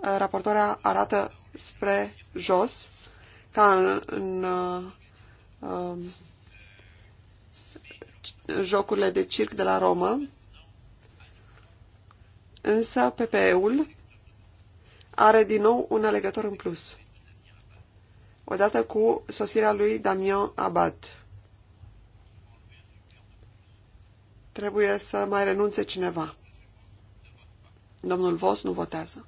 Raportoarea arată spre jos, ca în, în uh, jocurile de circ de la Romă. Însă PPE-ul are din nou un alegător în plus, odată cu sosirea lui Damien Abad. trebuie să mai renunțe cineva. Domnul Vos nu votează.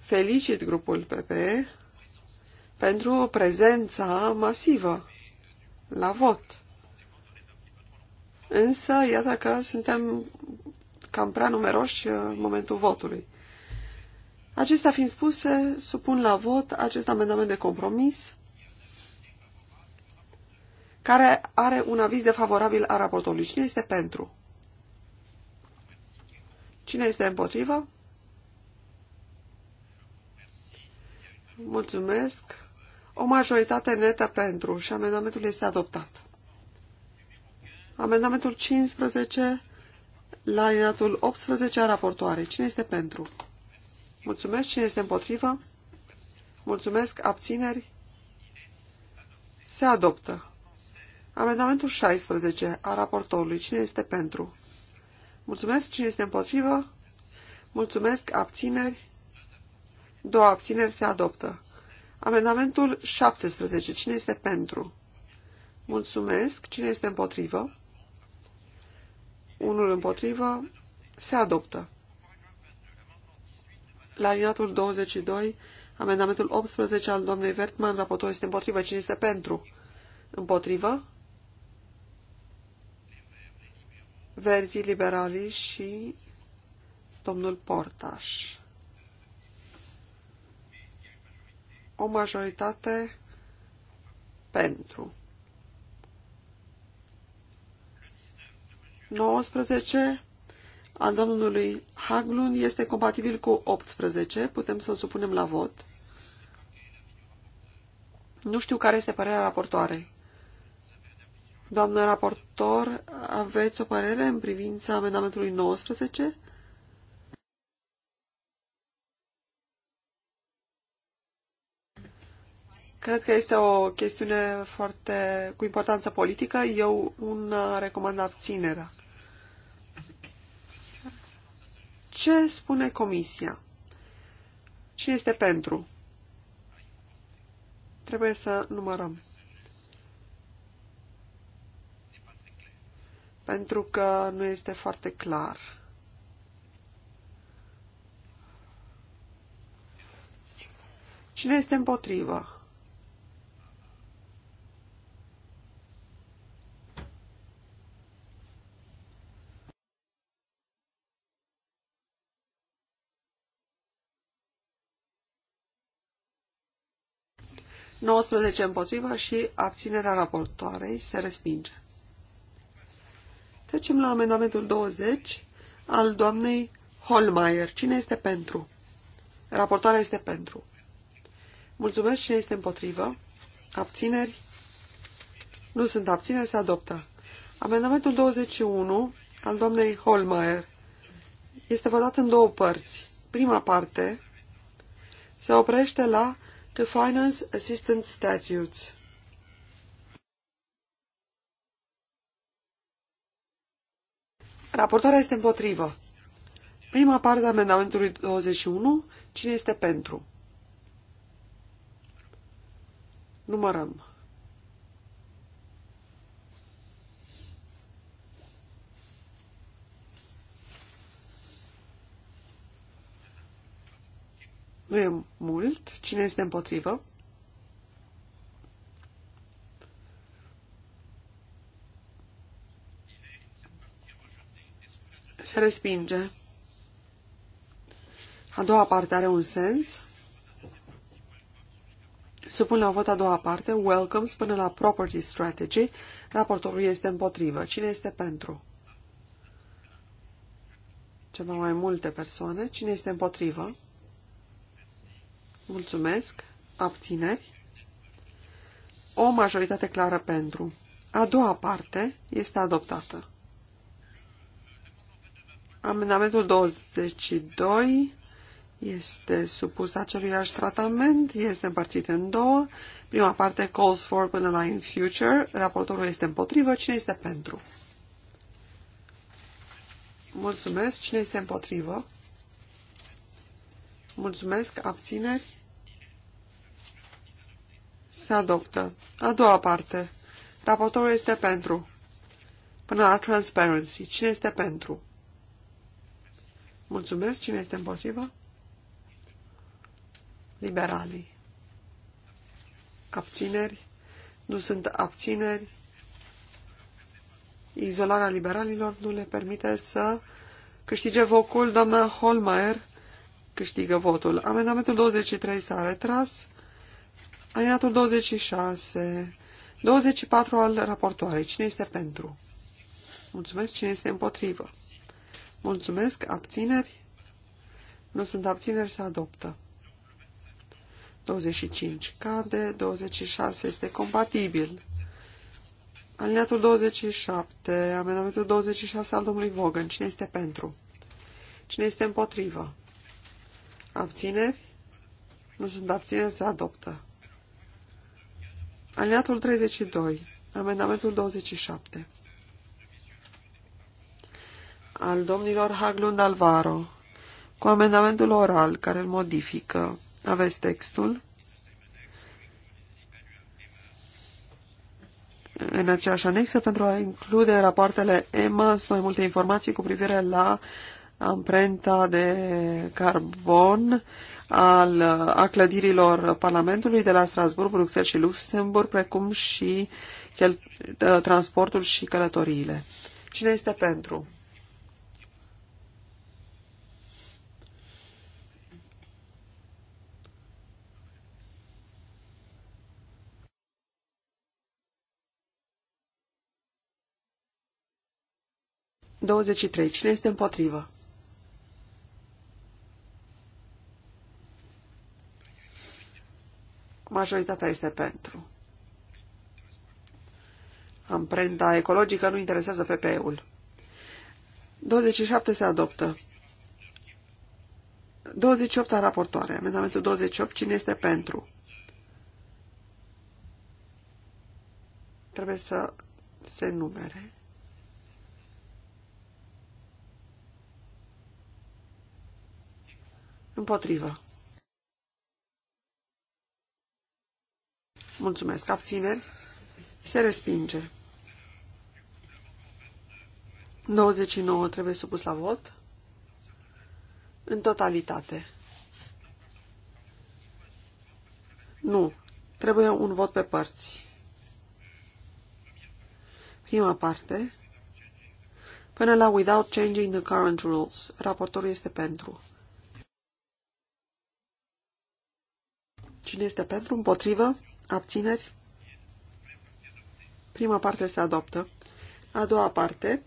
Felicit grupul PPE pentru prezența masivă la vot. Însă, iată că suntem cam prea numeroși în momentul votului. Acestea fiind spuse, supun la vot acest amendament de compromis care are un aviz defavorabil a raportului. Cine este pentru? Cine este împotrivă? Mulțumesc. O majoritate netă pentru și amendamentul este adoptat. Amendamentul 15 la liniatul 18 a raportoarei. Cine este pentru? Mulțumesc. Cine este împotrivă? Mulțumesc. Abțineri? Se adoptă. Amendamentul 16 a raportorului. Cine este pentru? Mulțumesc. Cine este împotrivă? Mulțumesc. Abțineri? Două abțineri se adoptă. Amendamentul 17. Cine este pentru? Mulțumesc. Cine este împotrivă? Unul împotrivă. Se adoptă. La alinatul 22, amendamentul 18 al domnului Vertman, raportorul este împotrivă. Cine este pentru? Împotrivă? verzii liberali și domnul Portaș. O majoritate pentru. 19 al domnului Haglund este compatibil cu 18. Putem să-l supunem la vot. Nu știu care este părerea raportoarei. Doamnă raportor, aveți o părere în privința amendamentului 19? Cred că este o chestiune foarte cu importanță politică. Eu un recomand abținerea. Ce spune Comisia? Cine este pentru? Trebuie să numărăm. pentru că nu este foarte clar. Cine este împotrivă? Nouăsprezece împotrivă și abținerea raportoarei se respinge. Trecem la amendamentul 20 al doamnei Holmeier. Cine este pentru? Raportarea este pentru. Mulțumesc. Cine este împotrivă? Abțineri? Nu sunt abțineri, se adoptă. Amendamentul 21 al doamnei Holmeier este vădat în două părți. Prima parte se oprește la The Finance Assistance Statutes. Raportarea este împotrivă. Prima parte a amendamentului 21. Cine este pentru? Numărăm. Nu e mult. Cine este împotrivă? se respinge. A doua parte are un sens. Supun la vot a doua parte, Welcomes până la Property Strategy. Raportorul este împotrivă. Cine este pentru? Ceva mai multe persoane. Cine este împotrivă? Mulțumesc. Abțineri. O majoritate clară pentru. A doua parte este adoptată. Amendamentul 22 este supus aceluiași tratament, este împărțit în două. Prima parte, calls for până la in future. Raportorul este împotrivă. Cine este pentru? Mulțumesc. Cine este împotrivă? Mulțumesc. Abțineri? Se adoptă. A doua parte. Raportorul este pentru. Până la transparency. Cine este pentru? Mulțumesc. Cine este împotrivă? Liberalii. Abțineri. Nu sunt abțineri. Izolarea liberalilor nu le permite să câștige vocul. Doamna Holmeier câștigă votul. Amendamentul 23 s-a retras. Alinatul 26. 24 al raportoarei. Cine este pentru? Mulțumesc. Cine este împotrivă? Mulțumesc. Abțineri? Nu sunt abțineri, se adoptă. 25 cade, 26 este compatibil. Alineatul 27, amendamentul 26 al domnului Vogan. Cine este pentru? Cine este împotrivă? Abțineri? Nu sunt abțineri, se adoptă. Alineatul 32, amendamentul 27 al domnilor Haglund Alvaro cu amendamentul oral care îl modifică. Aveți textul? În aceeași anexă, pentru a include rapoartele EMAS, mai multe informații cu privire la amprenta de carbon al, a clădirilor Parlamentului de la Strasburg, Bruxelles și Luxemburg, precum și ă, transportul și călătoriile. Cine este pentru? 23. Cine este împotrivă? Majoritatea este pentru. Amprenta ecologică nu interesează PPE-ul. 27 se adoptă. 28 a raportoare. Amendamentul 28. Cine este pentru? Trebuie să se numere. Împotrivă. Mulțumesc. Abțineri. Se respinge. 99 trebuie supus la vot. În totalitate. Nu. Trebuie un vot pe părți. Prima parte. Până la without changing the current rules. Raportorul este pentru. Cine este pentru? Împotrivă? Abțineri? Prima parte se adoptă. A doua parte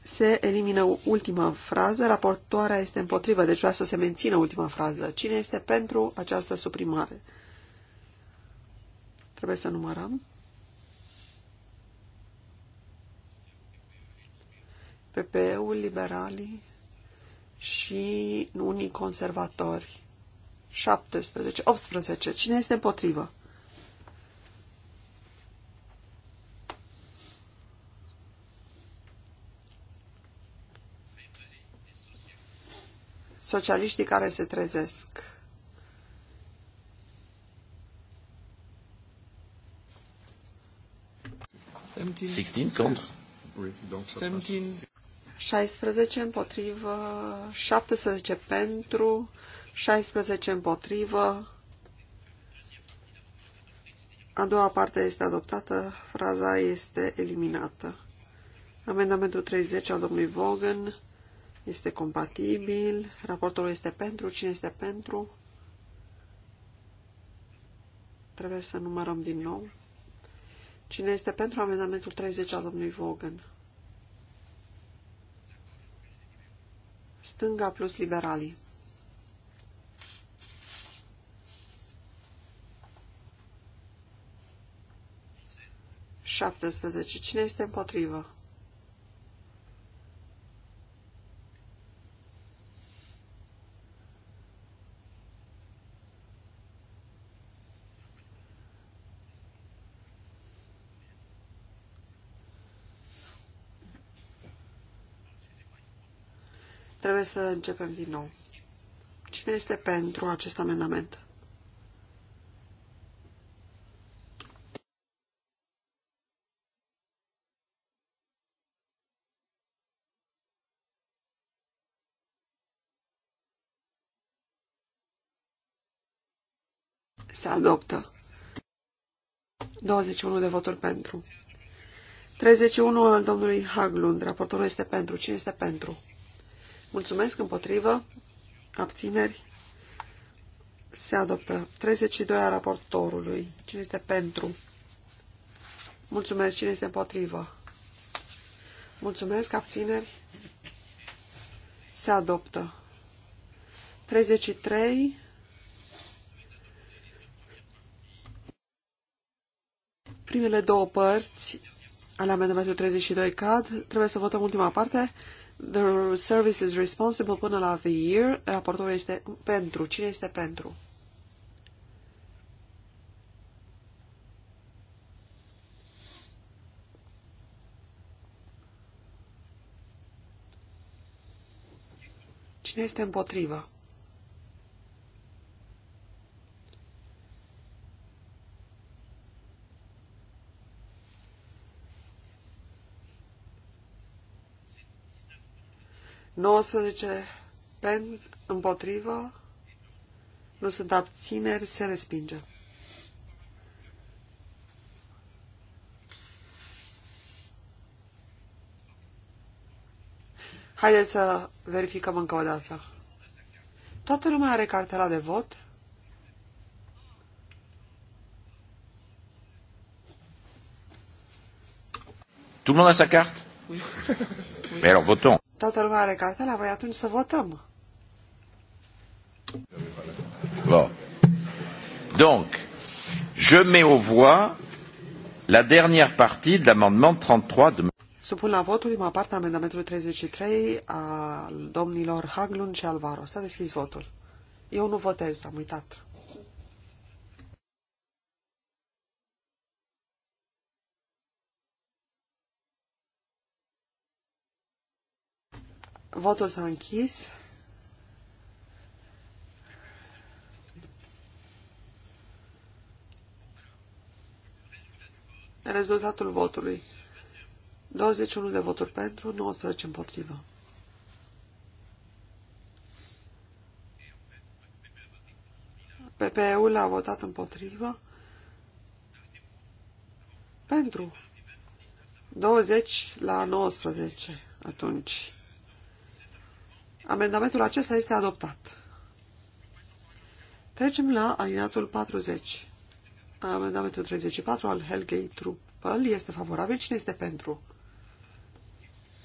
se elimină ultima frază, raportoarea este împotrivă, deci vrea să se mențină ultima frază. Cine este pentru această suprimare? Trebuie să numărăm. pp ul liberalii, și unii conservatori. 17, 18. Cine este împotrivă? Socialiștii care se trezesc. Seventeen. Sixteen. Seventeen. 16 împotrivă, 17 pentru, 16 împotrivă. A doua parte este adoptată, fraza este eliminată. Amendamentul 30 al domnului Vogan este compatibil, raportul este pentru, cine este pentru? Trebuie să numărăm din nou. Cine este pentru amendamentul 30 al domnului Vogan? stânga plus liberalii. Șaptesprezece. Cine este împotrivă? trebuie să începem din nou. Cine este pentru acest amendament? Se adoptă. 21 de voturi pentru. 31 al domnului Haglund. Raportorul este pentru. Cine este pentru? Mulțumesc împotrivă. Abțineri. Se adoptă. 32 a raportorului. Cine este pentru? Mulțumesc. Cine este împotrivă? Mulțumesc. Abțineri. Se adoptă. 33. Primele două părți ale amendamentului 32 cad. Trebuie să votăm ultima parte. The service is responsible până la the year. Raportorul este pentru. Cine este pentru? Cine este împotrivă? 19 pen, împotrivă, nu sunt abțineri, se respinge. Haideți să verificăm încă o dată. Toată lumea are cartela de vot? Tout le monde a sa carte? Oui. Mais alors votons. Toată lumea are cartela? voi atunci să votăm. Bon. Donc, je mets au voix la dernière partie de l'amendement 33 de... Supun la vot ultima parte a amendamentului 33 a domnilor Haglund și Alvaro. S-a deschis votul. Eu nu votez, am uitat. Votul s-a închis. Rezultatul votului. 21 de voturi pentru, 19 împotrivă. PPE-ul a votat împotrivă. Pentru. 20 la 19 atunci. Amendamentul acesta este adoptat. Trecem la alineatul 40. Amendamentul 34 al Helgei Truppel este favorabil. Cine este pentru?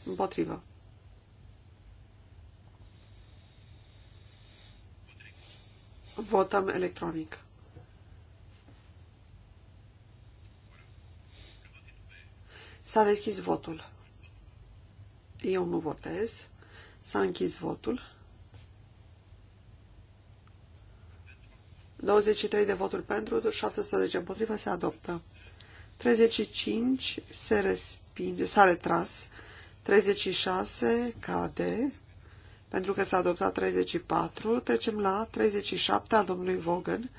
Împotrivă. Votăm electronic. S-a deschis votul. Eu nu votez. S-a închis votul. 23 de voturi pentru, 17 împotrivă, se adoptă. 35 se respinge, s-a retras. 36 cade, pentru că s-a adoptat 34. Trecem la 37 al domnului Vogan,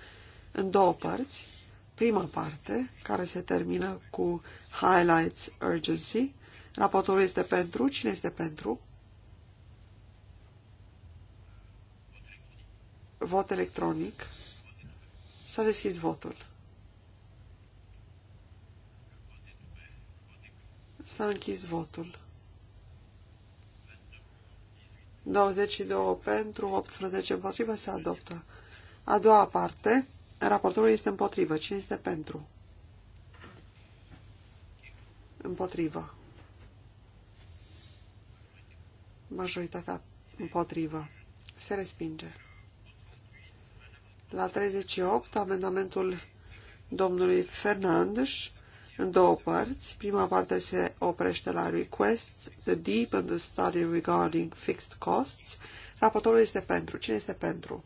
în două părți. Prima parte, care se termină cu Highlights Urgency. Raportul este pentru. Cine este pentru? Vot electronic. S-a deschis votul. S-a închis votul. 22 pentru, 18 împotrivă, se adoptă. A doua parte, raportorul este împotrivă. Cine este pentru? Împotrivă. Majoritatea împotrivă. Se respinge la 38, amendamentul domnului Fernandes în două părți. Prima parte se oprește la requests, the deep and the study regarding fixed costs. Raportorul este pentru. Cine este pentru?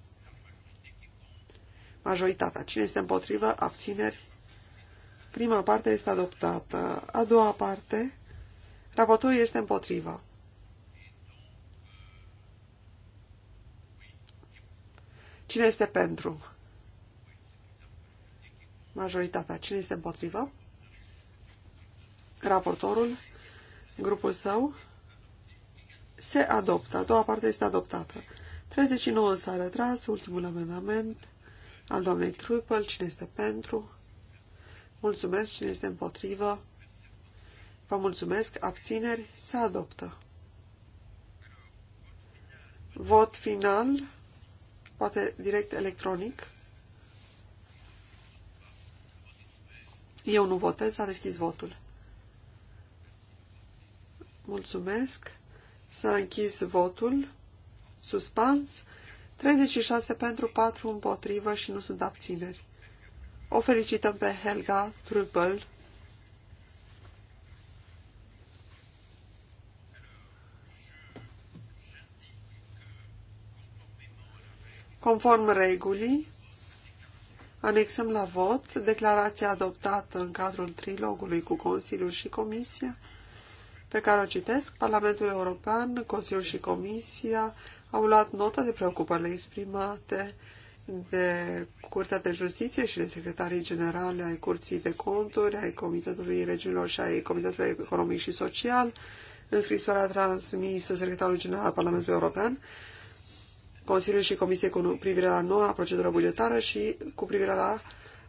Majoritatea. Cine este împotrivă? Abțineri. Prima parte este adoptată. A doua parte, raportorul este împotrivă. Cine este pentru? Majoritatea. Cine este împotrivă? Raportorul, grupul său, se adoptă. A doua parte este adoptată. 39 s-a retras, ultimul amendament al doamnei Trupel. Cine este pentru? Mulțumesc. Cine este împotrivă? Vă mulțumesc. Abțineri. Se adoptă. Vot final poate direct electronic. Eu nu votez, s-a deschis votul. Mulțumesc. S-a închis votul. Suspans. 36 pentru 4 împotrivă și nu sunt abțineri. O felicităm pe Helga Trubel. Conform regulii, anexăm la vot declarația adoptată în cadrul trilogului cu Consiliul și Comisia, pe care o citesc, Parlamentul European, Consiliul și Comisia au luat notă de preocupările exprimate de Curtea de Justiție și de secretarii generale ai Curții de Conturi, ai Comitetului Regiunilor și ai Comitetului Economic și Social, în scrisoarea transmisă Secretarului general al Parlamentului European, Consiliului și Comisiei cu privire la noua procedură bugetară și cu privire la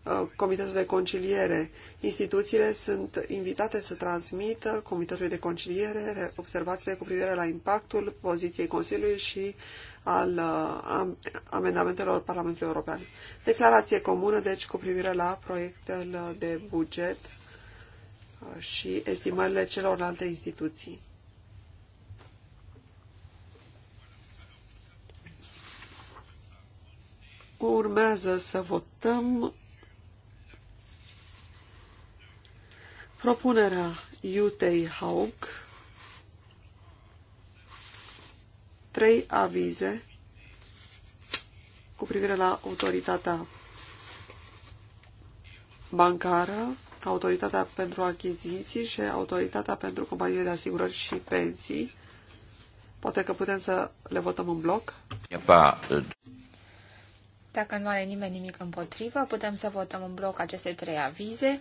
uh, Comitetul de Conciliere. Instituțiile sunt invitate să transmită Comitetului de Conciliere observațiile cu privire la impactul poziției Consiliului și al uh, amendamentelor Parlamentului European. Declarație comună, deci, cu privire la proiectul de buget uh, și estimările celorlalte instituții. urmează să votăm propunerea Iutei Haug, trei avize cu privire la autoritatea bancară, autoritatea pentru achiziții și autoritatea pentru companiile de asigurări și pensii. Poate că putem să le votăm în bloc. Dacă nu are nimeni nimic împotrivă, putem să votăm în bloc aceste trei avize.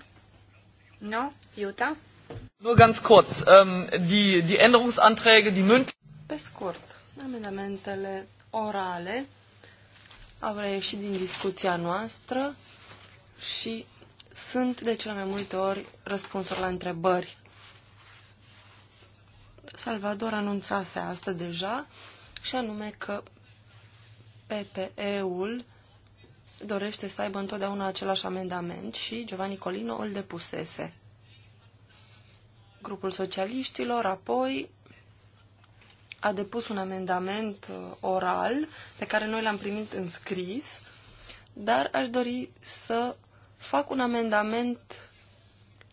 No, Iuta? Nur ganz kurz. Um, die, die Änderungsanträge, die mündlichen... Pe scurt, amendamentele orale au reieșit din discuția noastră și sunt de cele mai multe ori răspunsuri la întrebări. Salvador anunțase asta deja și anume că PPE-ul dorește să aibă întotdeauna același amendament și Giovanni Colino îl depusese. Grupul socialiștilor apoi a depus un amendament uh, oral pe care noi l-am primit în scris, dar aș dori să fac un amendament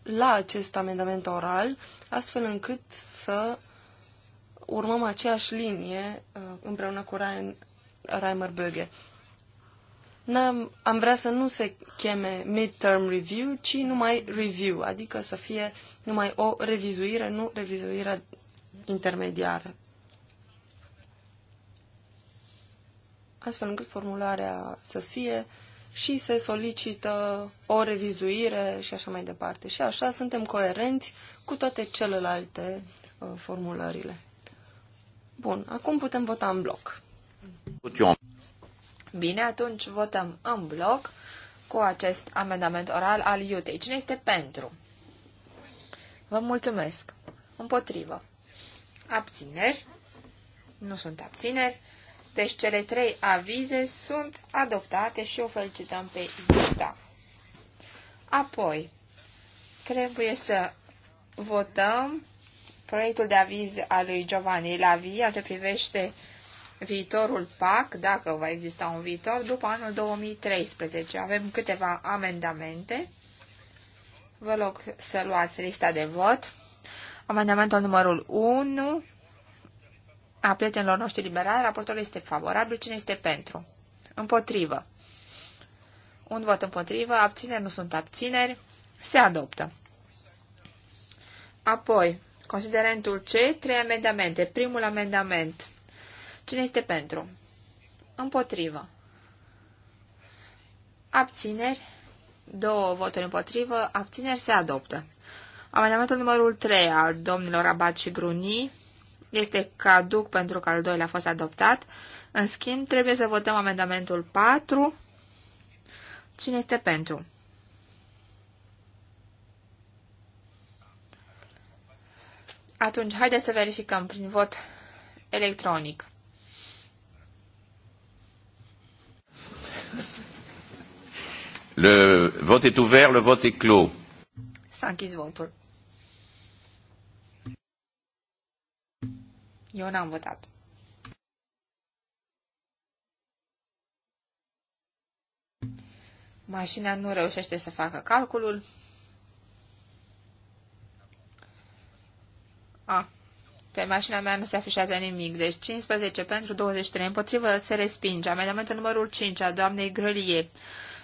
la acest amendament oral, astfel încât să urmăm aceeași linie uh, împreună cu Ryan, Reimer Böge. -am, am vrea să nu se cheme midterm review, ci numai review, adică să fie numai o revizuire, nu revizuirea intermediară. Astfel încât formularea să fie și se solicită o revizuire și așa mai departe. Și așa suntem coerenți cu toate celelalte uh, formulările. Bun, acum putem vota în bloc. Bine, atunci votăm în bloc cu acest amendament oral al Iutei. Cine este pentru? Vă mulțumesc. Împotrivă. Abțineri. Nu sunt abțineri. Deci cele trei avize sunt adoptate și o felicităm pe Iuta. Apoi, trebuie să votăm proiectul de aviz al lui Giovanni Lavi, ce privește viitorul PAC, dacă va exista un viitor, după anul 2013. Avem câteva amendamente. Vă rog să luați lista de vot. Amendamentul numărul 1 a prietenilor noștri liberali. Raportul este favorabil. Cine este pentru? Împotrivă. Un vot împotrivă. Abțineri nu sunt abțineri. Se adoptă. Apoi, considerentul C, trei amendamente. Primul amendament Cine este pentru? Împotrivă. Abțineri. Două voturi împotrivă. Abțineri se adoptă. Amendamentul numărul 3 al domnilor Abad și Gruni este caduc pentru că al doilea a fost adoptat. În schimb, trebuie să votăm amendamentul 4. Cine este pentru? Atunci, haideți să verificăm prin vot electronic. Le vote est ouvert, le vote est clos. S-a închis votul. Eu n-am votat. Mașina nu reușește să facă calculul. A, pe mașina mea nu se afișează nimic, deci 15 pentru 23 împotrivă se respinge. Amendamentul numărul 5 a doamnei Grălie.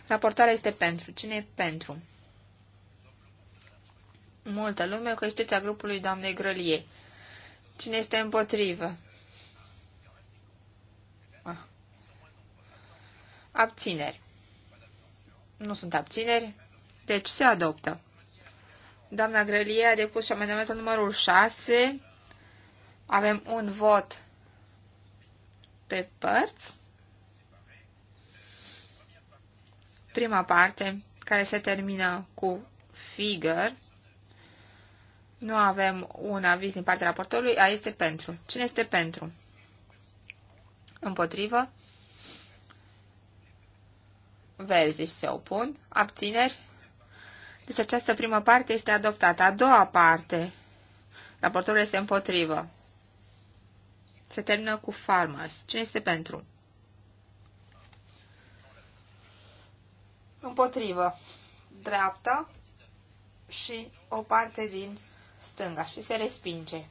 Raportarea este pentru. Cine e pentru? Multă lume cu excepția grupului doamnei Grălie. Cine este împotrivă? Ah. Abțineri. Nu sunt abțineri, deci se adoptă. Doamna Grălie a depus și amendamentul numărul 6. Avem un vot pe părți. prima parte, care se termină cu figure, nu avem un aviz din partea raportorului, a este pentru. Cine este pentru? Împotrivă? Verzi se opun. Abțineri? Deci această primă parte este adoptată. A doua parte, raportorul este împotrivă. Se termină cu farmers. Cine este pentru? împotrivă dreapta și o parte din stânga și se respinge.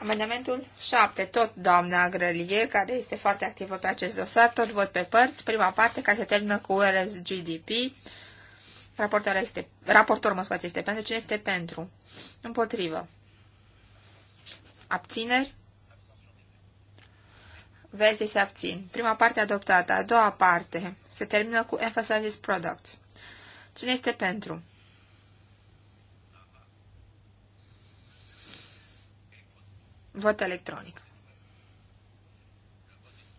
Amendamentul 7, tot doamna Grălie, care este foarte activă pe acest dosar, tot vot pe părți. Prima parte, care se termină cu URS GDP. este, raportor, mă scoate, este pentru. Cine este pentru? Împotrivă. Abțineri? Vezi se abțin. Prima parte adoptată. A doua parte se termină cu emphasizes products. Cine este pentru? Vot electronic.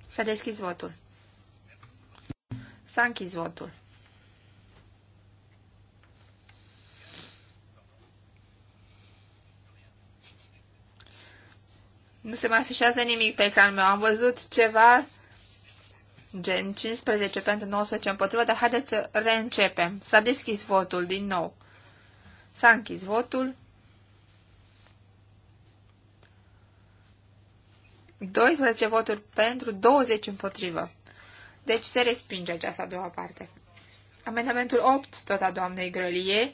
S-a deschis votul. S-a închis votul. Nu se mai afișează nimic pe ecranul meu. Am văzut ceva gen 15 pentru 19 împotrivă, dar haideți să reîncepem. S-a deschis votul din nou. S-a închis votul. 12 voturi pentru, 20 împotrivă. Deci se respinge această a doua parte. Amendamentul 8, tot a doamnei Grălie.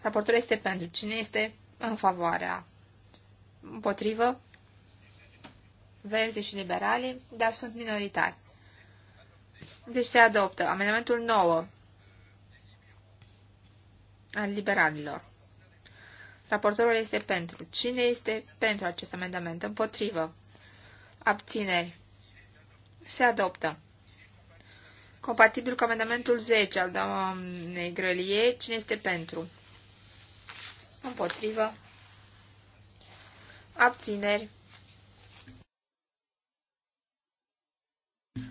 Raportul este pentru. Cine este în favoarea? Împotrivă? verzi și liberali, dar sunt minoritari. Deci se adoptă amendamentul 9 al liberalilor. Raportorul este pentru. Cine este pentru acest amendament? Împotrivă. Abțineri. Se adoptă. Compatibil cu amendamentul 10 al doamnei Grălie, cine este pentru? Împotrivă. Abțineri.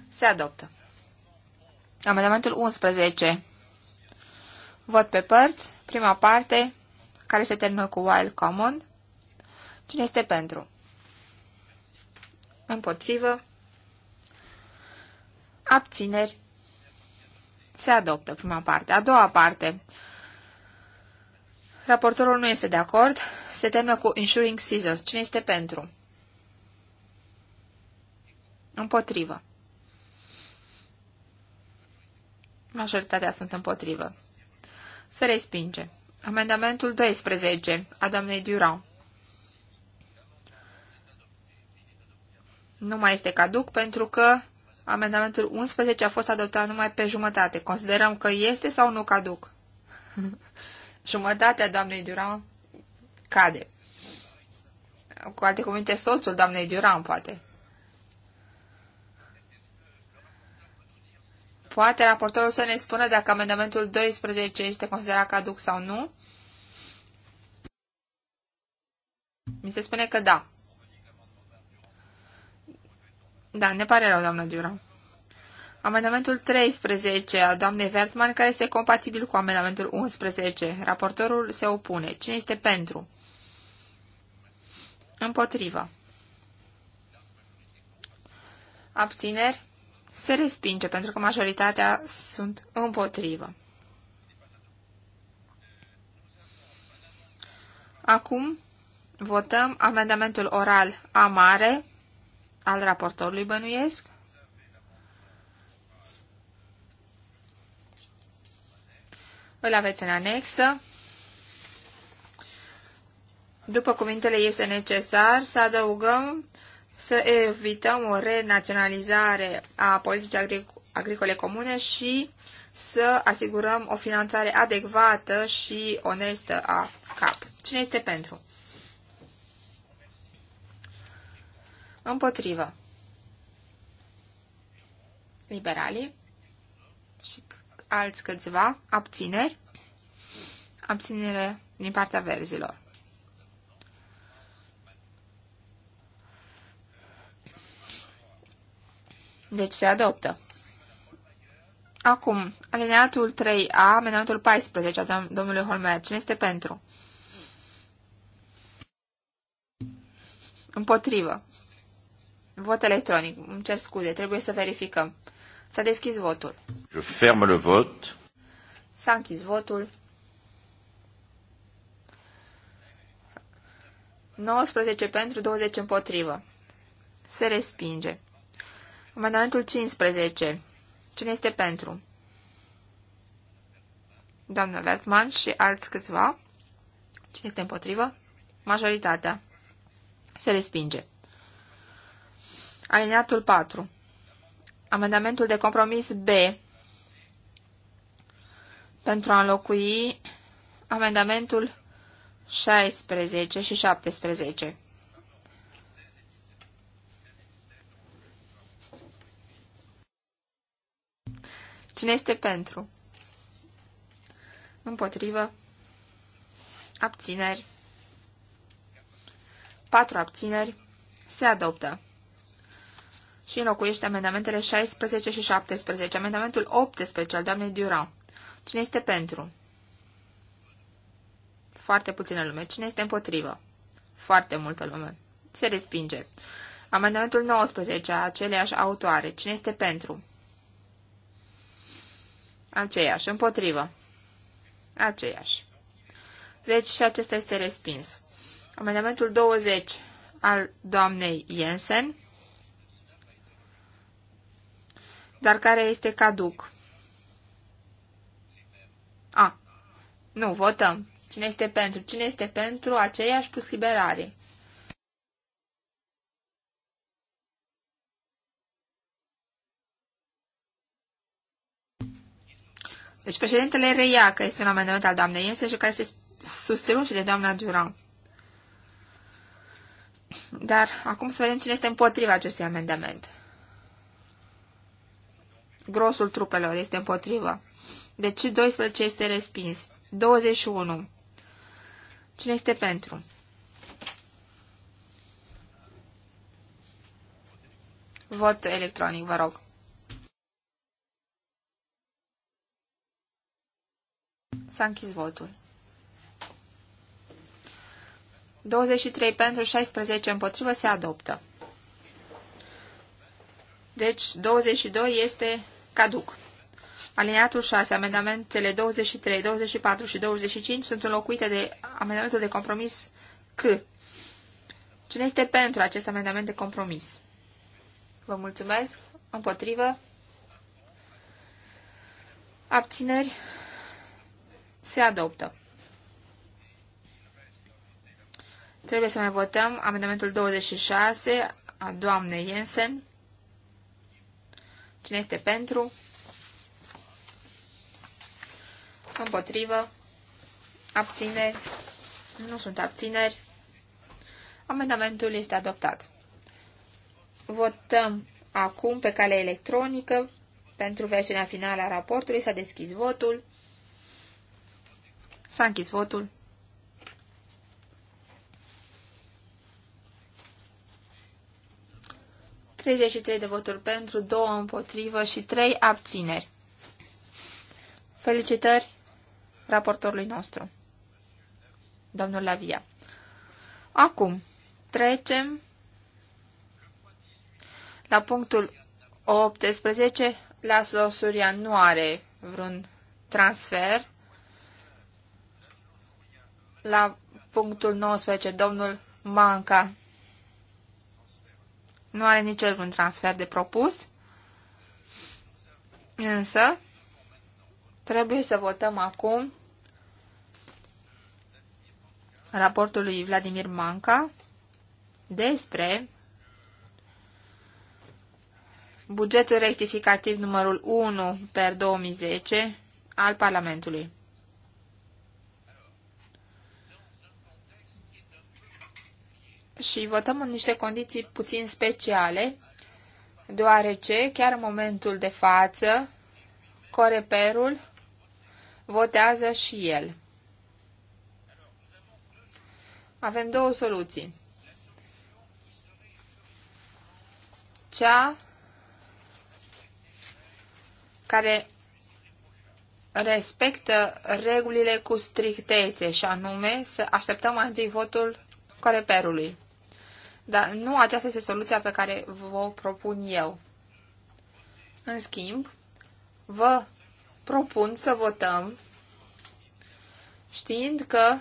Se adoptă. Amendamentul 11. Vot pe părți. Prima parte, care se termină cu while common. Cine este pentru? Împotrivă. Abțineri. Se adoptă prima parte. A doua parte. Raportorul nu este de acord. Se termină cu insuring scissors. Cine este pentru? Împotrivă. Majoritatea sunt împotrivă. Se respinge. Amendamentul 12 a doamnei Durand. Nu mai este caduc pentru că amendamentul 11 a fost adoptat numai pe jumătate. Considerăm că este sau nu caduc? Jumătatea doamnei Duran, cade. Cu alte cuvinte, soțul doamnei Duran, poate. Poate raportorul să ne spună dacă amendamentul 12 este considerat caduc sau nu? Mi se spune că da. Da, ne pare rău, doamnă Diura. Amendamentul 13 al doamnei Vertman, care este compatibil cu amendamentul 11. Raportorul se opune. Cine este pentru? Împotrivă. Abțineri? se respinge pentru că majoritatea sunt împotrivă. Acum votăm amendamentul oral A mare al raportorului Bănuiesc. Îl aveți în anexă. După cuvintele este necesar să adăugăm să evităm o renaționalizare a politicii agricole comune și să asigurăm o finanțare adecvată și onestă a CAP. Cine este pentru? Împotrivă. Liberalii și alți câțiva abțineri. Abținere din partea verzilor. Deci se adoptă. Acum, alineatul 3A, amendamentul 14 a domnului Holmer, Cine este pentru? Împotrivă. Vot electronic. Îmi cer scuze, trebuie să verificăm. S-a deschis votul. Je ferme le vot. S-a închis votul. 19 pentru, 20 împotrivă. Se respinge. Amendamentul 15. Cine este pentru? Doamna Wertmann și alți câțiva. Cine este împotrivă? Majoritatea. Se respinge. Alineatul 4. Amendamentul de compromis B pentru a înlocui amendamentul 16 și 17. Cine este pentru? Împotrivă. Abțineri. Patru abțineri. Se adoptă. Și înlocuiește amendamentele 16 și 17. Amendamentul 18 al doamnei Dura. Cine este pentru? Foarte puțină lume. Cine este împotrivă? Foarte multă lume. Se respinge. Amendamentul 19, aceleași autoare. Cine este pentru? Aceeași. Împotrivă. Aceeași. Deci și acesta este respins. Amendamentul 20 al doamnei Jensen, dar care este caduc. A. Nu, votăm. Cine este pentru? Cine este pentru aceeași plus liberare? Deci președintele reia că este un amendament al doamnei Iense și care este susținut și de doamna Durand. Dar acum să vedem cine este împotriva acestui amendament. Grosul trupelor este împotrivă. Deci 12 este respins. 21. Cine este pentru? Vot electronic, vă rog. S-a închis votul. 23 pentru, 16 împotrivă, se adoptă. Deci 22 este caduc. Alineatul 6, amendamentele 23, 24 și 25 sunt înlocuite de amendamentul de compromis C. Cine este pentru acest amendament de compromis? Vă mulțumesc. Împotrivă. Abțineri. Se adoptă. Trebuie să mai votăm amendamentul 26 a doamnei Jensen. Cine este pentru? Împotrivă? Abțineri? Nu sunt abțineri. Amendamentul este adoptat. Votăm acum pe cale electronică. Pentru versiunea finală a raportului s-a deschis votul. S-a închis votul. ...33 de voturi pentru, 2 împotrivă și 3 abțineri. Felicitări raportorului nostru, domnul Lavia. Acum, trecem la punctul 18, la nu are vreun transfer la punctul 19, domnul Manca nu are nici el un transfer de propus, însă trebuie să votăm acum raportul lui Vladimir Manca despre bugetul rectificativ numărul 1 per 2010 al Parlamentului. și votăm în niște condiții puțin speciale, deoarece chiar în momentul de față Coreperul votează și el. Avem două soluții. Cea care respectă regulile cu strictețe și anume să așteptăm antivotul coreperului. Dar nu aceasta este soluția pe care vă propun eu. În schimb, vă propun să votăm știind că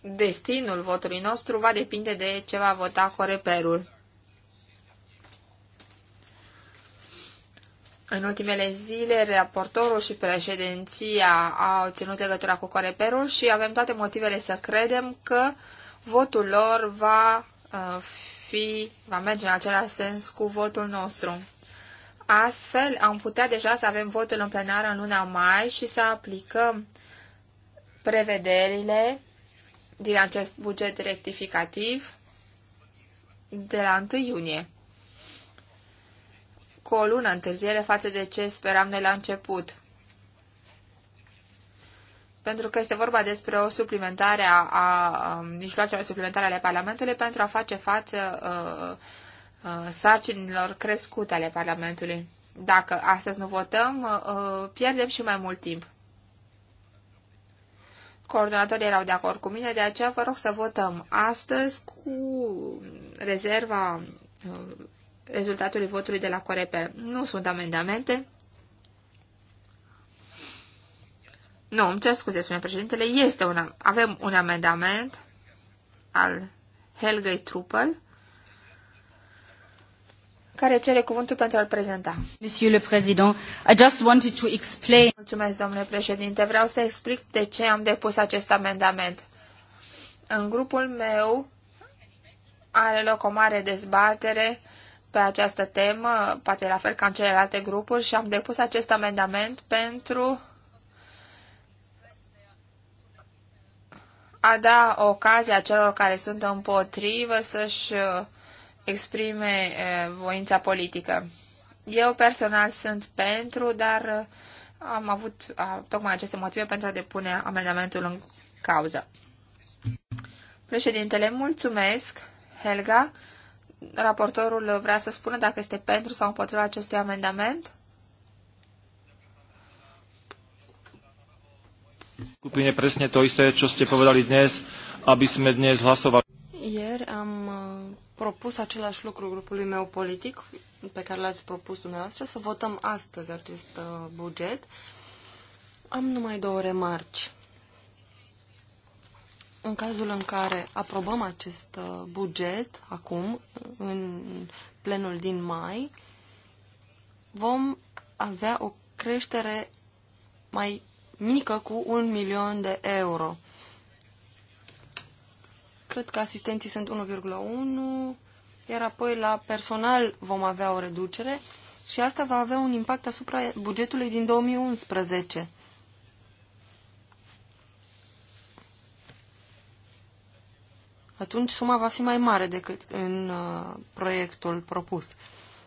destinul votului nostru va depinde de ce va vota coreperul. În ultimele zile, raportorul și președinția au ținut legătura cu Coreperul și avem toate motivele să credem că votul lor va uh, fi, va merge în același sens cu votul nostru. Astfel, am putea deja să avem votul în plenară în luna mai și să aplicăm prevederile din acest buget rectificativ de la 1 iunie, cu o lună întârziere față de ce speram noi la început pentru că este vorba despre o suplimentare a, a, a mijloacelor suplimentare ale Parlamentului pentru a face față a, uh, a, uh, sarcinilor crescute ale Parlamentului. Dacă astăzi nu votăm, a, uh, pierdem și mai mult timp. Coordonatorii erau de acord cu mine, de aceea vă rog să votăm astăzi cu rezerva rezultatului votului de la Coreper. Nu sunt amendamente. Nu, îmi cer scuze, spune președintele, este un, avem un amendament al Helgei Trupel care cere cuvântul pentru a-l prezenta. Monsieur le Président, I just wanted to explain... Mulțumesc, domnule președinte. Vreau să explic de ce am depus acest amendament. În grupul meu are loc o mare dezbatere pe această temă, poate la fel ca în celelalte grupuri, și am depus acest amendament pentru a da ocazia celor care sunt împotrivă să-și uh, exprime uh, voința politică. Eu personal sunt pentru, dar uh, am avut tocmai aceste motive pentru a depune amendamentul în cauză. Președintele, mulțumesc, Helga. Raportorul vrea să spună dacă este pentru sau împotriva acestui amendament. skupine presne to isté, čo ste povedali dnes, aby sme dnes hlasovali. Ieri am uh, propus același lucru grupului meu politic pe care l-ați propus dumneavoastră, să votăm astăzi acest uh, buget. Am numai două remarci. În cazul în care aprobăm acest uh, buget acum, în plenul din mai, vom avea o creștere mai mică cu un milion de euro. Cred că asistenții sunt 1,1, iar apoi la personal vom avea o reducere și asta va avea un impact asupra bugetului din 2011. atunci suma va fi mai mare decât în uh, proiectul propus.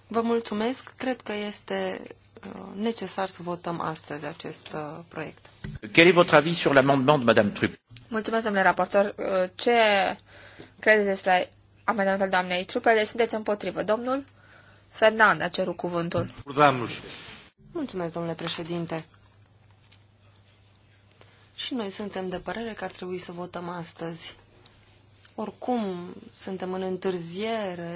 Vă mulțumesc, cred că este Uh, necesar să votăm astăzi acest uh, proiect. Quel est votre avis sur l'amendement de Madame Trup? Mulțumesc, domnule raportor. Uh, ce credeți despre amendamentul doamnei Trupele? Deci sunteți împotrivă. Domnul Fernand a cerut cuvântul. Mulțumesc, domnule președinte. Și noi suntem de părere că ar trebui să votăm astăzi. Oricum, suntem în întârziere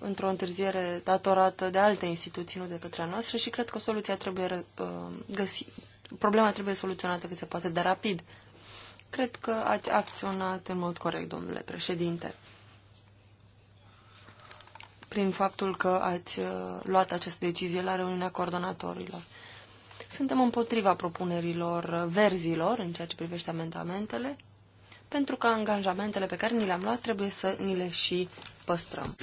într-o întârziere datorată de alte instituții, nu de către a noastră și cred că soluția trebuie uh, găsi, problema trebuie soluționată cât se poate de rapid. Cred că ați acționat în mod corect, domnule președinte, prin faptul că ați uh, luat această decizie la reuniunea coordonatorilor. Suntem împotriva propunerilor verzilor în ceea ce privește amendamentele, pentru că angajamentele pe care ni le-am luat trebuie să ni le și păstrăm.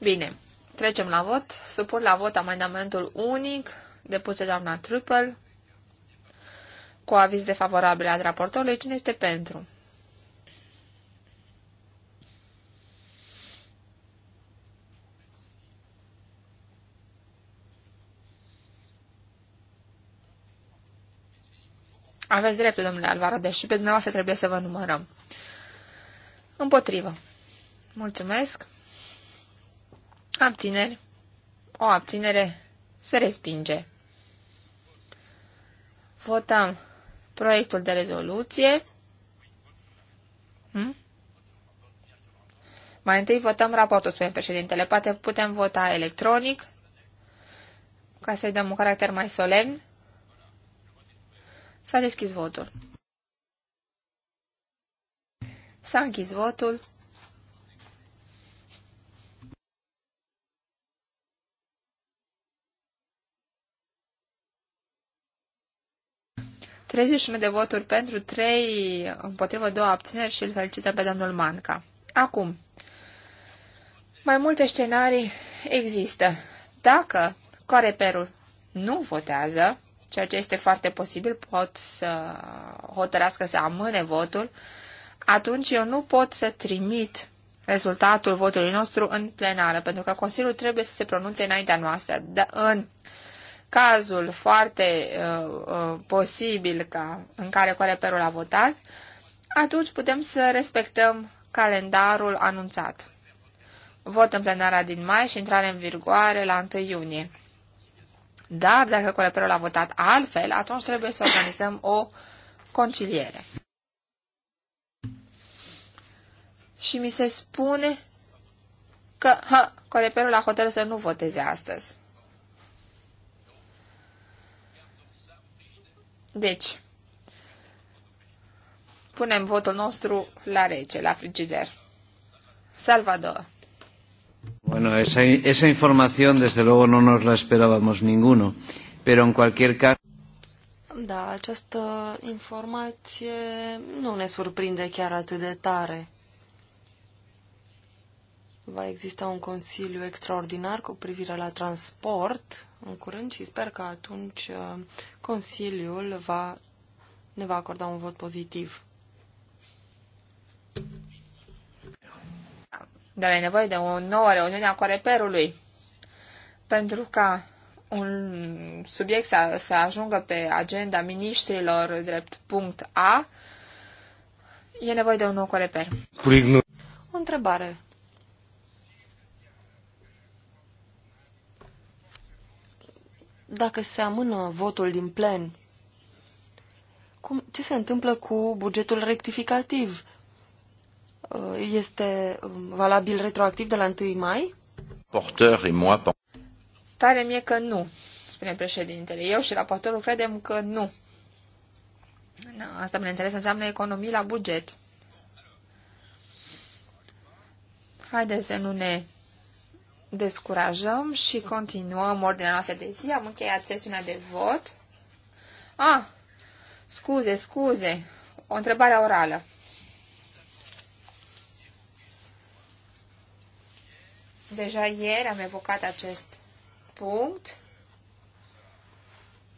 Bine, trecem la vot. Supun la vot amendamentul unic depus de doamna Trupel cu aviz defavorabil al raportorului. Cine este pentru? Aveți dreptul, domnule Alvaro, deși pe dumneavoastră trebuie să vă numărăm. Împotrivă. Mulțumesc. Abțineri. O abținere se respinge. Votăm proiectul de rezoluție. Hmm? Mai întâi votăm raportul, spune președintele. Poate putem vota electronic, ca să-i dăm un caracter mai solemn. S-a deschis votul. S-a închis votul. 31 de voturi pentru, 3 împotrivă, 2 abțineri și îl felicită pe domnul Manca. Acum, mai multe scenarii există. Dacă Coreperul nu votează, ceea ce este foarte posibil, pot să hotărească să amâne votul, atunci eu nu pot să trimit rezultatul votului nostru în plenară, pentru că Consiliul trebuie să se pronunțe înaintea noastră. De- în cazul foarte uh, uh, posibil ca, în care Coreperul a votat, atunci putem să respectăm calendarul anunțat. Vot în plenara din mai și intrare în vigoare la 1 iunie. Dar dacă Coreperul a votat altfel, atunci trebuie să organizăm o conciliere. Și mi se spune că ha, Coreperul a hotărât să nu voteze astăzi. Deci, punem votul nostru la rece, la frigider. Salvador. Bueno, esa, esa información desde luego no nos la esperábamos ninguno, pero en cualquier caso... Da, această informație nu ne surprinde chiar atât de tare. Va exista un consiliu extraordinar cu privire la transport în curând și sper că atunci uh, Consiliul va, ne va acorda un vot pozitiv. Dar e nevoie de o nouă reuniune a Coreperului pentru ca un subiect să, să ajungă pe agenda ministrilor drept punct A, e nevoie de un nou coreper. O întrebare. dacă se amână votul din plen, cum, ce se întâmplă cu bugetul rectificativ? Uh, este um, valabil retroactiv de la 1 mai? Porteur et moi... Tare mie că nu, spune președintele. Eu și raportorul credem că nu. Asta, bineînțeles, înseamnă economii la buget. Haideți să nu ne descurajăm și continuăm ordinea noastră de zi. Am încheiat sesiunea de vot. Ah, scuze, scuze. O întrebare orală. Deja ieri am evocat acest punct.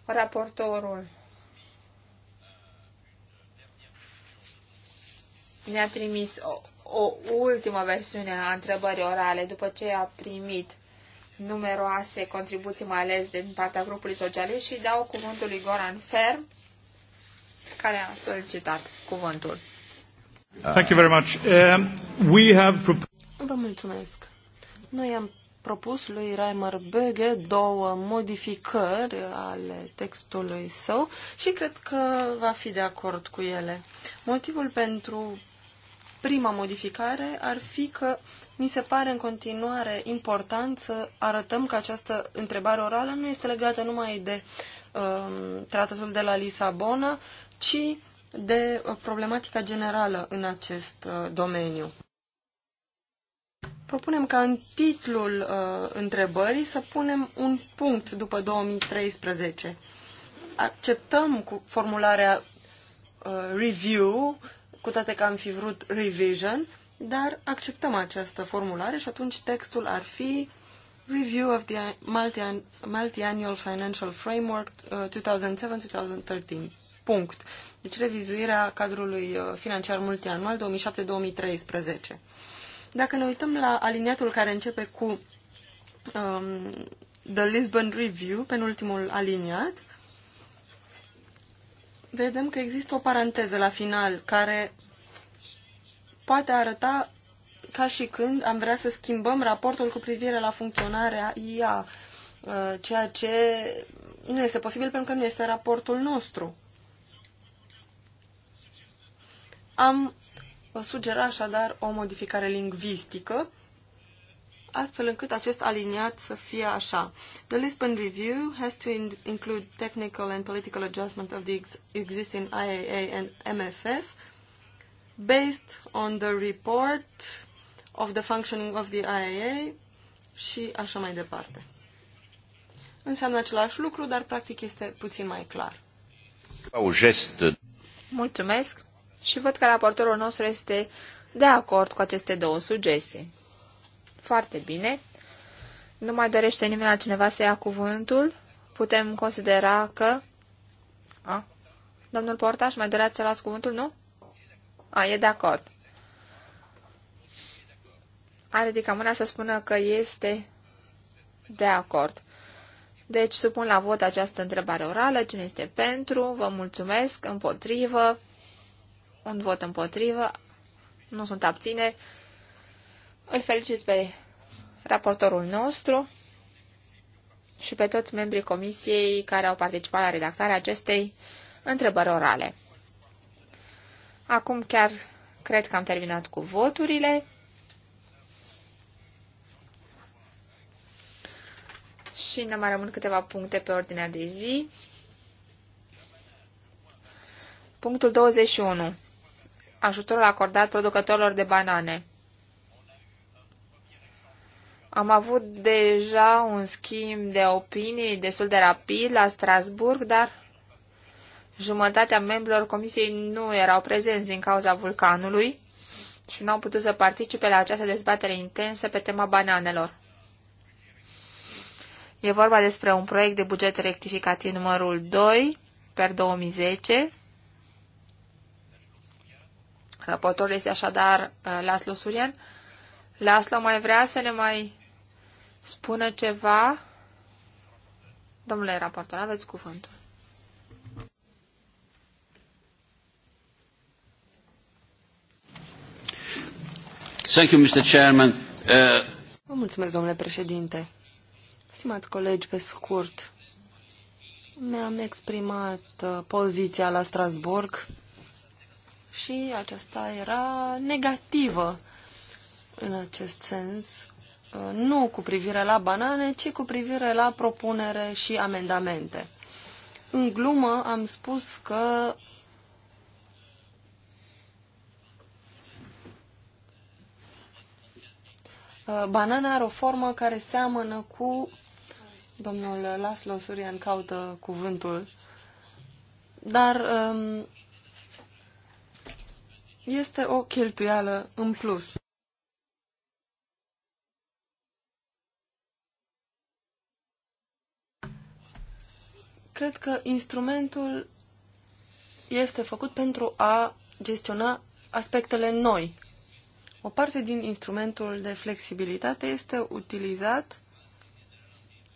Raportorul ne-a trimis o, o ultimă versiune a întrebării orale după ce a primit numeroase contribuții, mai ales din partea grupului socialist și dau cuvântul lui Goran Ferm, care a solicitat cuvântul. Thank you very much. Um, we have Vă mulțumesc. Noi am propus lui Reimer Böge două modificări ale textului său și cred că va fi de acord cu ele. Motivul pentru Prima modificare ar fi că mi se pare în continuare important să arătăm că această întrebare orală nu este legată numai de um, tratatul de la Lisabona, ci de uh, problematica generală în acest uh, domeniu. Propunem ca în titlul uh, întrebării să punem un punct după 2013. Acceptăm cu formularea uh, review cu toate că am fi vrut revision, dar acceptăm această formulare și atunci textul ar fi Review of the Multi-Annual Financial Framework 2007-2013. Uh, Punct. Deci revizuirea cadrului uh, financiar multianual 2007-2013. Dacă ne uităm la aliniatul care începe cu um, The Lisbon Review, penultimul aliniat, vedem că există o paranteză la final care poate arăta ca și când am vrea să schimbăm raportul cu privire la funcționarea IA, uh, ceea ce nu este posibil pentru că nu este raportul nostru. Am sugerat așadar o modificare lingvistică astfel încât acest aliniat să fie așa. The Lisbon Review has to include technical and political adjustment of the existing IAA and MFF based on the report of the functioning of the IAA și așa mai departe. Înseamnă același lucru, dar practic este puțin mai clar. Mulțumesc și văd că raportorul nostru este de acord cu aceste două sugestii. Foarte bine. Nu mai dorește nimeni altcineva să ia cuvântul. Putem considera că... A? Domnul Portaș, mai doreați să luați cuvântul, nu? A, e de acord. A ridicat mâna să spună că este de acord. Deci supun la vot această întrebare orală. Cine este pentru? Vă mulțumesc. Împotrivă? Un vot împotrivă? Nu sunt abțineri. Îl felicit pe raportorul nostru și pe toți membrii comisiei care au participat la redactarea acestei întrebări orale. Acum chiar cred că am terminat cu voturile. Și ne mai rămân câteva puncte pe ordinea de zi. Punctul 21. Ajutorul acordat producătorilor de banane. Am avut deja un schimb de opinii destul de rapid la Strasburg, dar jumătatea membrilor comisiei nu erau prezenți din cauza vulcanului și nu au putut să participe la această dezbatere intensă pe tema bananelor. E vorba despre un proiect de buget rectificativ numărul 2 per 2010. Raportorul este așadar uh, Laslo Surian. Laslo mai vrea să ne mai spune ceva? Domnule raportor, aveți cuvântul. Thank you, Mr. Chairman. Uh... Vă mulțumesc, domnule președinte. Stimați colegi, pe scurt, mi-am exprimat uh, poziția la Strasburg și aceasta era negativă în acest sens Uh, nu cu privire la banane, ci cu privire la propunere și amendamente. În glumă am spus că uh, banana are o formă care seamănă cu domnul Laslo Surian caută cuvântul, dar um, este o cheltuială în plus. Cred că instrumentul este făcut pentru a gestiona aspectele noi. O parte din instrumentul de flexibilitate este utilizat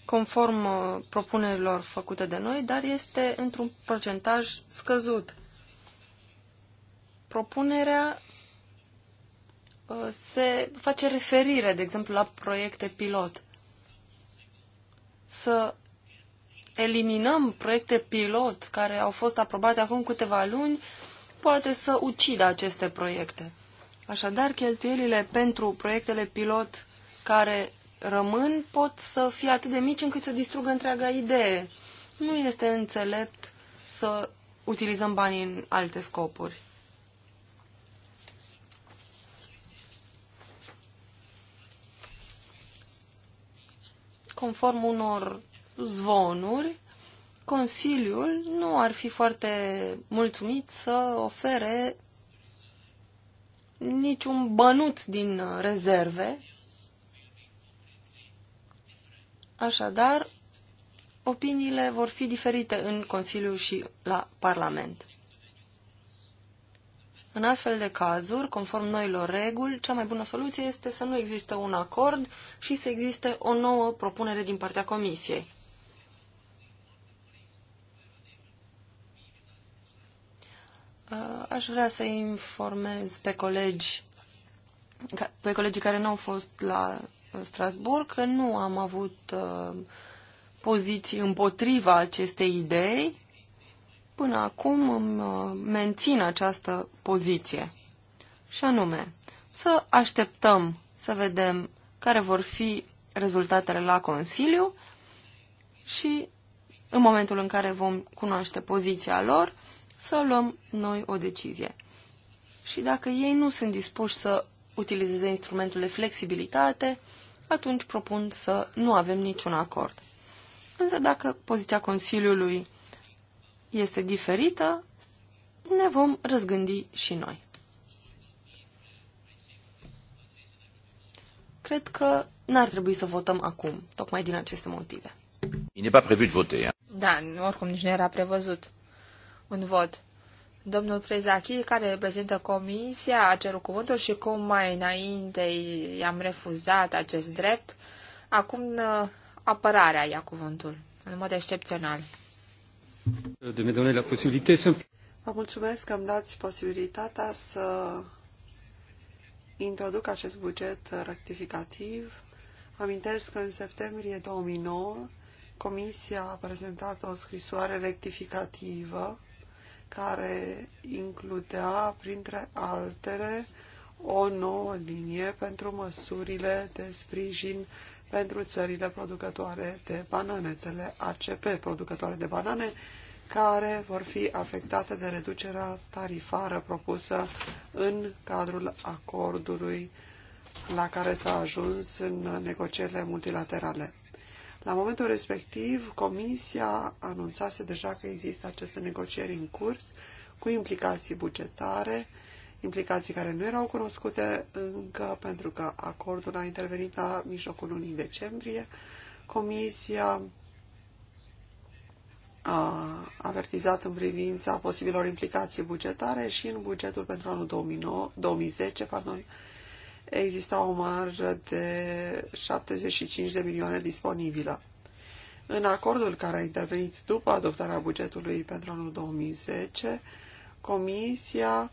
conform uh, propunerilor făcute de noi, dar este într-un procentaj scăzut. Propunerea uh, se face referire, de exemplu, la proiecte pilot. Să eliminăm proiecte pilot care au fost aprobate acum câteva luni, poate să ucidă aceste proiecte. Așadar, cheltuielile pentru proiectele pilot care rămân pot să fie atât de mici încât să distrugă întreaga idee. Nu este înțelept să utilizăm banii în alte scopuri. Conform unor zvonuri, Consiliul nu ar fi foarte mulțumit să ofere niciun bănuț din rezerve. Așadar, opiniile vor fi diferite în Consiliu și la Parlament. În astfel de cazuri, conform noilor reguli, cea mai bună soluție este să nu existe un acord și să existe o nouă propunere din partea Comisiei. Uh, aș vrea să informez pe colegi, pe colegii care nu au fost la uh, Strasburg că nu am avut uh, poziții împotriva acestei idei. Până acum îmi mențin această poziție. Și anume, să așteptăm să vedem care vor fi rezultatele la Consiliu și în momentul în care vom cunoaște poziția lor, să luăm noi o decizie. Și dacă ei nu sunt dispuși să utilizeze instrumentul de flexibilitate, atunci propun să nu avem niciun acord. Însă dacă poziția Consiliului este diferită, ne vom răzgândi și noi. Cred că n-ar trebui să votăm acum, tocmai din aceste motive. Da, oricum nici nu era prevăzut un vot. Domnul Prezachi, care reprezintă comisia, a cerut cuvântul și cum mai înainte i-am refuzat acest drept, acum uh, apărarea ia cuvântul, în mod excepțional. Vă mulțumesc că îmi dați posibilitatea să introduc acest buget rectificativ. Amintesc că în septembrie 2009 Comisia a prezentat o scrisoare rectificativă care includea, printre altele, o nouă linie pentru măsurile de sprijin pentru țările producătoare de banane, țările ACP producătoare de banane, care vor fi afectate de reducerea tarifară propusă în cadrul acordului la care s-a ajuns în negocierile multilaterale. La momentul respectiv, Comisia anunțase deja că există aceste negocieri în curs cu implicații bugetare, implicații care nu erau cunoscute încă pentru că acordul a intervenit la mijlocul lunii decembrie. Comisia a avertizat în privința posibilor implicații bugetare și în bugetul pentru anul 2009, 2010, pardon, exista o marjă de 75 de milioane disponibilă. În acordul care a intervenit după adoptarea bugetului pentru anul 2010, Comisia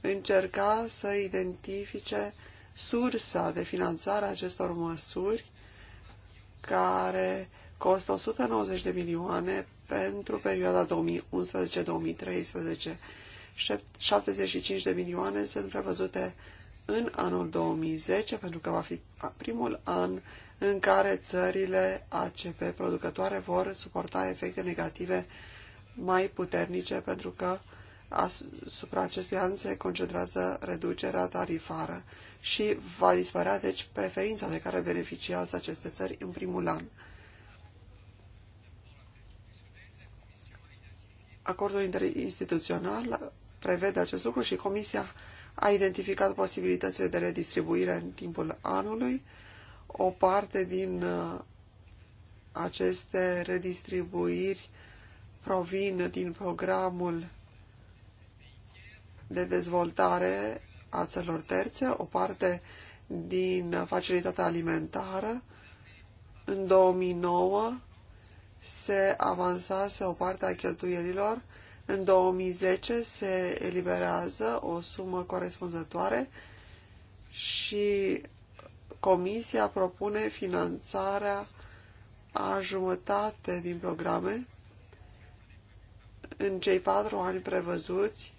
încerca să identifice sursa de finanțare a acestor măsuri care costă 190 de milioane pentru perioada 2011-2013 75 de milioane sunt prevăzute în anul 2010, pentru că va fi primul an în care țările ACP producătoare vor suporta efecte negative mai puternice, pentru că asupra acestui an se concentrează reducerea tarifară și va dispărea, deci, preferința de care beneficiază aceste țări în primul an. Acordul interinstituțional prevede acest lucru și Comisia a identificat posibilitățile de redistribuire în timpul anului. O parte din uh, aceste redistribuiri provin din programul de dezvoltare a țărilor terțe, o parte din facilitatea alimentară. În 2009 se avansase o parte a cheltuielilor în 2010 se eliberează o sumă corespunzătoare și Comisia propune finanțarea a jumătate din programe în cei patru ani prevăzuți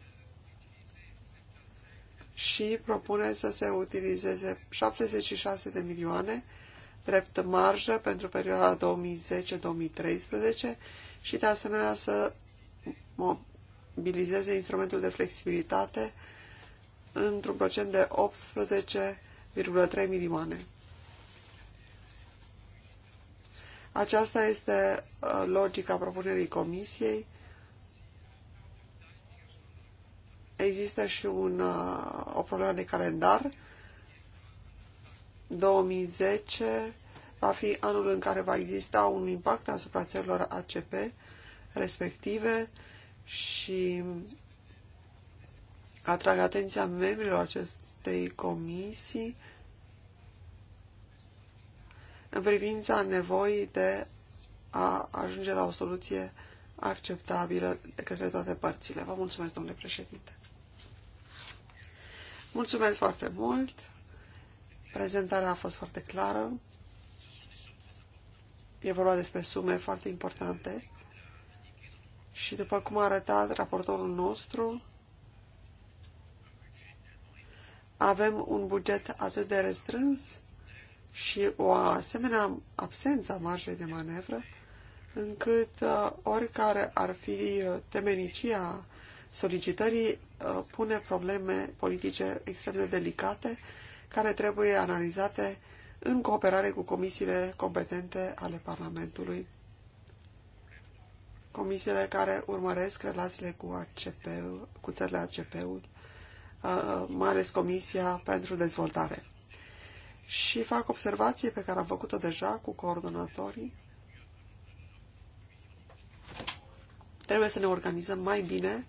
și propune să se utilizeze 76 de milioane drept marjă pentru perioada 2010-2013 și de asemenea să mobilizeze instrumentul de flexibilitate într-un procent de 18,3 milioane. Aceasta este uh, logica propunerii comisiei. Există și un, uh, o problemă de calendar. 2010 va fi anul în care va exista un impact asupra țărilor ACP respective și atrag atenția membrilor acestei comisii în privința nevoii de a ajunge la o soluție acceptabilă de către toate părțile. Vă mulțumesc, domnule președinte. Mulțumesc foarte mult. Prezentarea a fost foarte clară. E vorba despre sume foarte importante și după cum a arătat raportorul nostru, avem un buget atât de restrâns și o asemenea absență a marjei de manevră, încât uh, oricare ar fi uh, temenicia solicitării uh, pune probleme politice extrem de delicate care trebuie analizate în cooperare cu comisiile competente ale Parlamentului comisiile care urmăresc relațiile cu, ACP, cu țările ACP-ului, mai ales Comisia pentru Dezvoltare. Și fac observații pe care am făcut-o deja cu coordonatorii. Trebuie să ne organizăm mai bine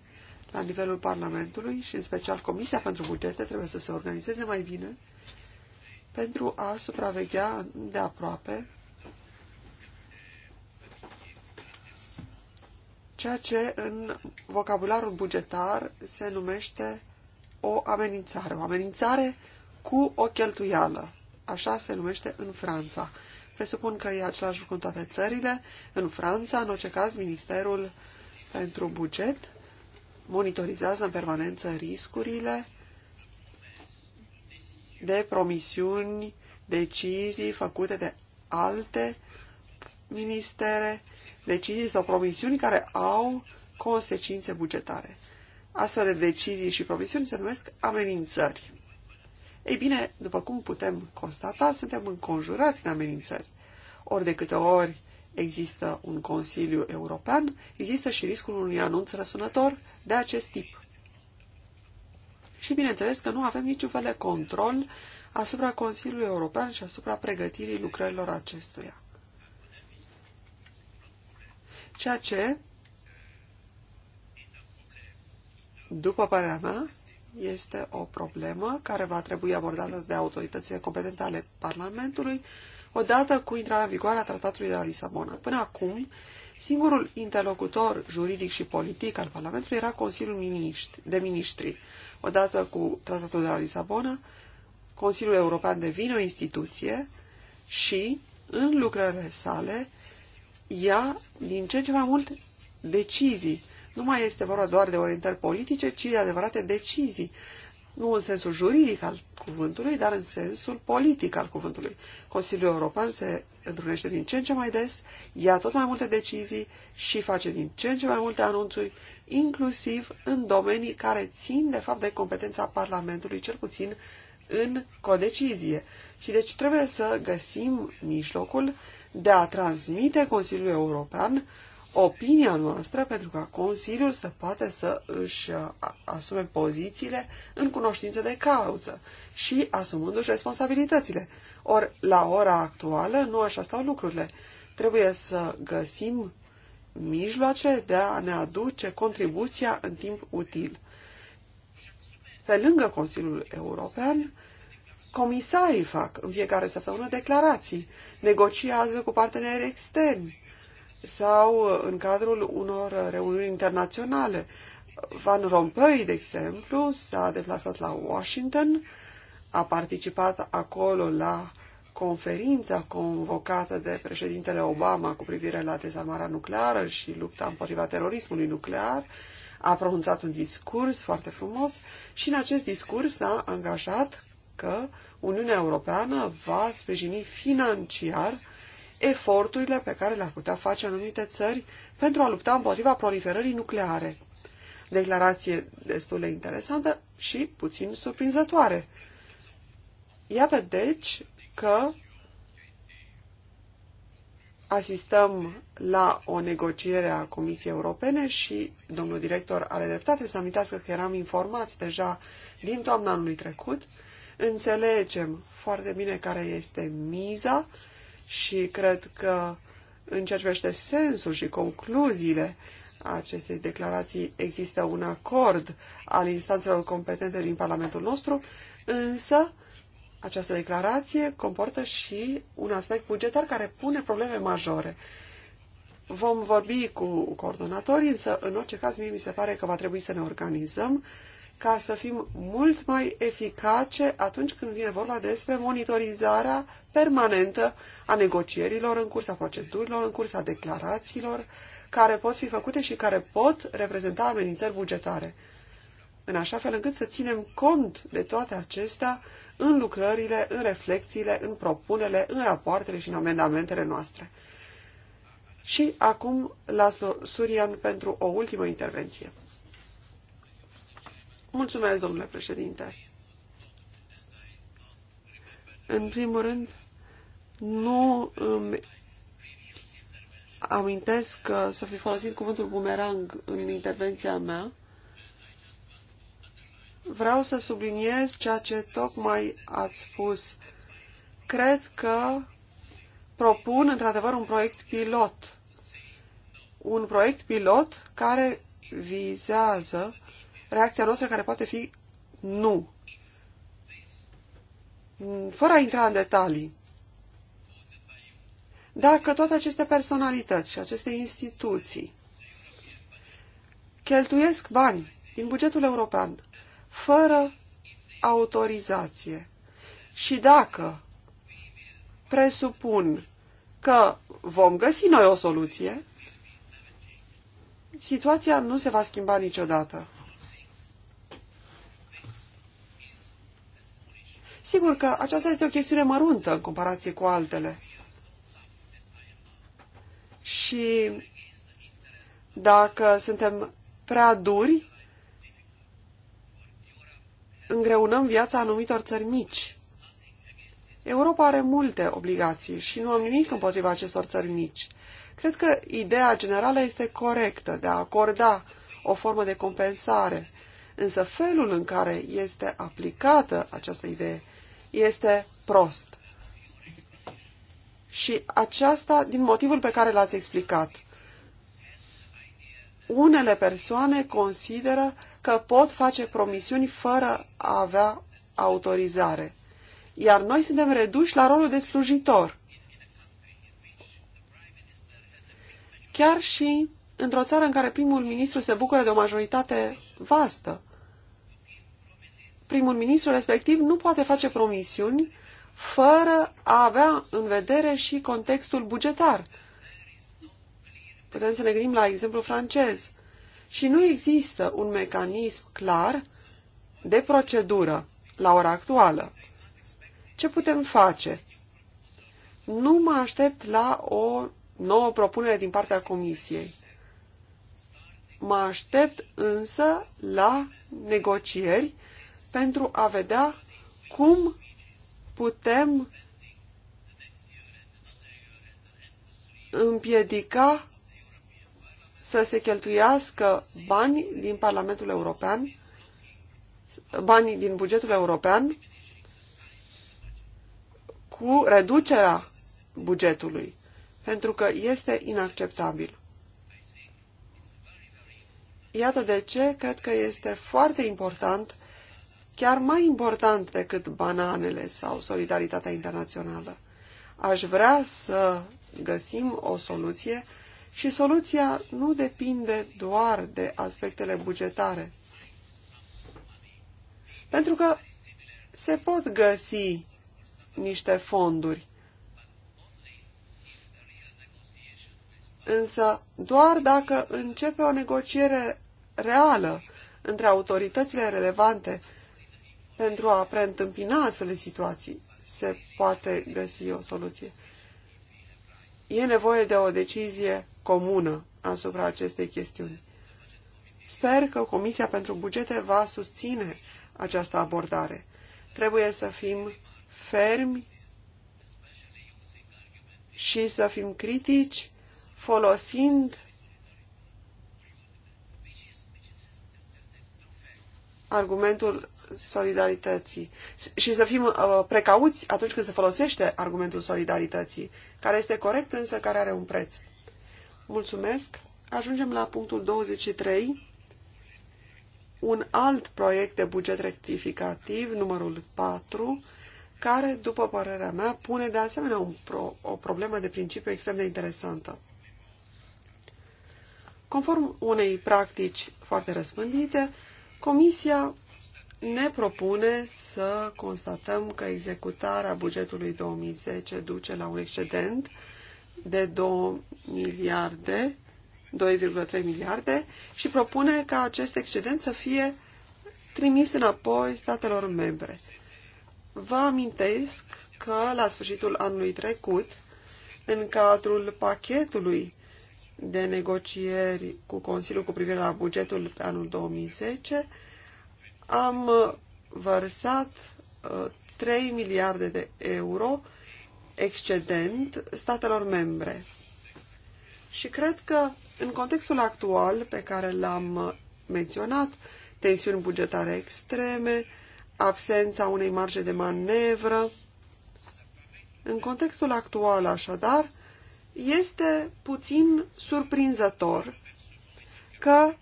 la nivelul Parlamentului și în special Comisia pentru Bugete trebuie să se organizeze mai bine pentru a supraveghea de aproape ceea ce în vocabularul bugetar se numește o amenințare. O amenințare cu o cheltuială. Așa se numește în Franța. Presupun că e același lucru în toate țările. În Franța, în orice caz, Ministerul pentru Buget monitorizează în permanență riscurile de promisiuni, decizii făcute de alte ministere decizii sau promisiuni care au consecințe bugetare. Astfel de decizii și promisiuni se numesc amenințări. Ei bine, după cum putem constata, suntem înconjurați de amenințări. Ori de câte ori există un Consiliu European, există și riscul unui anunț răsunător de acest tip. Și bineînțeles că nu avem niciun fel de control asupra Consiliului European și asupra pregătirii lucrărilor acestuia. Ceea ce, după părerea mea, este o problemă care va trebui abordată de autoritățile competente ale Parlamentului odată cu intrarea în vigoare a Tratatului de la Lisabona. Până acum, singurul interlocutor juridic și politic al Parlamentului era Consiliul Miniștri, de Ministri. Odată cu Tratatul de la Lisabona, Consiliul European devine o instituție și, în lucrările sale, ia din ce în ce mai mult decizii. Nu mai este vorba doar de orientări politice, ci de adevărate decizii. Nu în sensul juridic al cuvântului, dar în sensul politic al cuvântului. Consiliul European se întrunește din ce în ce mai des, ia tot mai multe decizii și face din ce în ce mai multe anunțuri, inclusiv în domenii care țin, de fapt, de competența Parlamentului, cel puțin în codecizie. Și deci trebuie să găsim mijlocul de a transmite Consiliului European opinia noastră pentru ca Consiliul să poate să își uh, asume pozițiile în cunoștință de cauză și asumându-și responsabilitățile. Ori, la ora actuală, nu așa stau lucrurile. Trebuie să găsim mijloace de a ne aduce contribuția în timp util. Pe lângă Consiliul European, Comisarii fac în fiecare săptămână declarații, negociază cu parteneri externi sau în cadrul unor reuniuni internaționale. Van Rompuy, de exemplu, s-a deplasat la Washington, a participat acolo la conferința convocată de președintele Obama cu privire la dezarmarea nucleară și lupta împotriva terorismului nuclear, a pronunțat un discurs foarte frumos și în acest discurs a angajat că Uniunea Europeană va sprijini financiar eforturile pe care le-ar putea face anumite țări pentru a lupta împotriva proliferării nucleare. Declarație destul de interesantă și puțin surprinzătoare. Iată deci că asistăm la o negociere a Comisiei Europene și domnul director are dreptate să amintească că eram informați deja din toamna anului trecut Înțelegem foarte bine care este miza și cred că în ceea ce privește sensul și concluziile acestei declarații există un acord al instanțelor competente din Parlamentul nostru, însă această declarație comportă și un aspect bugetar care pune probleme majore. Vom vorbi cu coordonatorii, însă în orice caz mie mi se pare că va trebui să ne organizăm ca să fim mult mai eficace atunci când vine vorba despre monitorizarea permanentă a negocierilor în curs, a procedurilor în curs, a declarațiilor care pot fi făcute și care pot reprezenta amenințări bugetare. În așa fel încât să ținem cont de toate acestea în lucrările, în reflexiile, în propunele, în rapoartele și în amendamentele noastre. Și acum las Surian pentru o ultimă intervenție. Mulțumesc, domnule președinte. În primul rând, nu îmi amintesc că să fi folosit cuvântul bumerang în intervenția mea. Vreau să subliniez ceea ce tocmai ați spus. Cred că propun într-adevăr un proiect pilot. Un proiect pilot care vizează reacția noastră care poate fi nu. Fără a intra în detalii. Dacă toate aceste personalități și aceste instituții cheltuiesc bani din bugetul european fără autorizație și dacă presupun că vom găsi noi o soluție, situația nu se va schimba niciodată. Sigur că aceasta este o chestiune măruntă în comparație cu altele. Și dacă suntem prea duri, îngreunăm viața anumitor țări mici. Europa are multe obligații și nu am nimic împotriva acestor țări mici. Cred că ideea generală este corectă de a acorda o formă de compensare, însă felul în care este aplicată această idee este prost. Și aceasta din motivul pe care l-ați explicat. Unele persoane consideră că pot face promisiuni fără a avea autorizare. Iar noi suntem reduși la rolul de slujitor. Chiar și într-o țară în care primul ministru se bucură de o majoritate vastă, primul ministru respectiv nu poate face promisiuni fără a avea în vedere și contextul bugetar. Putem să ne gândim la exemplu francez. Și nu există un mecanism clar de procedură la ora actuală. Ce putem face? Nu mă aștept la o nouă propunere din partea Comisiei. Mă aștept însă la negocieri pentru a vedea cum putem împiedica să se cheltuiască bani din Parlamentul European, banii din bugetul european, cu reducerea bugetului, pentru că este inacceptabil. Iată de ce cred că este foarte important chiar mai important decât bananele sau solidaritatea internațională. Aș vrea să găsim o soluție și soluția nu depinde doar de aspectele bugetare. Pentru că se pot găsi niște fonduri, însă doar dacă începe o negociere reală între autoritățile relevante pentru a preîntâmpina astfel de situații se poate găsi o soluție. E nevoie de o decizie comună asupra acestei chestiuni. Sper că Comisia pentru Bugete va susține această abordare. Trebuie să fim fermi și să fim critici folosind argumentul solidarității și să fim uh, precauți atunci când se folosește argumentul solidarității, care este corect, însă care are un preț. Mulțumesc. Ajungem la punctul 23, un alt proiect de buget rectificativ, numărul 4, care, după părerea mea, pune de asemenea un pro o problemă de principiu extrem de interesantă. Conform unei practici foarte răspândite, Comisia ne propune să constatăm că executarea bugetului 2010 duce la un excedent de 2 miliarde, 2,3 miliarde și propune ca acest excedent să fie trimis înapoi statelor membre. Vă amintesc că la sfârșitul anului trecut, în cadrul pachetului de negocieri cu Consiliul cu privire la bugetul pe anul 2010, am uh, vărsat 3 uh, miliarde de euro excedent statelor membre. Și cred că în contextul actual pe care l-am uh, menționat, tensiuni bugetare extreme, absența unei marge de manevră, în contextul actual, așadar, este puțin surprinzător că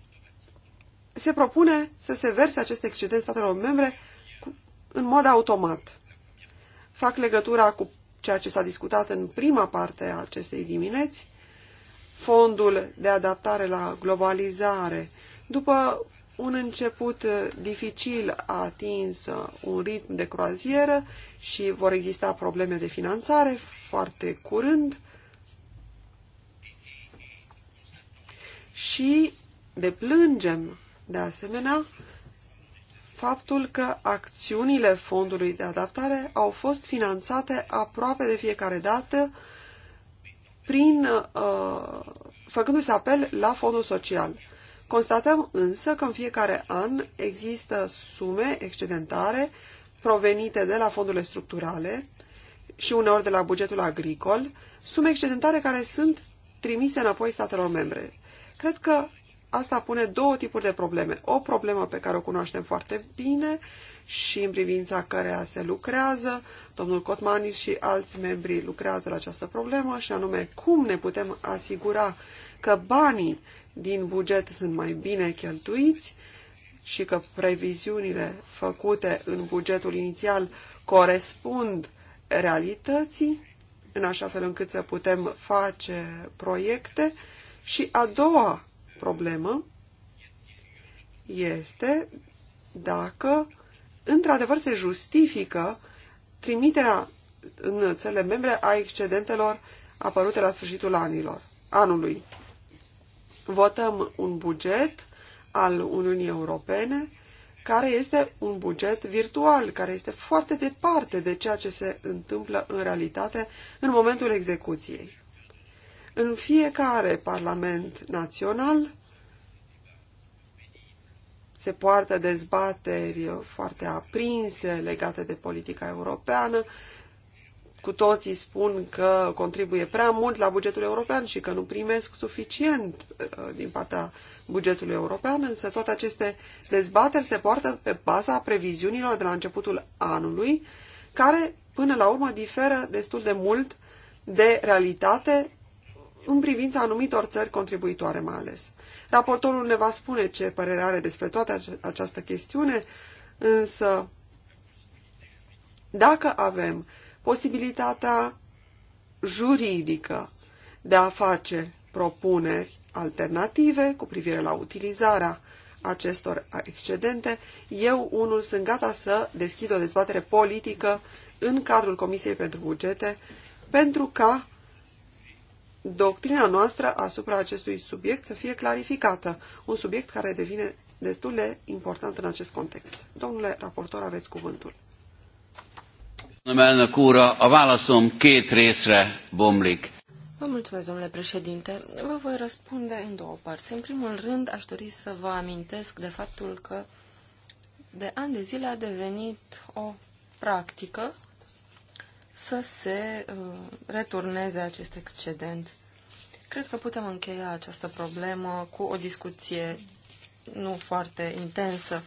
se propune să se verse acest excedent statelor membre în mod automat. Fac legătura cu ceea ce s-a discutat în prima parte a acestei dimineți, fondul de adaptare la globalizare. După un început eh, dificil a atins eh, un ritm de croazieră și vor exista probleme de finanțare foarte curând și deplângem de asemenea faptul că acțiunile fondului de adaptare au fost finanțate aproape de fiecare dată prin uh, făcându-se apel la fondul social. Constatăm însă că în fiecare an există sume excedentare provenite de la fondurile structurale și uneori de la bugetul agricol, sume excedentare care sunt trimise înapoi statelor membre. Cred că asta pune două tipuri de probleme. O problemă pe care o cunoaștem foarte bine și în privința căreia se lucrează, domnul Cotmanis și alți membri lucrează la această problemă și anume cum ne putem asigura că banii din buget sunt mai bine cheltuiți și că previziunile făcute în bugetul inițial corespund realității, în așa fel încât să putem face proiecte. Și a doua problemă este dacă într-adevăr se justifică trimiterea în țările membre a excedentelor apărute la sfârșitul anilor, anului. Votăm un buget al Uniunii Europene care este un buget virtual, care este foarte departe de ceea ce se întâmplă în realitate în momentul execuției. În fiecare parlament național se poartă dezbateri foarte aprinse legate de politica europeană. Cu toții spun că contribuie prea mult la bugetul european și că nu primesc suficient uh, din partea bugetului european, însă toate aceste dezbateri se poartă pe baza previziunilor de la începutul anului, care până la urmă diferă destul de mult de realitate în privința anumitor țări contribuitoare mai ales. Raportorul ne va spune ce părere are despre toată această chestiune, însă dacă avem posibilitatea juridică de a face propuneri alternative cu privire la utilizarea acestor excedente, eu unul sunt gata să deschid o dezbatere politică în cadrul Comisiei pentru Bugete pentru ca doctrina noastră asupra acestui subiect să fie clarificată, un subiect care devine destul de important în acest context. Domnule raportor, aveți cuvântul. Elnök úr, a válaszom két részre bomlik. Vă mulțumesc, domnule președinte. Vă voi răspunde în două părți. În primul rând, aș dori să vă amintesc de faptul că de ani de zile a devenit o practică să se uh, returneze acest excedent. Cred că putem încheia această problemă cu o discuție nu foarte intensă.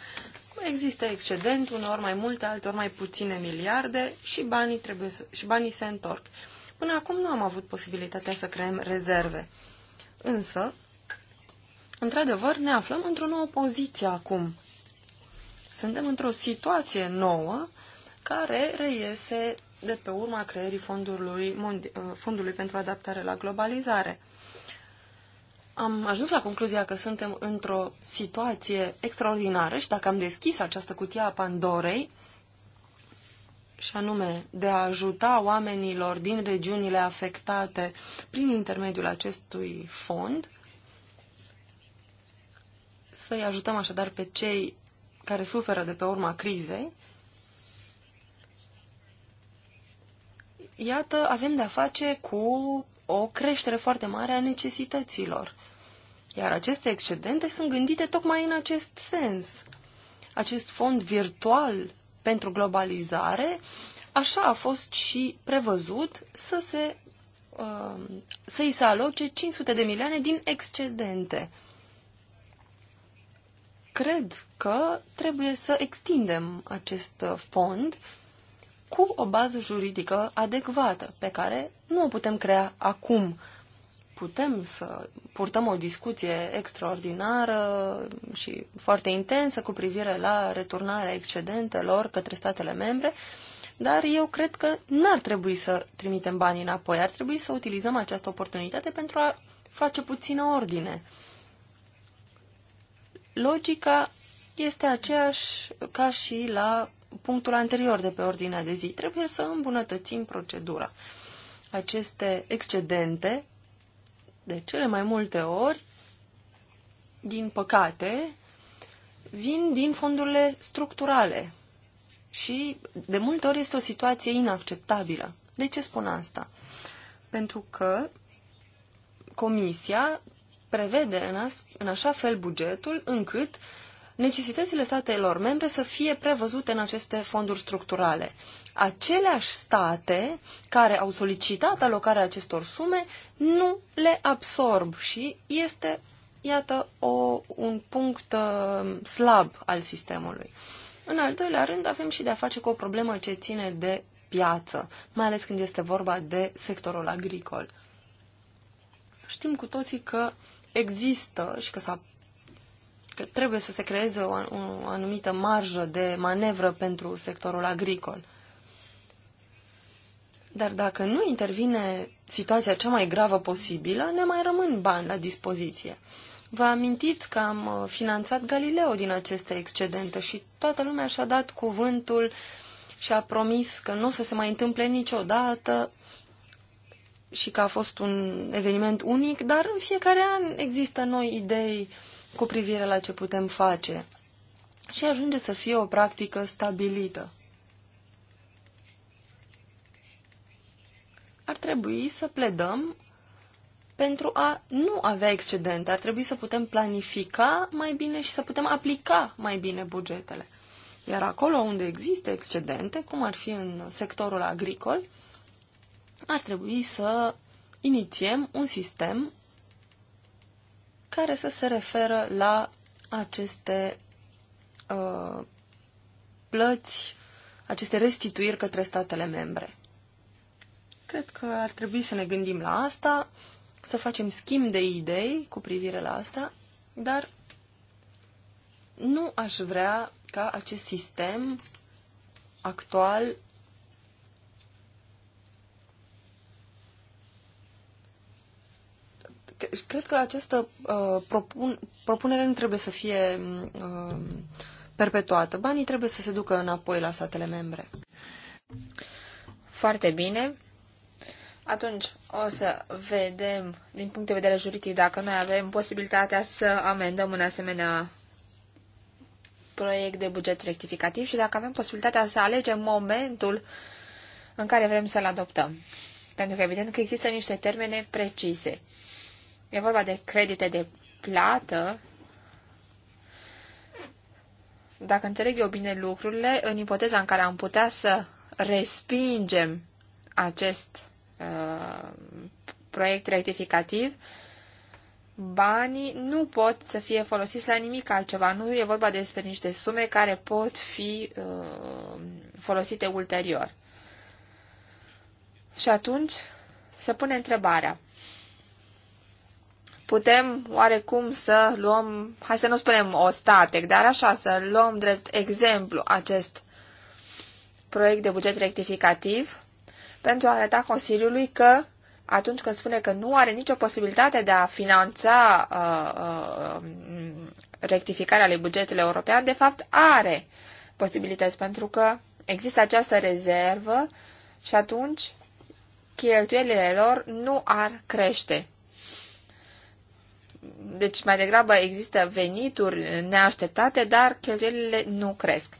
Există excedent, uneori mai multe, alteori mai puține miliarde și banii, trebuie să, și banii se întorc. Până acum nu am avut posibilitatea să creăm rezerve. Însă, într-adevăr, ne aflăm într-o nouă poziție acum. Suntem într-o situație nouă care reiese de pe urma creierii fondului, uh, fondului pentru adaptare la globalizare. Am ajuns la concluzia că suntem într-o situație extraordinară și dacă am deschis această cutie a Pandorei, și anume de a ajuta oamenilor din regiunile afectate prin intermediul acestui fond, să-i ajutăm așadar pe cei care suferă de pe urma crizei, iată, avem de-a face cu o creștere foarte mare a necesităților. Iar aceste excedente sunt gândite tocmai în acest sens. Acest fond virtual pentru globalizare, așa a fost și prevăzut să se uh, să i se aloce 500 de milioane din excedente. Cred că trebuie să extindem acest fond cu o bază juridică adecvată, pe care nu o putem crea acum. Putem să purtăm o discuție extraordinară și foarte intensă cu privire la returnarea excedentelor către statele membre, dar eu cred că n-ar trebui să trimitem banii înapoi, ar trebui să utilizăm această oportunitate pentru a face puțină ordine. Logica este aceeași ca și la punctul anterior de pe ordinea de zi. Trebuie să îmbunătățim procedura. Aceste excedente, de cele mai multe ori, din păcate, vin din fondurile structurale. Și de multe ori este o situație inacceptabilă. De ce spun asta? Pentru că Comisia prevede în, as, în așa fel bugetul încât uh, necesitățile statelor membre să fie prevăzute în aceste fonduri structurale. Aceleași state care au solicitat alocarea acestor sume nu le absorb și este, iată, o, un punct uh, slab al sistemului. În al doilea rând, avem și de-a face cu o problemă ce ține de piață, mai ales când este vorba de sectorul agricol. Știm cu toții că există și că s-a că trebuie să se creeze o, o anumită marjă de manevră pentru sectorul agricol. Dar dacă nu intervine situația cea mai gravă posibilă, ne mai rămân bani la dispoziție. Vă amintiți că am uh, finanțat Galileo din aceste excedente și toată lumea și-a dat cuvântul și a promis că nu o să se mai întâmple niciodată și că a fost un eveniment unic, dar în fiecare an există noi idei uh, cu privire la ce putem face și ajunge să fie o practică stabilită. Ar trebui să pledăm pentru a nu avea excedente. Ar trebui să putem planifica mai bine și să putem aplica mai bine bugetele. Iar acolo unde există excedente, cum ar fi în sectorul agricol, ar trebui să inițiem un sistem care să se referă la aceste uh, plăți, aceste restituiri către statele membre. Cred că ar trebui să ne gândim la asta, să facem schimb de idei cu privire la asta, dar nu aș vrea ca acest sistem actual Cred că această uh, propun, propunere nu trebuie să fie uh, perpetuată. Banii trebuie să se ducă înapoi la statele membre. Foarte bine. Atunci o să vedem, din punct de vedere juridic, dacă noi avem posibilitatea să amendăm un asemenea proiect de buget rectificativ și dacă avem posibilitatea să alegem momentul în care vrem să-l adoptăm. Pentru că evident că există niște termene precise. E vorba de credite de plată. Dacă înțeleg eu bine lucrurile, în ipoteza în care am putea să respingem acest uh, proiect rectificativ, banii nu pot să fie folosiți la nimic altceva. Nu e vorba despre niște sume care pot fi uh, folosite ulterior. Și atunci se pune întrebarea, putem oarecum să luăm, hai să nu spunem o static, dar așa, să luăm drept exemplu acest proiect de buget rectificativ pentru a arăta Consiliului că atunci când spune că nu are nicio posibilitate de a finanța uh, uh, rectificarea lui bugetul european, de fapt are posibilități pentru că există această rezervă și atunci cheltuielile lor nu ar crește. Deci mai degrabă există venituri neașteptate, dar cheltuielile nu cresc.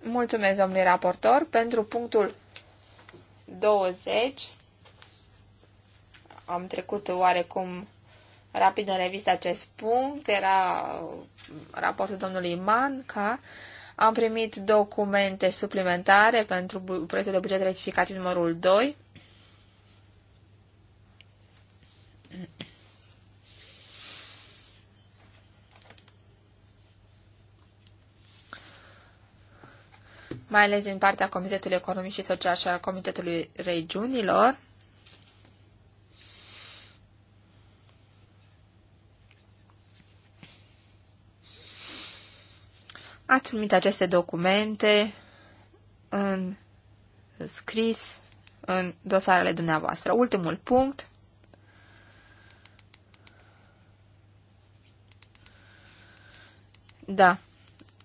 Mulțumesc, domnului raportor, pentru punctul 20. Am trecut oarecum rapid în revistă acest punct. Era raportul domnului Manca. Am primit documente suplimentare pentru proiectul de buget rectificativ numărul 2. mai ales din partea Comitetului Economic și Social și al Comitetului Regiunilor. Ați primit aceste documente în scris în dosarele dumneavoastră. Ultimul punct. Da.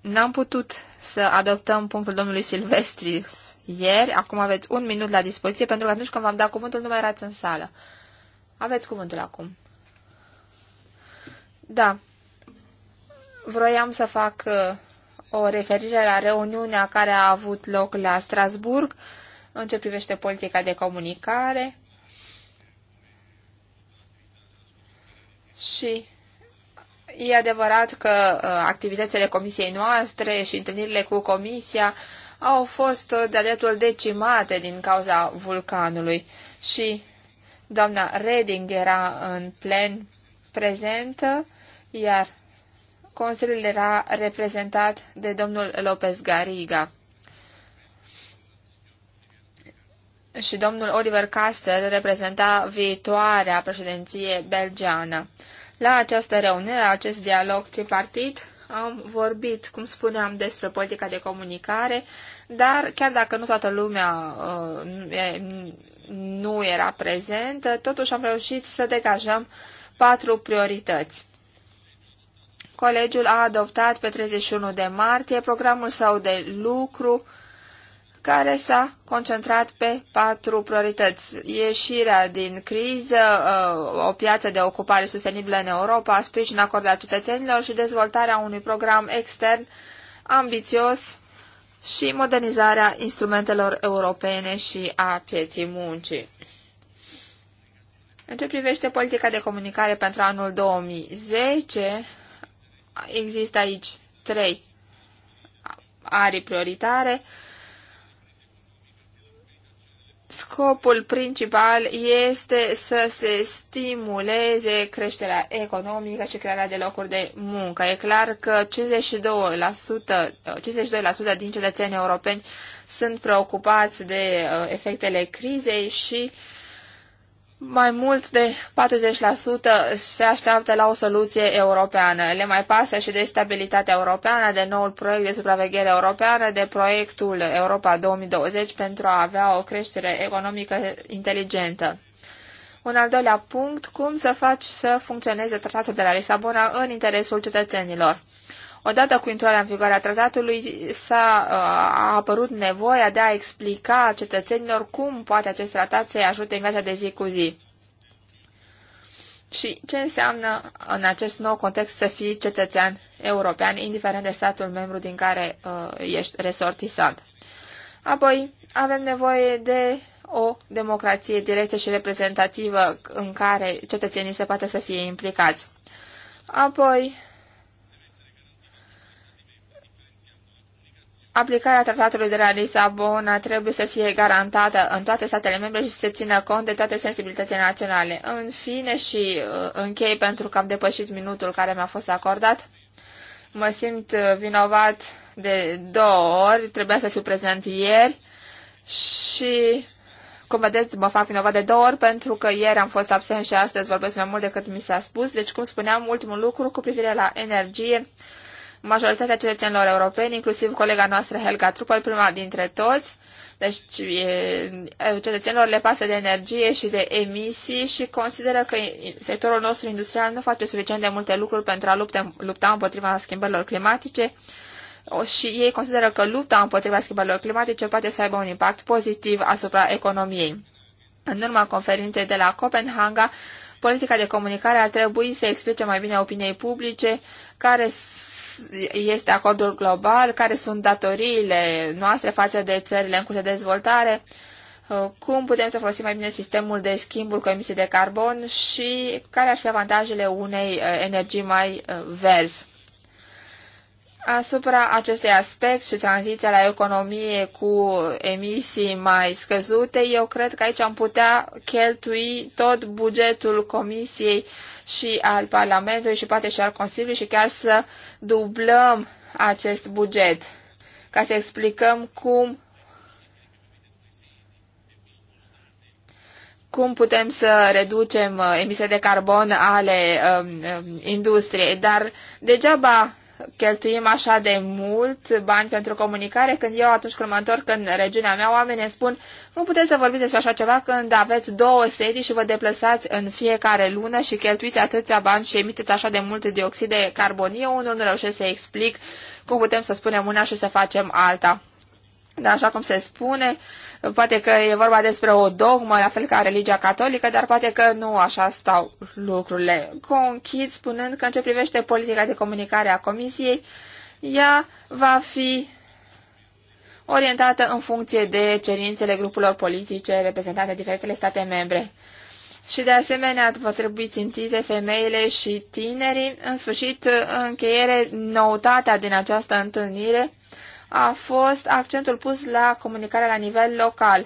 N-am putut să adoptăm punctul domnului Silvestri ieri, acum aveți un minut la dispoziție, pentru că atunci când v-am dat cuvântul nu mai erați în sală. Aveți cuvântul acum. Da. Vroiam să fac uh, o referire la reuniunea care a avut loc la Strasburg în ce privește politica de comunicare și E adevărat că uh, activitățile comisiei noastre și întâlnirile cu comisia au fost uh, de-a dreptul decimate din cauza vulcanului și doamna Reding era în plen prezentă, iar Consiliul era reprezentat de domnul Lopez Gariga. Și domnul Oliver Castel reprezenta viitoarea președinție belgeană. La această reuniune, la acest dialog tripartit, am vorbit, cum spuneam, despre politica de comunicare, dar chiar dacă nu toată lumea uh, nu era prezentă, totuși am reușit să degajăm patru priorități. Colegiul a adoptat pe 31 de martie programul său de lucru uh, care s-a concentrat pe patru priorități. Ieșirea din criză, uh, o piață de ocupare sustenibilă în Europa, sprijin acordat cetățenilor și dezvoltarea unui program extern ambițios și modernizarea instrumentelor europene și a pieții muncii. În ce privește politica de comunicare pentru anul 2010, există aici trei arii prioritare, Scopul principal este să se stimuleze creșterea economică și crearea de locuri de muncă. E clar că 52%, 52% din cetățenii europeni sunt preocupați de uh, efectele crizei și uh, mai mult de 40% se așteaptă la o soluție europeană. Le mai pasă și de stabilitatea europeană, de noul proiect de supraveghere europeană, de proiectul Europa 2020 pentru a avea o creștere economică inteligentă. Un al doilea punct, cum să faci să funcționeze tratatul de la Lisabona în interesul cetățenilor. Odată cu intrarea în vigoare a tratatului s-a uh, a apărut nevoia de a explica cetățenilor cum poate acest tratat să-i ajute în viața de zi cu zi. Și ce înseamnă în acest nou context să fii cetățean european, indiferent de statul membru din care uh, ești resortisat. Apoi, avem nevoie de o democrație directă și reprezentativă în care cetățenii se poate să fie implicați. Apoi, Aplicarea tratatului de la Lisabona trebuie să fie garantată în toate statele membre și să se țină cont de toate sensibilitățile naționale. În fine și uh, închei pentru că am depășit minutul care mi-a fost acordat. Mă simt uh, vinovat de două ori, trebuia să fiu prezent ieri și, cum vedeți, mă fac vinovat de două ori pentru că ieri am fost absent și astăzi vorbesc mai mult decât mi s-a spus. Deci, cum spuneam, ultimul lucru cu privire la energie, majoritatea cetățenilor europeni, inclusiv colega noastră Helga Trupel, prima dintre toți, deci cetățenilor le pasă de energie și de emisii și consideră că sectorul nostru industrial nu face suficient de multe lucruri pentru a lupte, lupta împotriva schimbărilor climatice și ei consideră că lupta împotriva schimbărilor climatice poate să aibă un impact pozitiv asupra economiei. În urma conferinței de la Copenhaga, politica de comunicare ar trebui să explice mai bine opiniei publice care este acordul global, care sunt datoriile noastre față de țările în curs de dezvoltare, uh, cum putem să folosim mai bine sistemul de schimburi cu emisii de carbon și care ar fi avantajele unei uh, energii mai uh, verzi. Asupra acestui aspect și tranziția la economie cu emisii mai scăzute, eu cred că aici am putea cheltui tot bugetul Comisiei uh, și al Parlamentului și poate și al Consiliului și chiar să dublăm acest buget ca să explicăm cum cum putem să reducem uh, emisiile de carbon ale um, um industriei, dar degeaba cheltuim așa de mult bani pentru comunicare, când eu atunci când mă întorc în regiunea mea, oamenii îmi spun, nu puteți să vorbiți despre așa ceva când aveți două sedii și vă deplasați în fiecare lună și cheltuiți atâția bani și emiteți așa de mult dioxid de carbonie, unul nu reușesc să explic cum putem să spunem una și să facem alta. Dar așa cum se spune, uh, Poate că e vorba despre o dogmă, la fel ca religia catolică, dar poate că nu așa stau lucrurile. Conchid spunând că în ce privește politica de comunicare a Comisiei, ea va fi orientată în funcție de cerințele grupurilor politice reprezentate în diferitele state membre. Și de asemenea vor trebui țintite femeile și tinerii. În sfârșit, încheiere, noutatea din această întâlnire a fost accentul pus la comunicarea la nivel local.